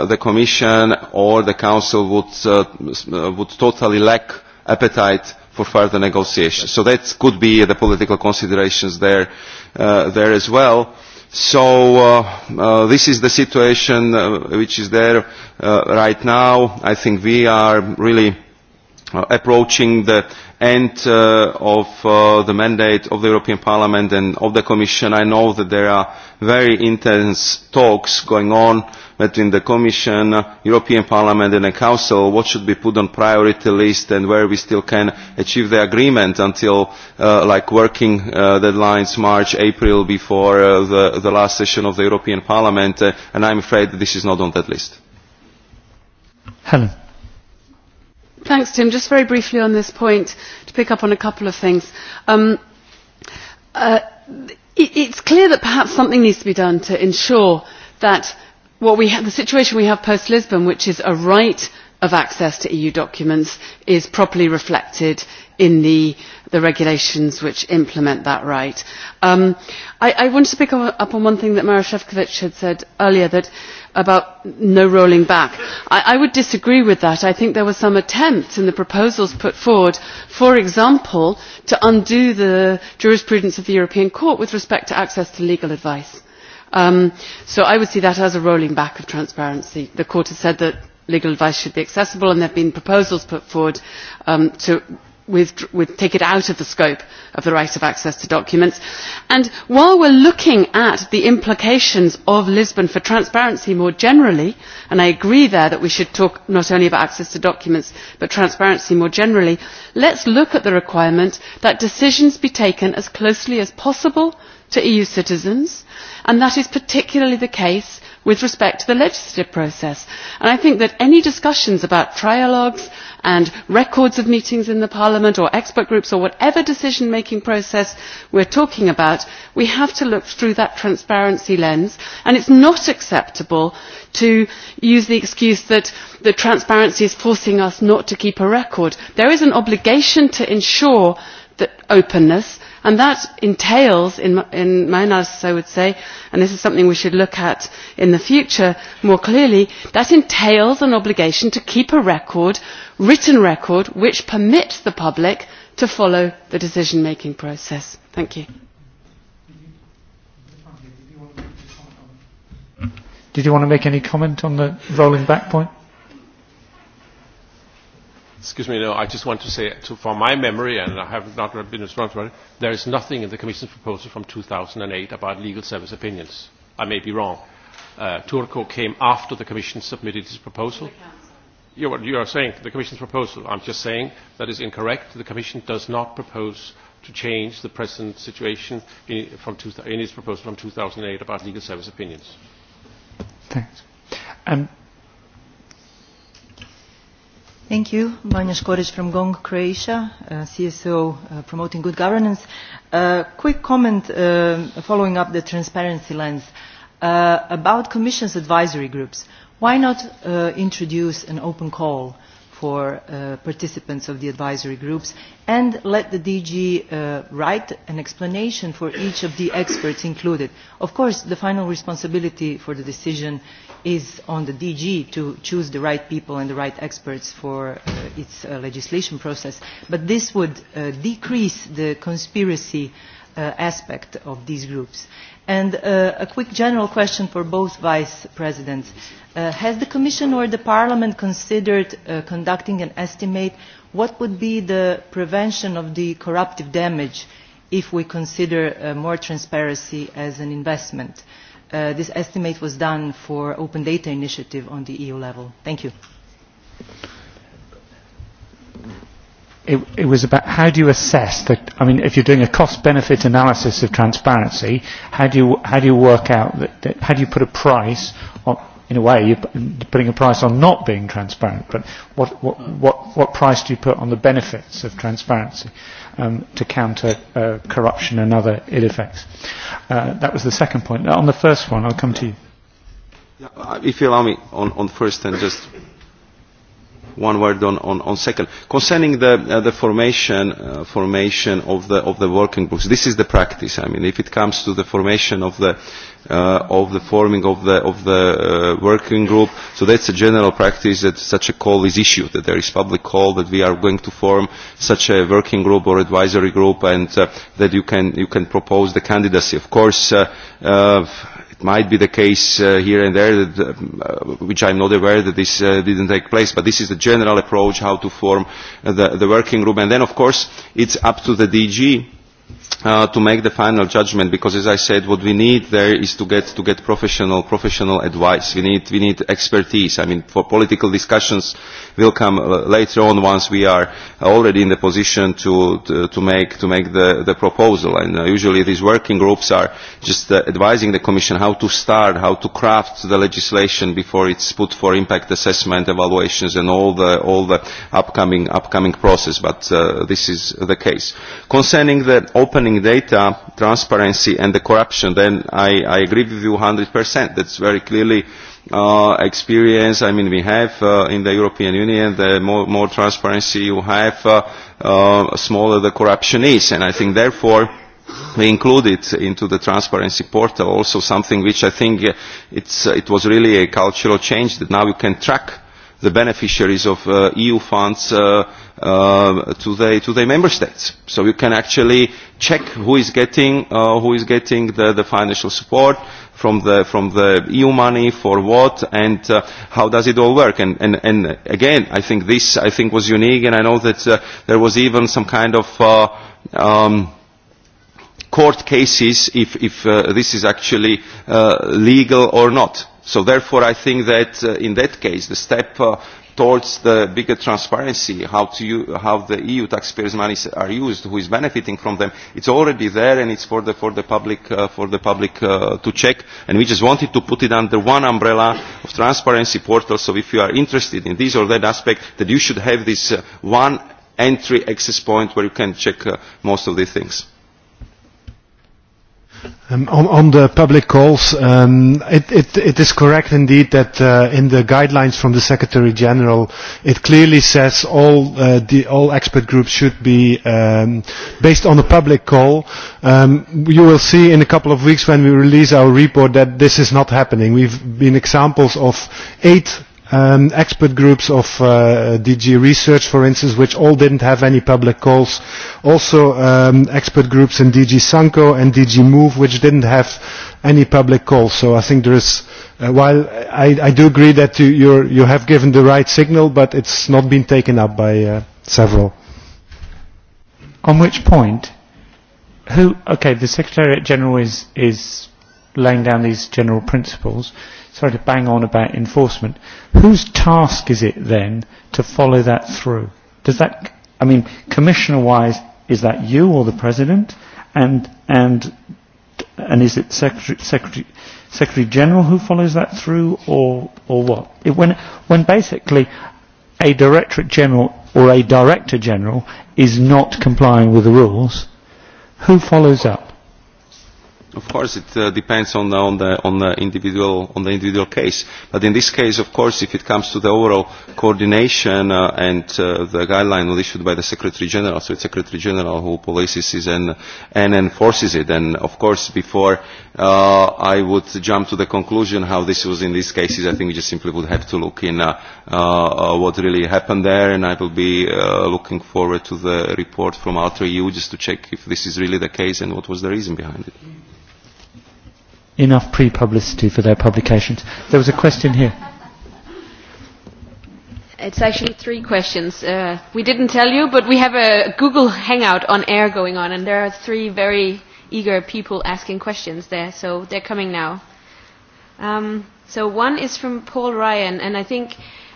the Commission or the Council would, would totally lack appetite for further negotiations. So that could be the political considerations there, there as well So uh, uh, this is the situation uh, which is there uh, right now. I think we are really Uh, approaching the end uh, of uh, the mandate of the European Parliament and of the Commission. I know that there are very intense talks going on between the Commission, European Parliament and the Council, what should be put on priority list and where we still can achieve the agreement until uh, like working uh, deadlines March, April before uh, the, the last session of the European Parliament and I'm afraid that this is not on that list. Helen. Thanks, Tim. Just very briefly on this point, to pick up on a couple of things. Um, uh, it, it's clear that perhaps something needs to be done to ensure that the situation we have post-Lisbon, which is a right of access to EU documents, is properly reflected in the, regulations which implement that right. Um, I, I wanted to pick up on one thing that Mara efovi had said earlier, that about no rolling back. I, I would disagree with that. I think there were some attempts in the proposals put forward, for example, to undo the jurisprudence of the European Court with respect to access to legal advice. Um, so I would see that as a rolling back of transparency. The Court has said that legal advice should be accessible and there have been proposals put forward um, to would take it out of the scope of the right of access to documents. And while we are looking at the implications of Lisbon for transparency more generally, and I agree there that we should talk not only about access to documents but transparency more generally, let us look at the requirement that decisions be taken as closely as possible to EU citizens, and that is particularly the case with respect to the legislative process. And I think that any discussions about trialogues and records of meetings in Parliament or expert groups or whatever decision making process we are talking about, we have to look through that transparency lens and it is not acceptable to use the excuse that the transparency is forcing us not to keep a record. There is an obligation to ensure that openness and that entails in, in my analysis i would say and this is something we should look at in the future more clearly that entails an obligation to keep a record written record which permits the public to follow the decision making process. thank you. did you want to make any comment on the rolling back point? excuse me, no, I just want to say, to, from my memory, and I have not been responsible, there is nothing in the Commission's proposal from 2008 about legal service opinions. I may be wrong. Uh, Turco came after the Commission submitted its proposal. You are, you are saying the Commission's proposal. I'm just saying that is incorrect. The Commission does not propose to change the present situation in, from two, in its proposal from 2008 about legal service opinions. Thanks. Um, Thank you. Vanja Škorić from Gong, Croatia, uh, CSO uh, promoting good governance. Uh, quick comment uh, following up the transparency lens about Commission's advisory groups. Why not introduce an open call for uh, participants of the advisory groups and let the DG uh, write an explanation for each of the experts included. Of course, the final responsibility for the decision is on the DG to choose the right people and the right experts for uh, its uh, legislation process, but this would uh, decrease the conspiracy uh, aspect of these groups. And uh, a quick general question for both vice presidents. Uh, has the Commission or the Parliament considered uh, conducting an estimate what would be the prevention of the corruptive damage if we consider more transparency as an investment? This estimate was done for Open Data Initiative on the EU level. Thank you it, it was about how do you assess that, I mean, if you're doing a cost-benefit analysis of transparency, how do you, how do you work out, that, that how do you put a price on, in a way, you're putting a price on not being transparent, but what, what, what, what price do you put on the benefits of transparency um, to counter uh, corruption and other ill effects? Uh, that was the second point. On the first one, I'll come to you. If you allow me, on, on first and just one word on, on, on second. Concerning the, uh, the formation, uh, formation of, the, of the working groups, this is the practice. I mean, if it comes to the formation of the, uh, of the forming of the, of the uh, working group, so that's a general practice that such a call is issued, that there is public call that we are going to form such a working group or advisory group and uh, that you can, you can propose the candidacy. Of course, uh, It might be the case uh, here and there, that, um, uh, which I'm not aware that this uh, didn't take place, but this is the general approach how to form uh, the, the working group. And then, of course, it's up to the DG Uh, to make the final judgment because as I said what we need there is to get to get professional professional advice we need we need expertise I mean for political discussions will come uh, later on once we are already in the position to to, make to make the, the proposal and uh, usually these working groups are just advising the commission how to start how to craft the legislation before it's put for impact assessment evaluations and all the all the upcoming upcoming process but this is the case concerning the opening concerning data transparency and the corruption, then I, I agree with you 100%. That's very clearly uh, experience. I mean, we have uh, in the European Union, the more, more transparency you have, uh, uh, smaller the corruption is. And I think, therefore, we included into the transparency portal also something which I think uh, it's, uh, it was really a cultural change that now you can track the beneficiaries of uh, EU funds uh, uh, to, the, to the member states. So you can actually check who is getting, uh, who is getting the, the financial support from the, from the EU money for what and uh, how does it all work. And, and, and again, I think this I think was unique and I know that uh, there was even some kind of uh, um, court cases if, if uh, this is actually uh, legal or not so therefore i think that uh, in that case the step uh, towards the bigger transparency how to how the eu taxpayers money are used who is benefiting from them it's already there and it's for the for the public uh, for the public uh, to check and we just wanted to put it under one umbrella of transparency portal so if you are interested in this or that aspect that you should have this uh, one entry access point where you can check uh, most of these things Um, on, on the public calls, um, it, it, it is correct indeed that uh, in the guidelines from the Secretary General, it clearly says all uh, the all expert groups should be um, based on a public call. Um, you will see in a couple of weeks when we release our report that this is not happening. We've been examples of eight um, expert groups of uh, DG Research, for instance, which all didn't have any public calls. Also, um, expert groups in DG Sanko and DG Move, which didn't have any public calls. So I think there is, uh, while I, I do agree that you, you're, you have given the right signal, but it's not been taken up by uh, several. On which point? Who? Okay, the Secretariat General is is laying down these general principles sorry to bang on about enforcement, whose task is it then to follow that through? Does that, I mean, commissioner-wise, is that you or the president? And, and, and is it secretary, secretary, secretary general who follows that through or, or what? It, when, when basically a directorate general or a director general is not complying with the rules, who follows up? Of course, it uh, depends on the, on, the, on, the individual, on the individual case. But in this case, of course, if it comes to the overall coordination uh, and uh, the guideline was issued by the Secretary General, so it's Secretary General who policies it and, and enforces it. And of course, before uh, I would jump to the conclusion how this was in these cases, I think we just simply would have to look in uh, uh, what really happened there. And I will be uh, looking forward to the report from Alter EU just to check if this is really the case and what was the reason behind it enough pre-publicity for their publications. There was a question here. It's actually three questions. Uh, we didn't tell you, but we have a Google Hangout on air going on, and there are three very eager people asking questions there, so they're coming now. Um, so one is from Paul Ryan, and I think,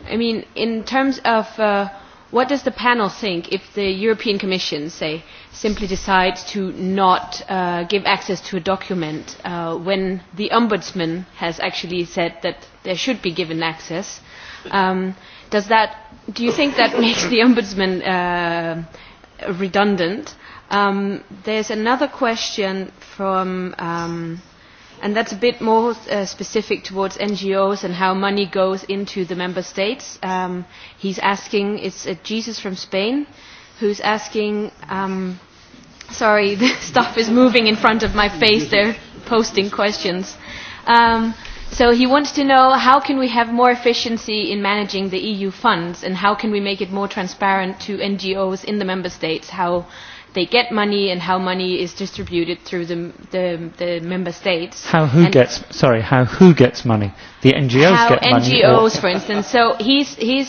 I mean, in terms of uh, what does the panel think if the European Commission, say, simply decide to not uh, give access to a document uh, when the ombudsman has actually said that there should be given access um, does that do you think that makes the ombudsman uh, redundant um, there's another question from um, and that's a bit more uh, specific towards ngos and how money goes into the member states um, he's asking it's uh, jesus from spain who's asking um, sorry the stuff is moving in front of my face they're posting questions um, so he wants to know how can we have more efficiency in managing the eu funds and how can we make it more transparent to ngos in the member states how they get money and how money is distributed through the the, the member states. How who and gets sorry? How who gets money? The NGOs get NGOs, money. NGOs, for instance. So he's he's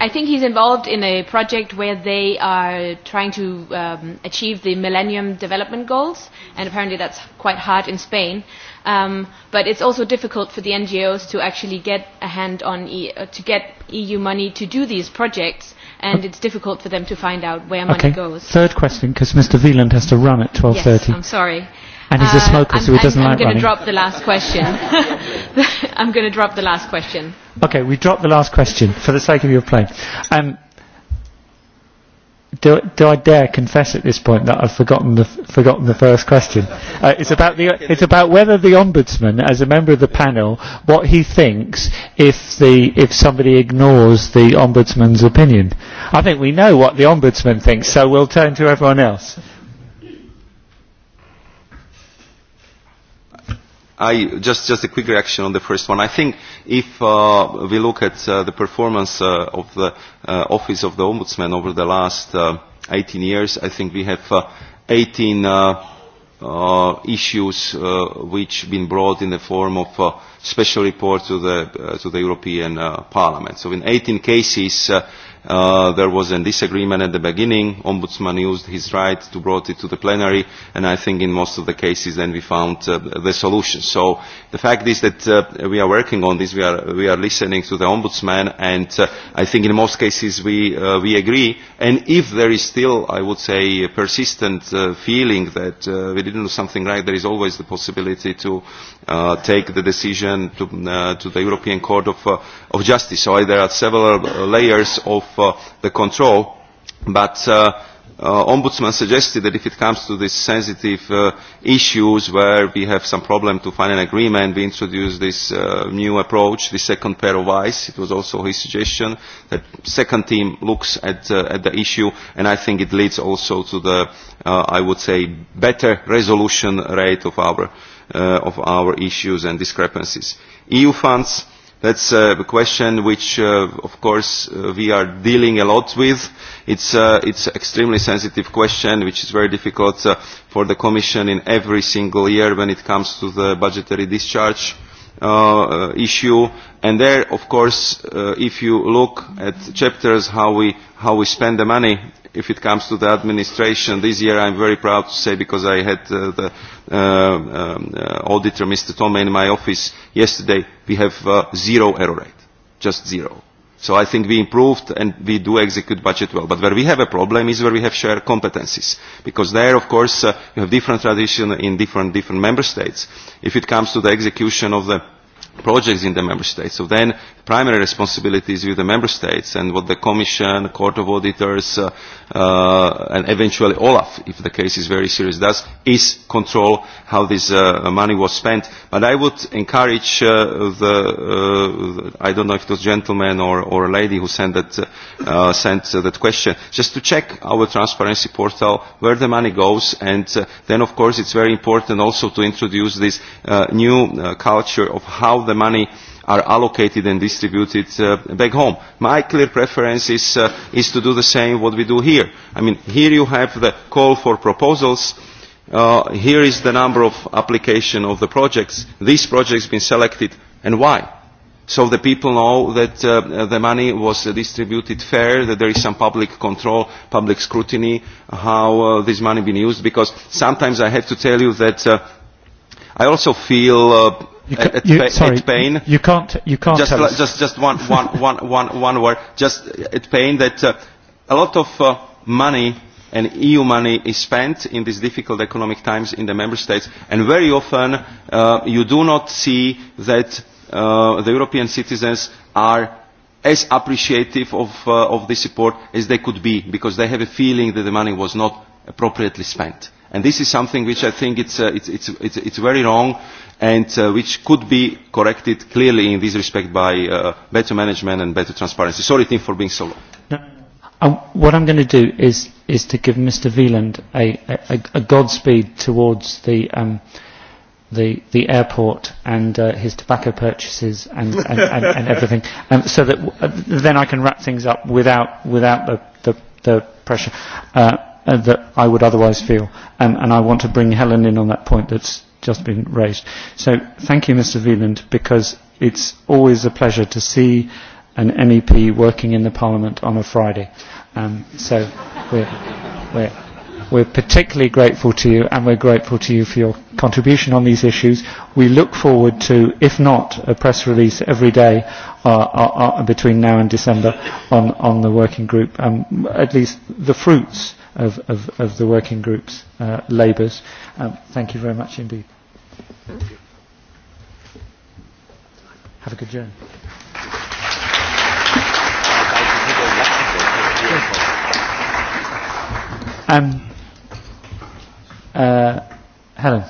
i think he's involved in a project where they are trying to um, achieve the Millennium Development Goals, and apparently that's quite hard in Spain. Um, but it's also difficult for the NGOs to actually get a hand on e uh, to get EU money to do these projects, and it's difficult for them to find out where okay. money goes. Third question, because Mr. Veland has to run at 12.30. Yes, I'm sorry. And he's a uh, smoker, so he doesn't I'm, like running. I'm going to drop the last question. I'm going to drop the last question. Okay, we dropped the last question for the sake of your playing. Um, do, do I dare confess at this point that I've forgotten the, forgotten the first question? Uh, it's, about the, it's about whether the Ombudsman, as a member of the panel, what he thinks if, the, if somebody ignores the Ombudsman's opinion. I think we know what the Ombudsman thinks, so we'll turn to everyone else. I, just, just a quick reaction on the first one. I think if uh, we look at uh, the performance uh, of the uh, Office of the Ombudsman over the last uh, 18 years, I think we have uh, 18 uh, uh, issues which have been brought in the form of a special report to the, to the European uh, Parliament. So in 18 cases, uh, Uh, there was a disagreement at the beginning. Ombudsman used his right to brought it to the plenary, and I think in most of the cases then we found uh, the solution. So the fact is that uh, we are working on this. We are, we are listening to the ombudsman, and uh, I think in most cases we, uh, we agree. And if there is still, I would say, a persistent uh, feeling that we didn't do something right, there is always the possibility to take the decision to, to the European Court of, of Justice. So there are several layers of for the control but uh, uh, ombudsman suggested that if it comes to these sensitive uh, issues where we have some problem to find an agreement, we introduce this uh, new approach, the second pair of eyes. It was also his suggestion that second team looks at, the issue, and I think it leads also to the, I would say, better resolution rate of our, of our issues and discrepancies. EU funds That's is a question which, uh, of course, uh, we are dealing a lot with. It's an uh, it's extremely sensitive question, which is very difficult uh, for the Commission in every single year when it comes to the budgetary discharge uh, issue. And there, of course, if you look at chapters how we, how we spend the money if it comes to the administration, this year I'm very proud to say because I had uh, the uh, um, uh, auditor, Mr. Tome, in my office yesterday, we have uh, zero error rate, just zero. So I think we improved and we do execute budget well. But where we have a problem is where we have shared competencies. Because there, of course, uh, you have different tradition in different, different member states. If it comes to the execution of the projects in the member states. So then primary responsibility is with the member states and what the commission, the court of auditors uh, uh, and eventually Olaf, if the case is very serious, does is control how this uh, money was spent. But I would encourage uh, the, uh, I don't know if it was gentleman or, or a lady who sent that, uh, sent that question, just to check our transparency portal where the money goes and then of course it's very important also to introduce this new culture of how the money are allocated and distributed uh, back home. My clear preference is, uh, is to do the same what we do here. I mean, here you have the call for proposals. Uh, here is the number of application of the projects. These projects have been selected and why? So the people know that the money was distributed fair, that there is some public control, public scrutiny, how this money has been used. Because sometimes I have to tell you that I also feel You uh, pain. You can't. You can't. Just, tell us. just, just one, one, one, one, one word. Just uh, it's pain that uh, a lot of money and EU money is spent in these difficult economic times in the member states, and very often you do not see that the European citizens are as appreciative of, uh, of the support as they could be, because they have a feeling that the money was not appropriately spent. And this is something which I think it's, uh, it's, it's, it's, it's very wrong and uh, which could be corrected clearly in this respect by uh, better management and better transparency. Sorry, Tim, for being so long. No, um what I'm going to do is, is to give Mr. Veland a, a, a godspeed towards the, um, the, the airport and uh, his tobacco purchases and, and, and, and everything, um, so that w uh, then I can wrap things up without, without the, the, the pressure. Uh, uh, that I would otherwise feel. And, and I want to bring Helen in on that point that's just been raised. So thank you, Mr. Wieland, because it's always a pleasure to see an MEP working in the Parliament on a Friday. Um, so we're, we're, we're particularly grateful to you and we're grateful to you for your contribution on these issues. We look forward to, if not a press release every day uh, uh, uh, between now and December on, on the working group, um, at least the fruits of, of, of the working group's uh, labours. Um, thank you very much indeed. Have a good journey. Um, uh, Helen.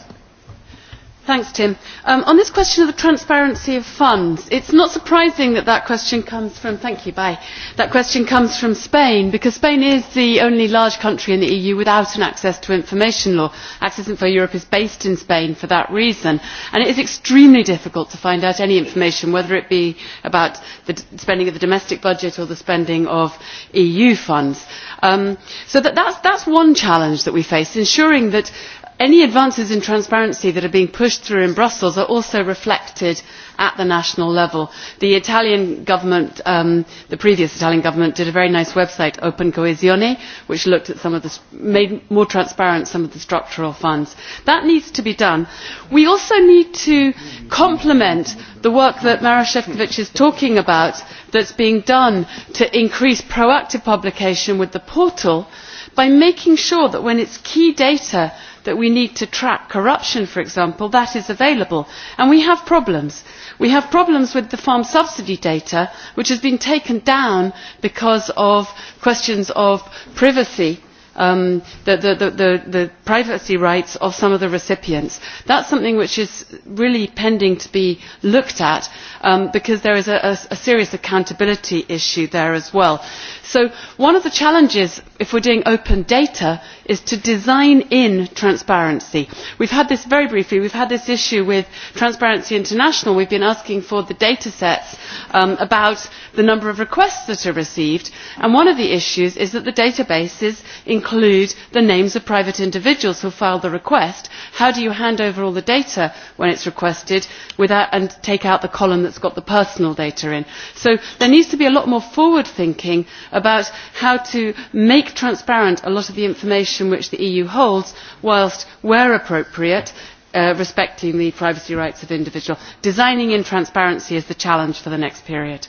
Thanks, Tim. Um, on this question of the transparency of funds, it's not surprising that that question comes from, thank you, bye, that question comes from Spain, because Spain is the only large country in the EU without an access to information law. Access for Europe is based in Spain for that reason, and it is extremely difficult to find out any information, whether it be about the spending of the domestic budget or the spending of EU funds. Um, so that, is one challenge that we face, ensuring that any advances in transparency that are being pushed through in brussels are also reflected at the national level. the italian government um, the previous italian government did a very nice website open coesione which looked at some of the made more transparent some of the structural funds. that needs to be done. we also need to complement the work that Mara efovi is talking about that is being done to increase proactive publication with the portal by making sure that when it is key data that we need to track corruption for example that is available and we have problems. we have problems with the farm subsidy data which has been taken down because of questions of privacy um, the, privacy rights of some of the recipients. that is something which is really pending to be looked at um, because there is a serious accountability issue there as well. so one of the challenges if we are doing open data is to design in transparency. we have had this very briefly we had this issue with transparency international we have been asking for the data sets um, about the number of requests that are received and one of the issues is that the databases include the names of private individuals who filed the request. how do you hand over all the data when it is requested and take out the column that has got the personal data in? so there needs to be a lot more forward thinking about how to make make transparent a lot of the information which the eu holds whilst where appropriate uh, respecting the privacy rights of individuals. designing in transparency is the challenge for the next period.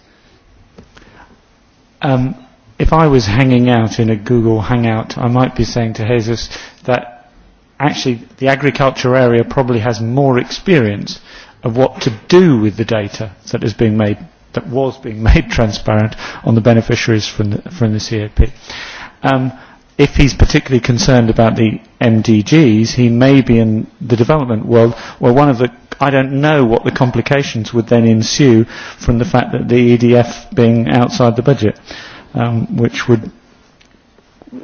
Um, if i was hanging out in a google hangout i might be saying to jesus that actually the agriculture area probably has more experience of what to do with the data that is being made that was being made transparent on the beneficiaries from the, from the CAP. Um, if he's particularly concerned about the MDGs, he may be in the development world where one of the I don't know what the complications would then ensue from the fact that the EDF being outside the budget, um, which would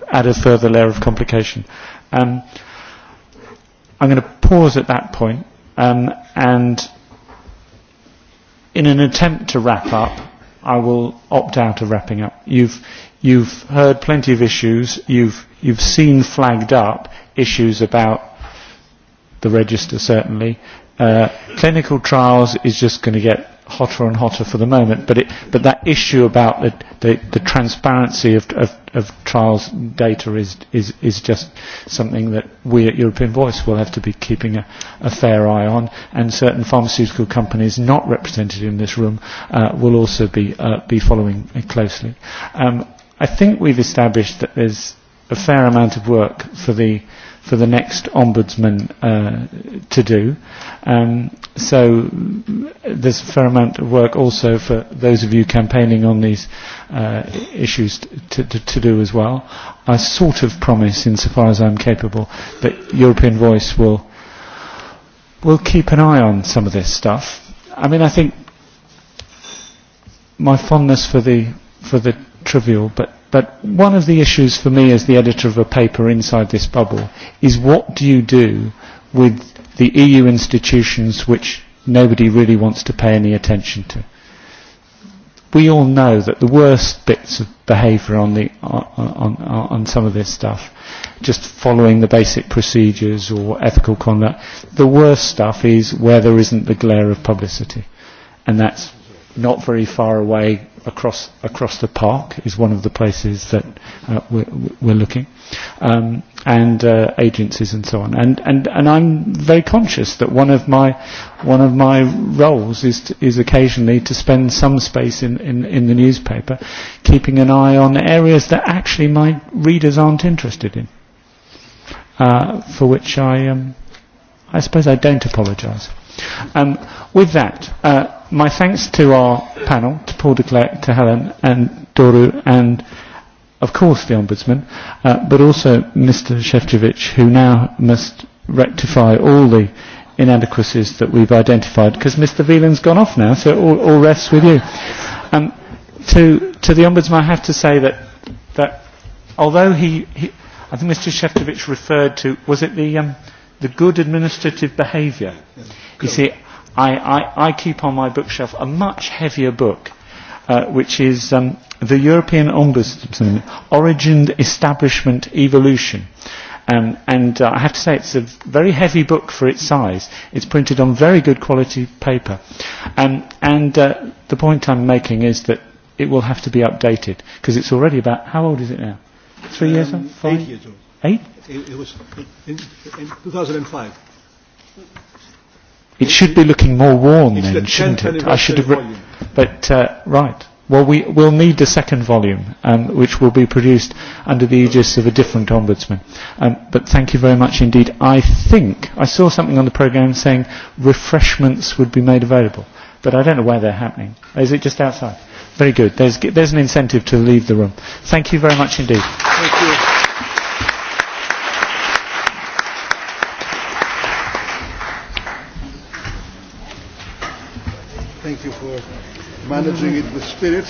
add a further layer of complication. Um, I'm going to pause at that point um, and in an attempt to wrap up, I will opt out of wrapping up. You've, You've heard plenty of issues. You've, you've seen flagged up issues about the register, certainly. Uh, clinical trials is just going to get hotter and hotter for the moment, but, it, but that issue about the, the, the transparency of, of, of trials data is, is, is just something that we at European Voice will have to be keeping a, a fair eye on, and certain pharmaceutical companies not represented in this room uh, will also be, uh, be following closely. Um, i think we've established that there's a fair amount of work for the for the next ombudsman uh, to do. Um, so there's a fair amount of work also for those of you campaigning on these uh, issues to, to, to do as well. I sort of promise, insofar as I'm capable, that European Voice will will keep an eye on some of this stuff. I mean, I think my fondness for the for the trivial, but, but one of the issues for me as the editor of a paper inside this bubble is what do you do with the EU institutions which nobody really wants to pay any attention to? We all know that the worst bits of behaviour on, on, on, on some of this stuff, just following the basic procedures or ethical conduct, the worst stuff is where there isn't the glare of publicity. And that's not very far away across across the park is one of the places that uh, we're, we're looking, um, and uh, agencies and so on. And, and and I'm very conscious that one of my one of my roles is to, is occasionally to spend some space in, in, in the newspaper, keeping an eye on areas that actually my readers aren't interested in, uh, for which I um, I suppose I don't apologise. Um, With that, uh, my thanks to our panel, to Paul de Klerk, to Helen and Doru and of course the Ombudsman, uh, but also Mr. Shevchevich, who now must rectify all the inadequacies that we've identified, because Mr. Veland's gone off now, so it all, all rests with you. Um, to, to the Ombudsman, I have to say that, that although he, he I think Mr. Shevchevich referred to, was it the, um, the good administrative behaviour? You see, i, I, I keep on my bookshelf a much heavier book, uh, which is um, The European Ombudsman, Origin, Establishment, Evolution. Um, and uh, I have to say it's a very heavy book for its size. It's printed on very good quality paper. Um, and uh, the point I'm making is that it will have to be updated because it's already about, how old is it now? Three um, years old? Um, five? Eight years old. Eight? It, it was in, in 2005. It should be looking more warm then, shouldn't it? I should have but uh, right. Well, we will need the second volume, um, which will be produced under the aegis of a different ombudsman. Um, but thank you very much indeed. I think I saw something on the programme saying refreshments would be made available, but I don't know where they're happening. Is it just outside? Very good. There's, there's an incentive to leave the room. Thank you very much indeed. Thank you. managing it with spirit.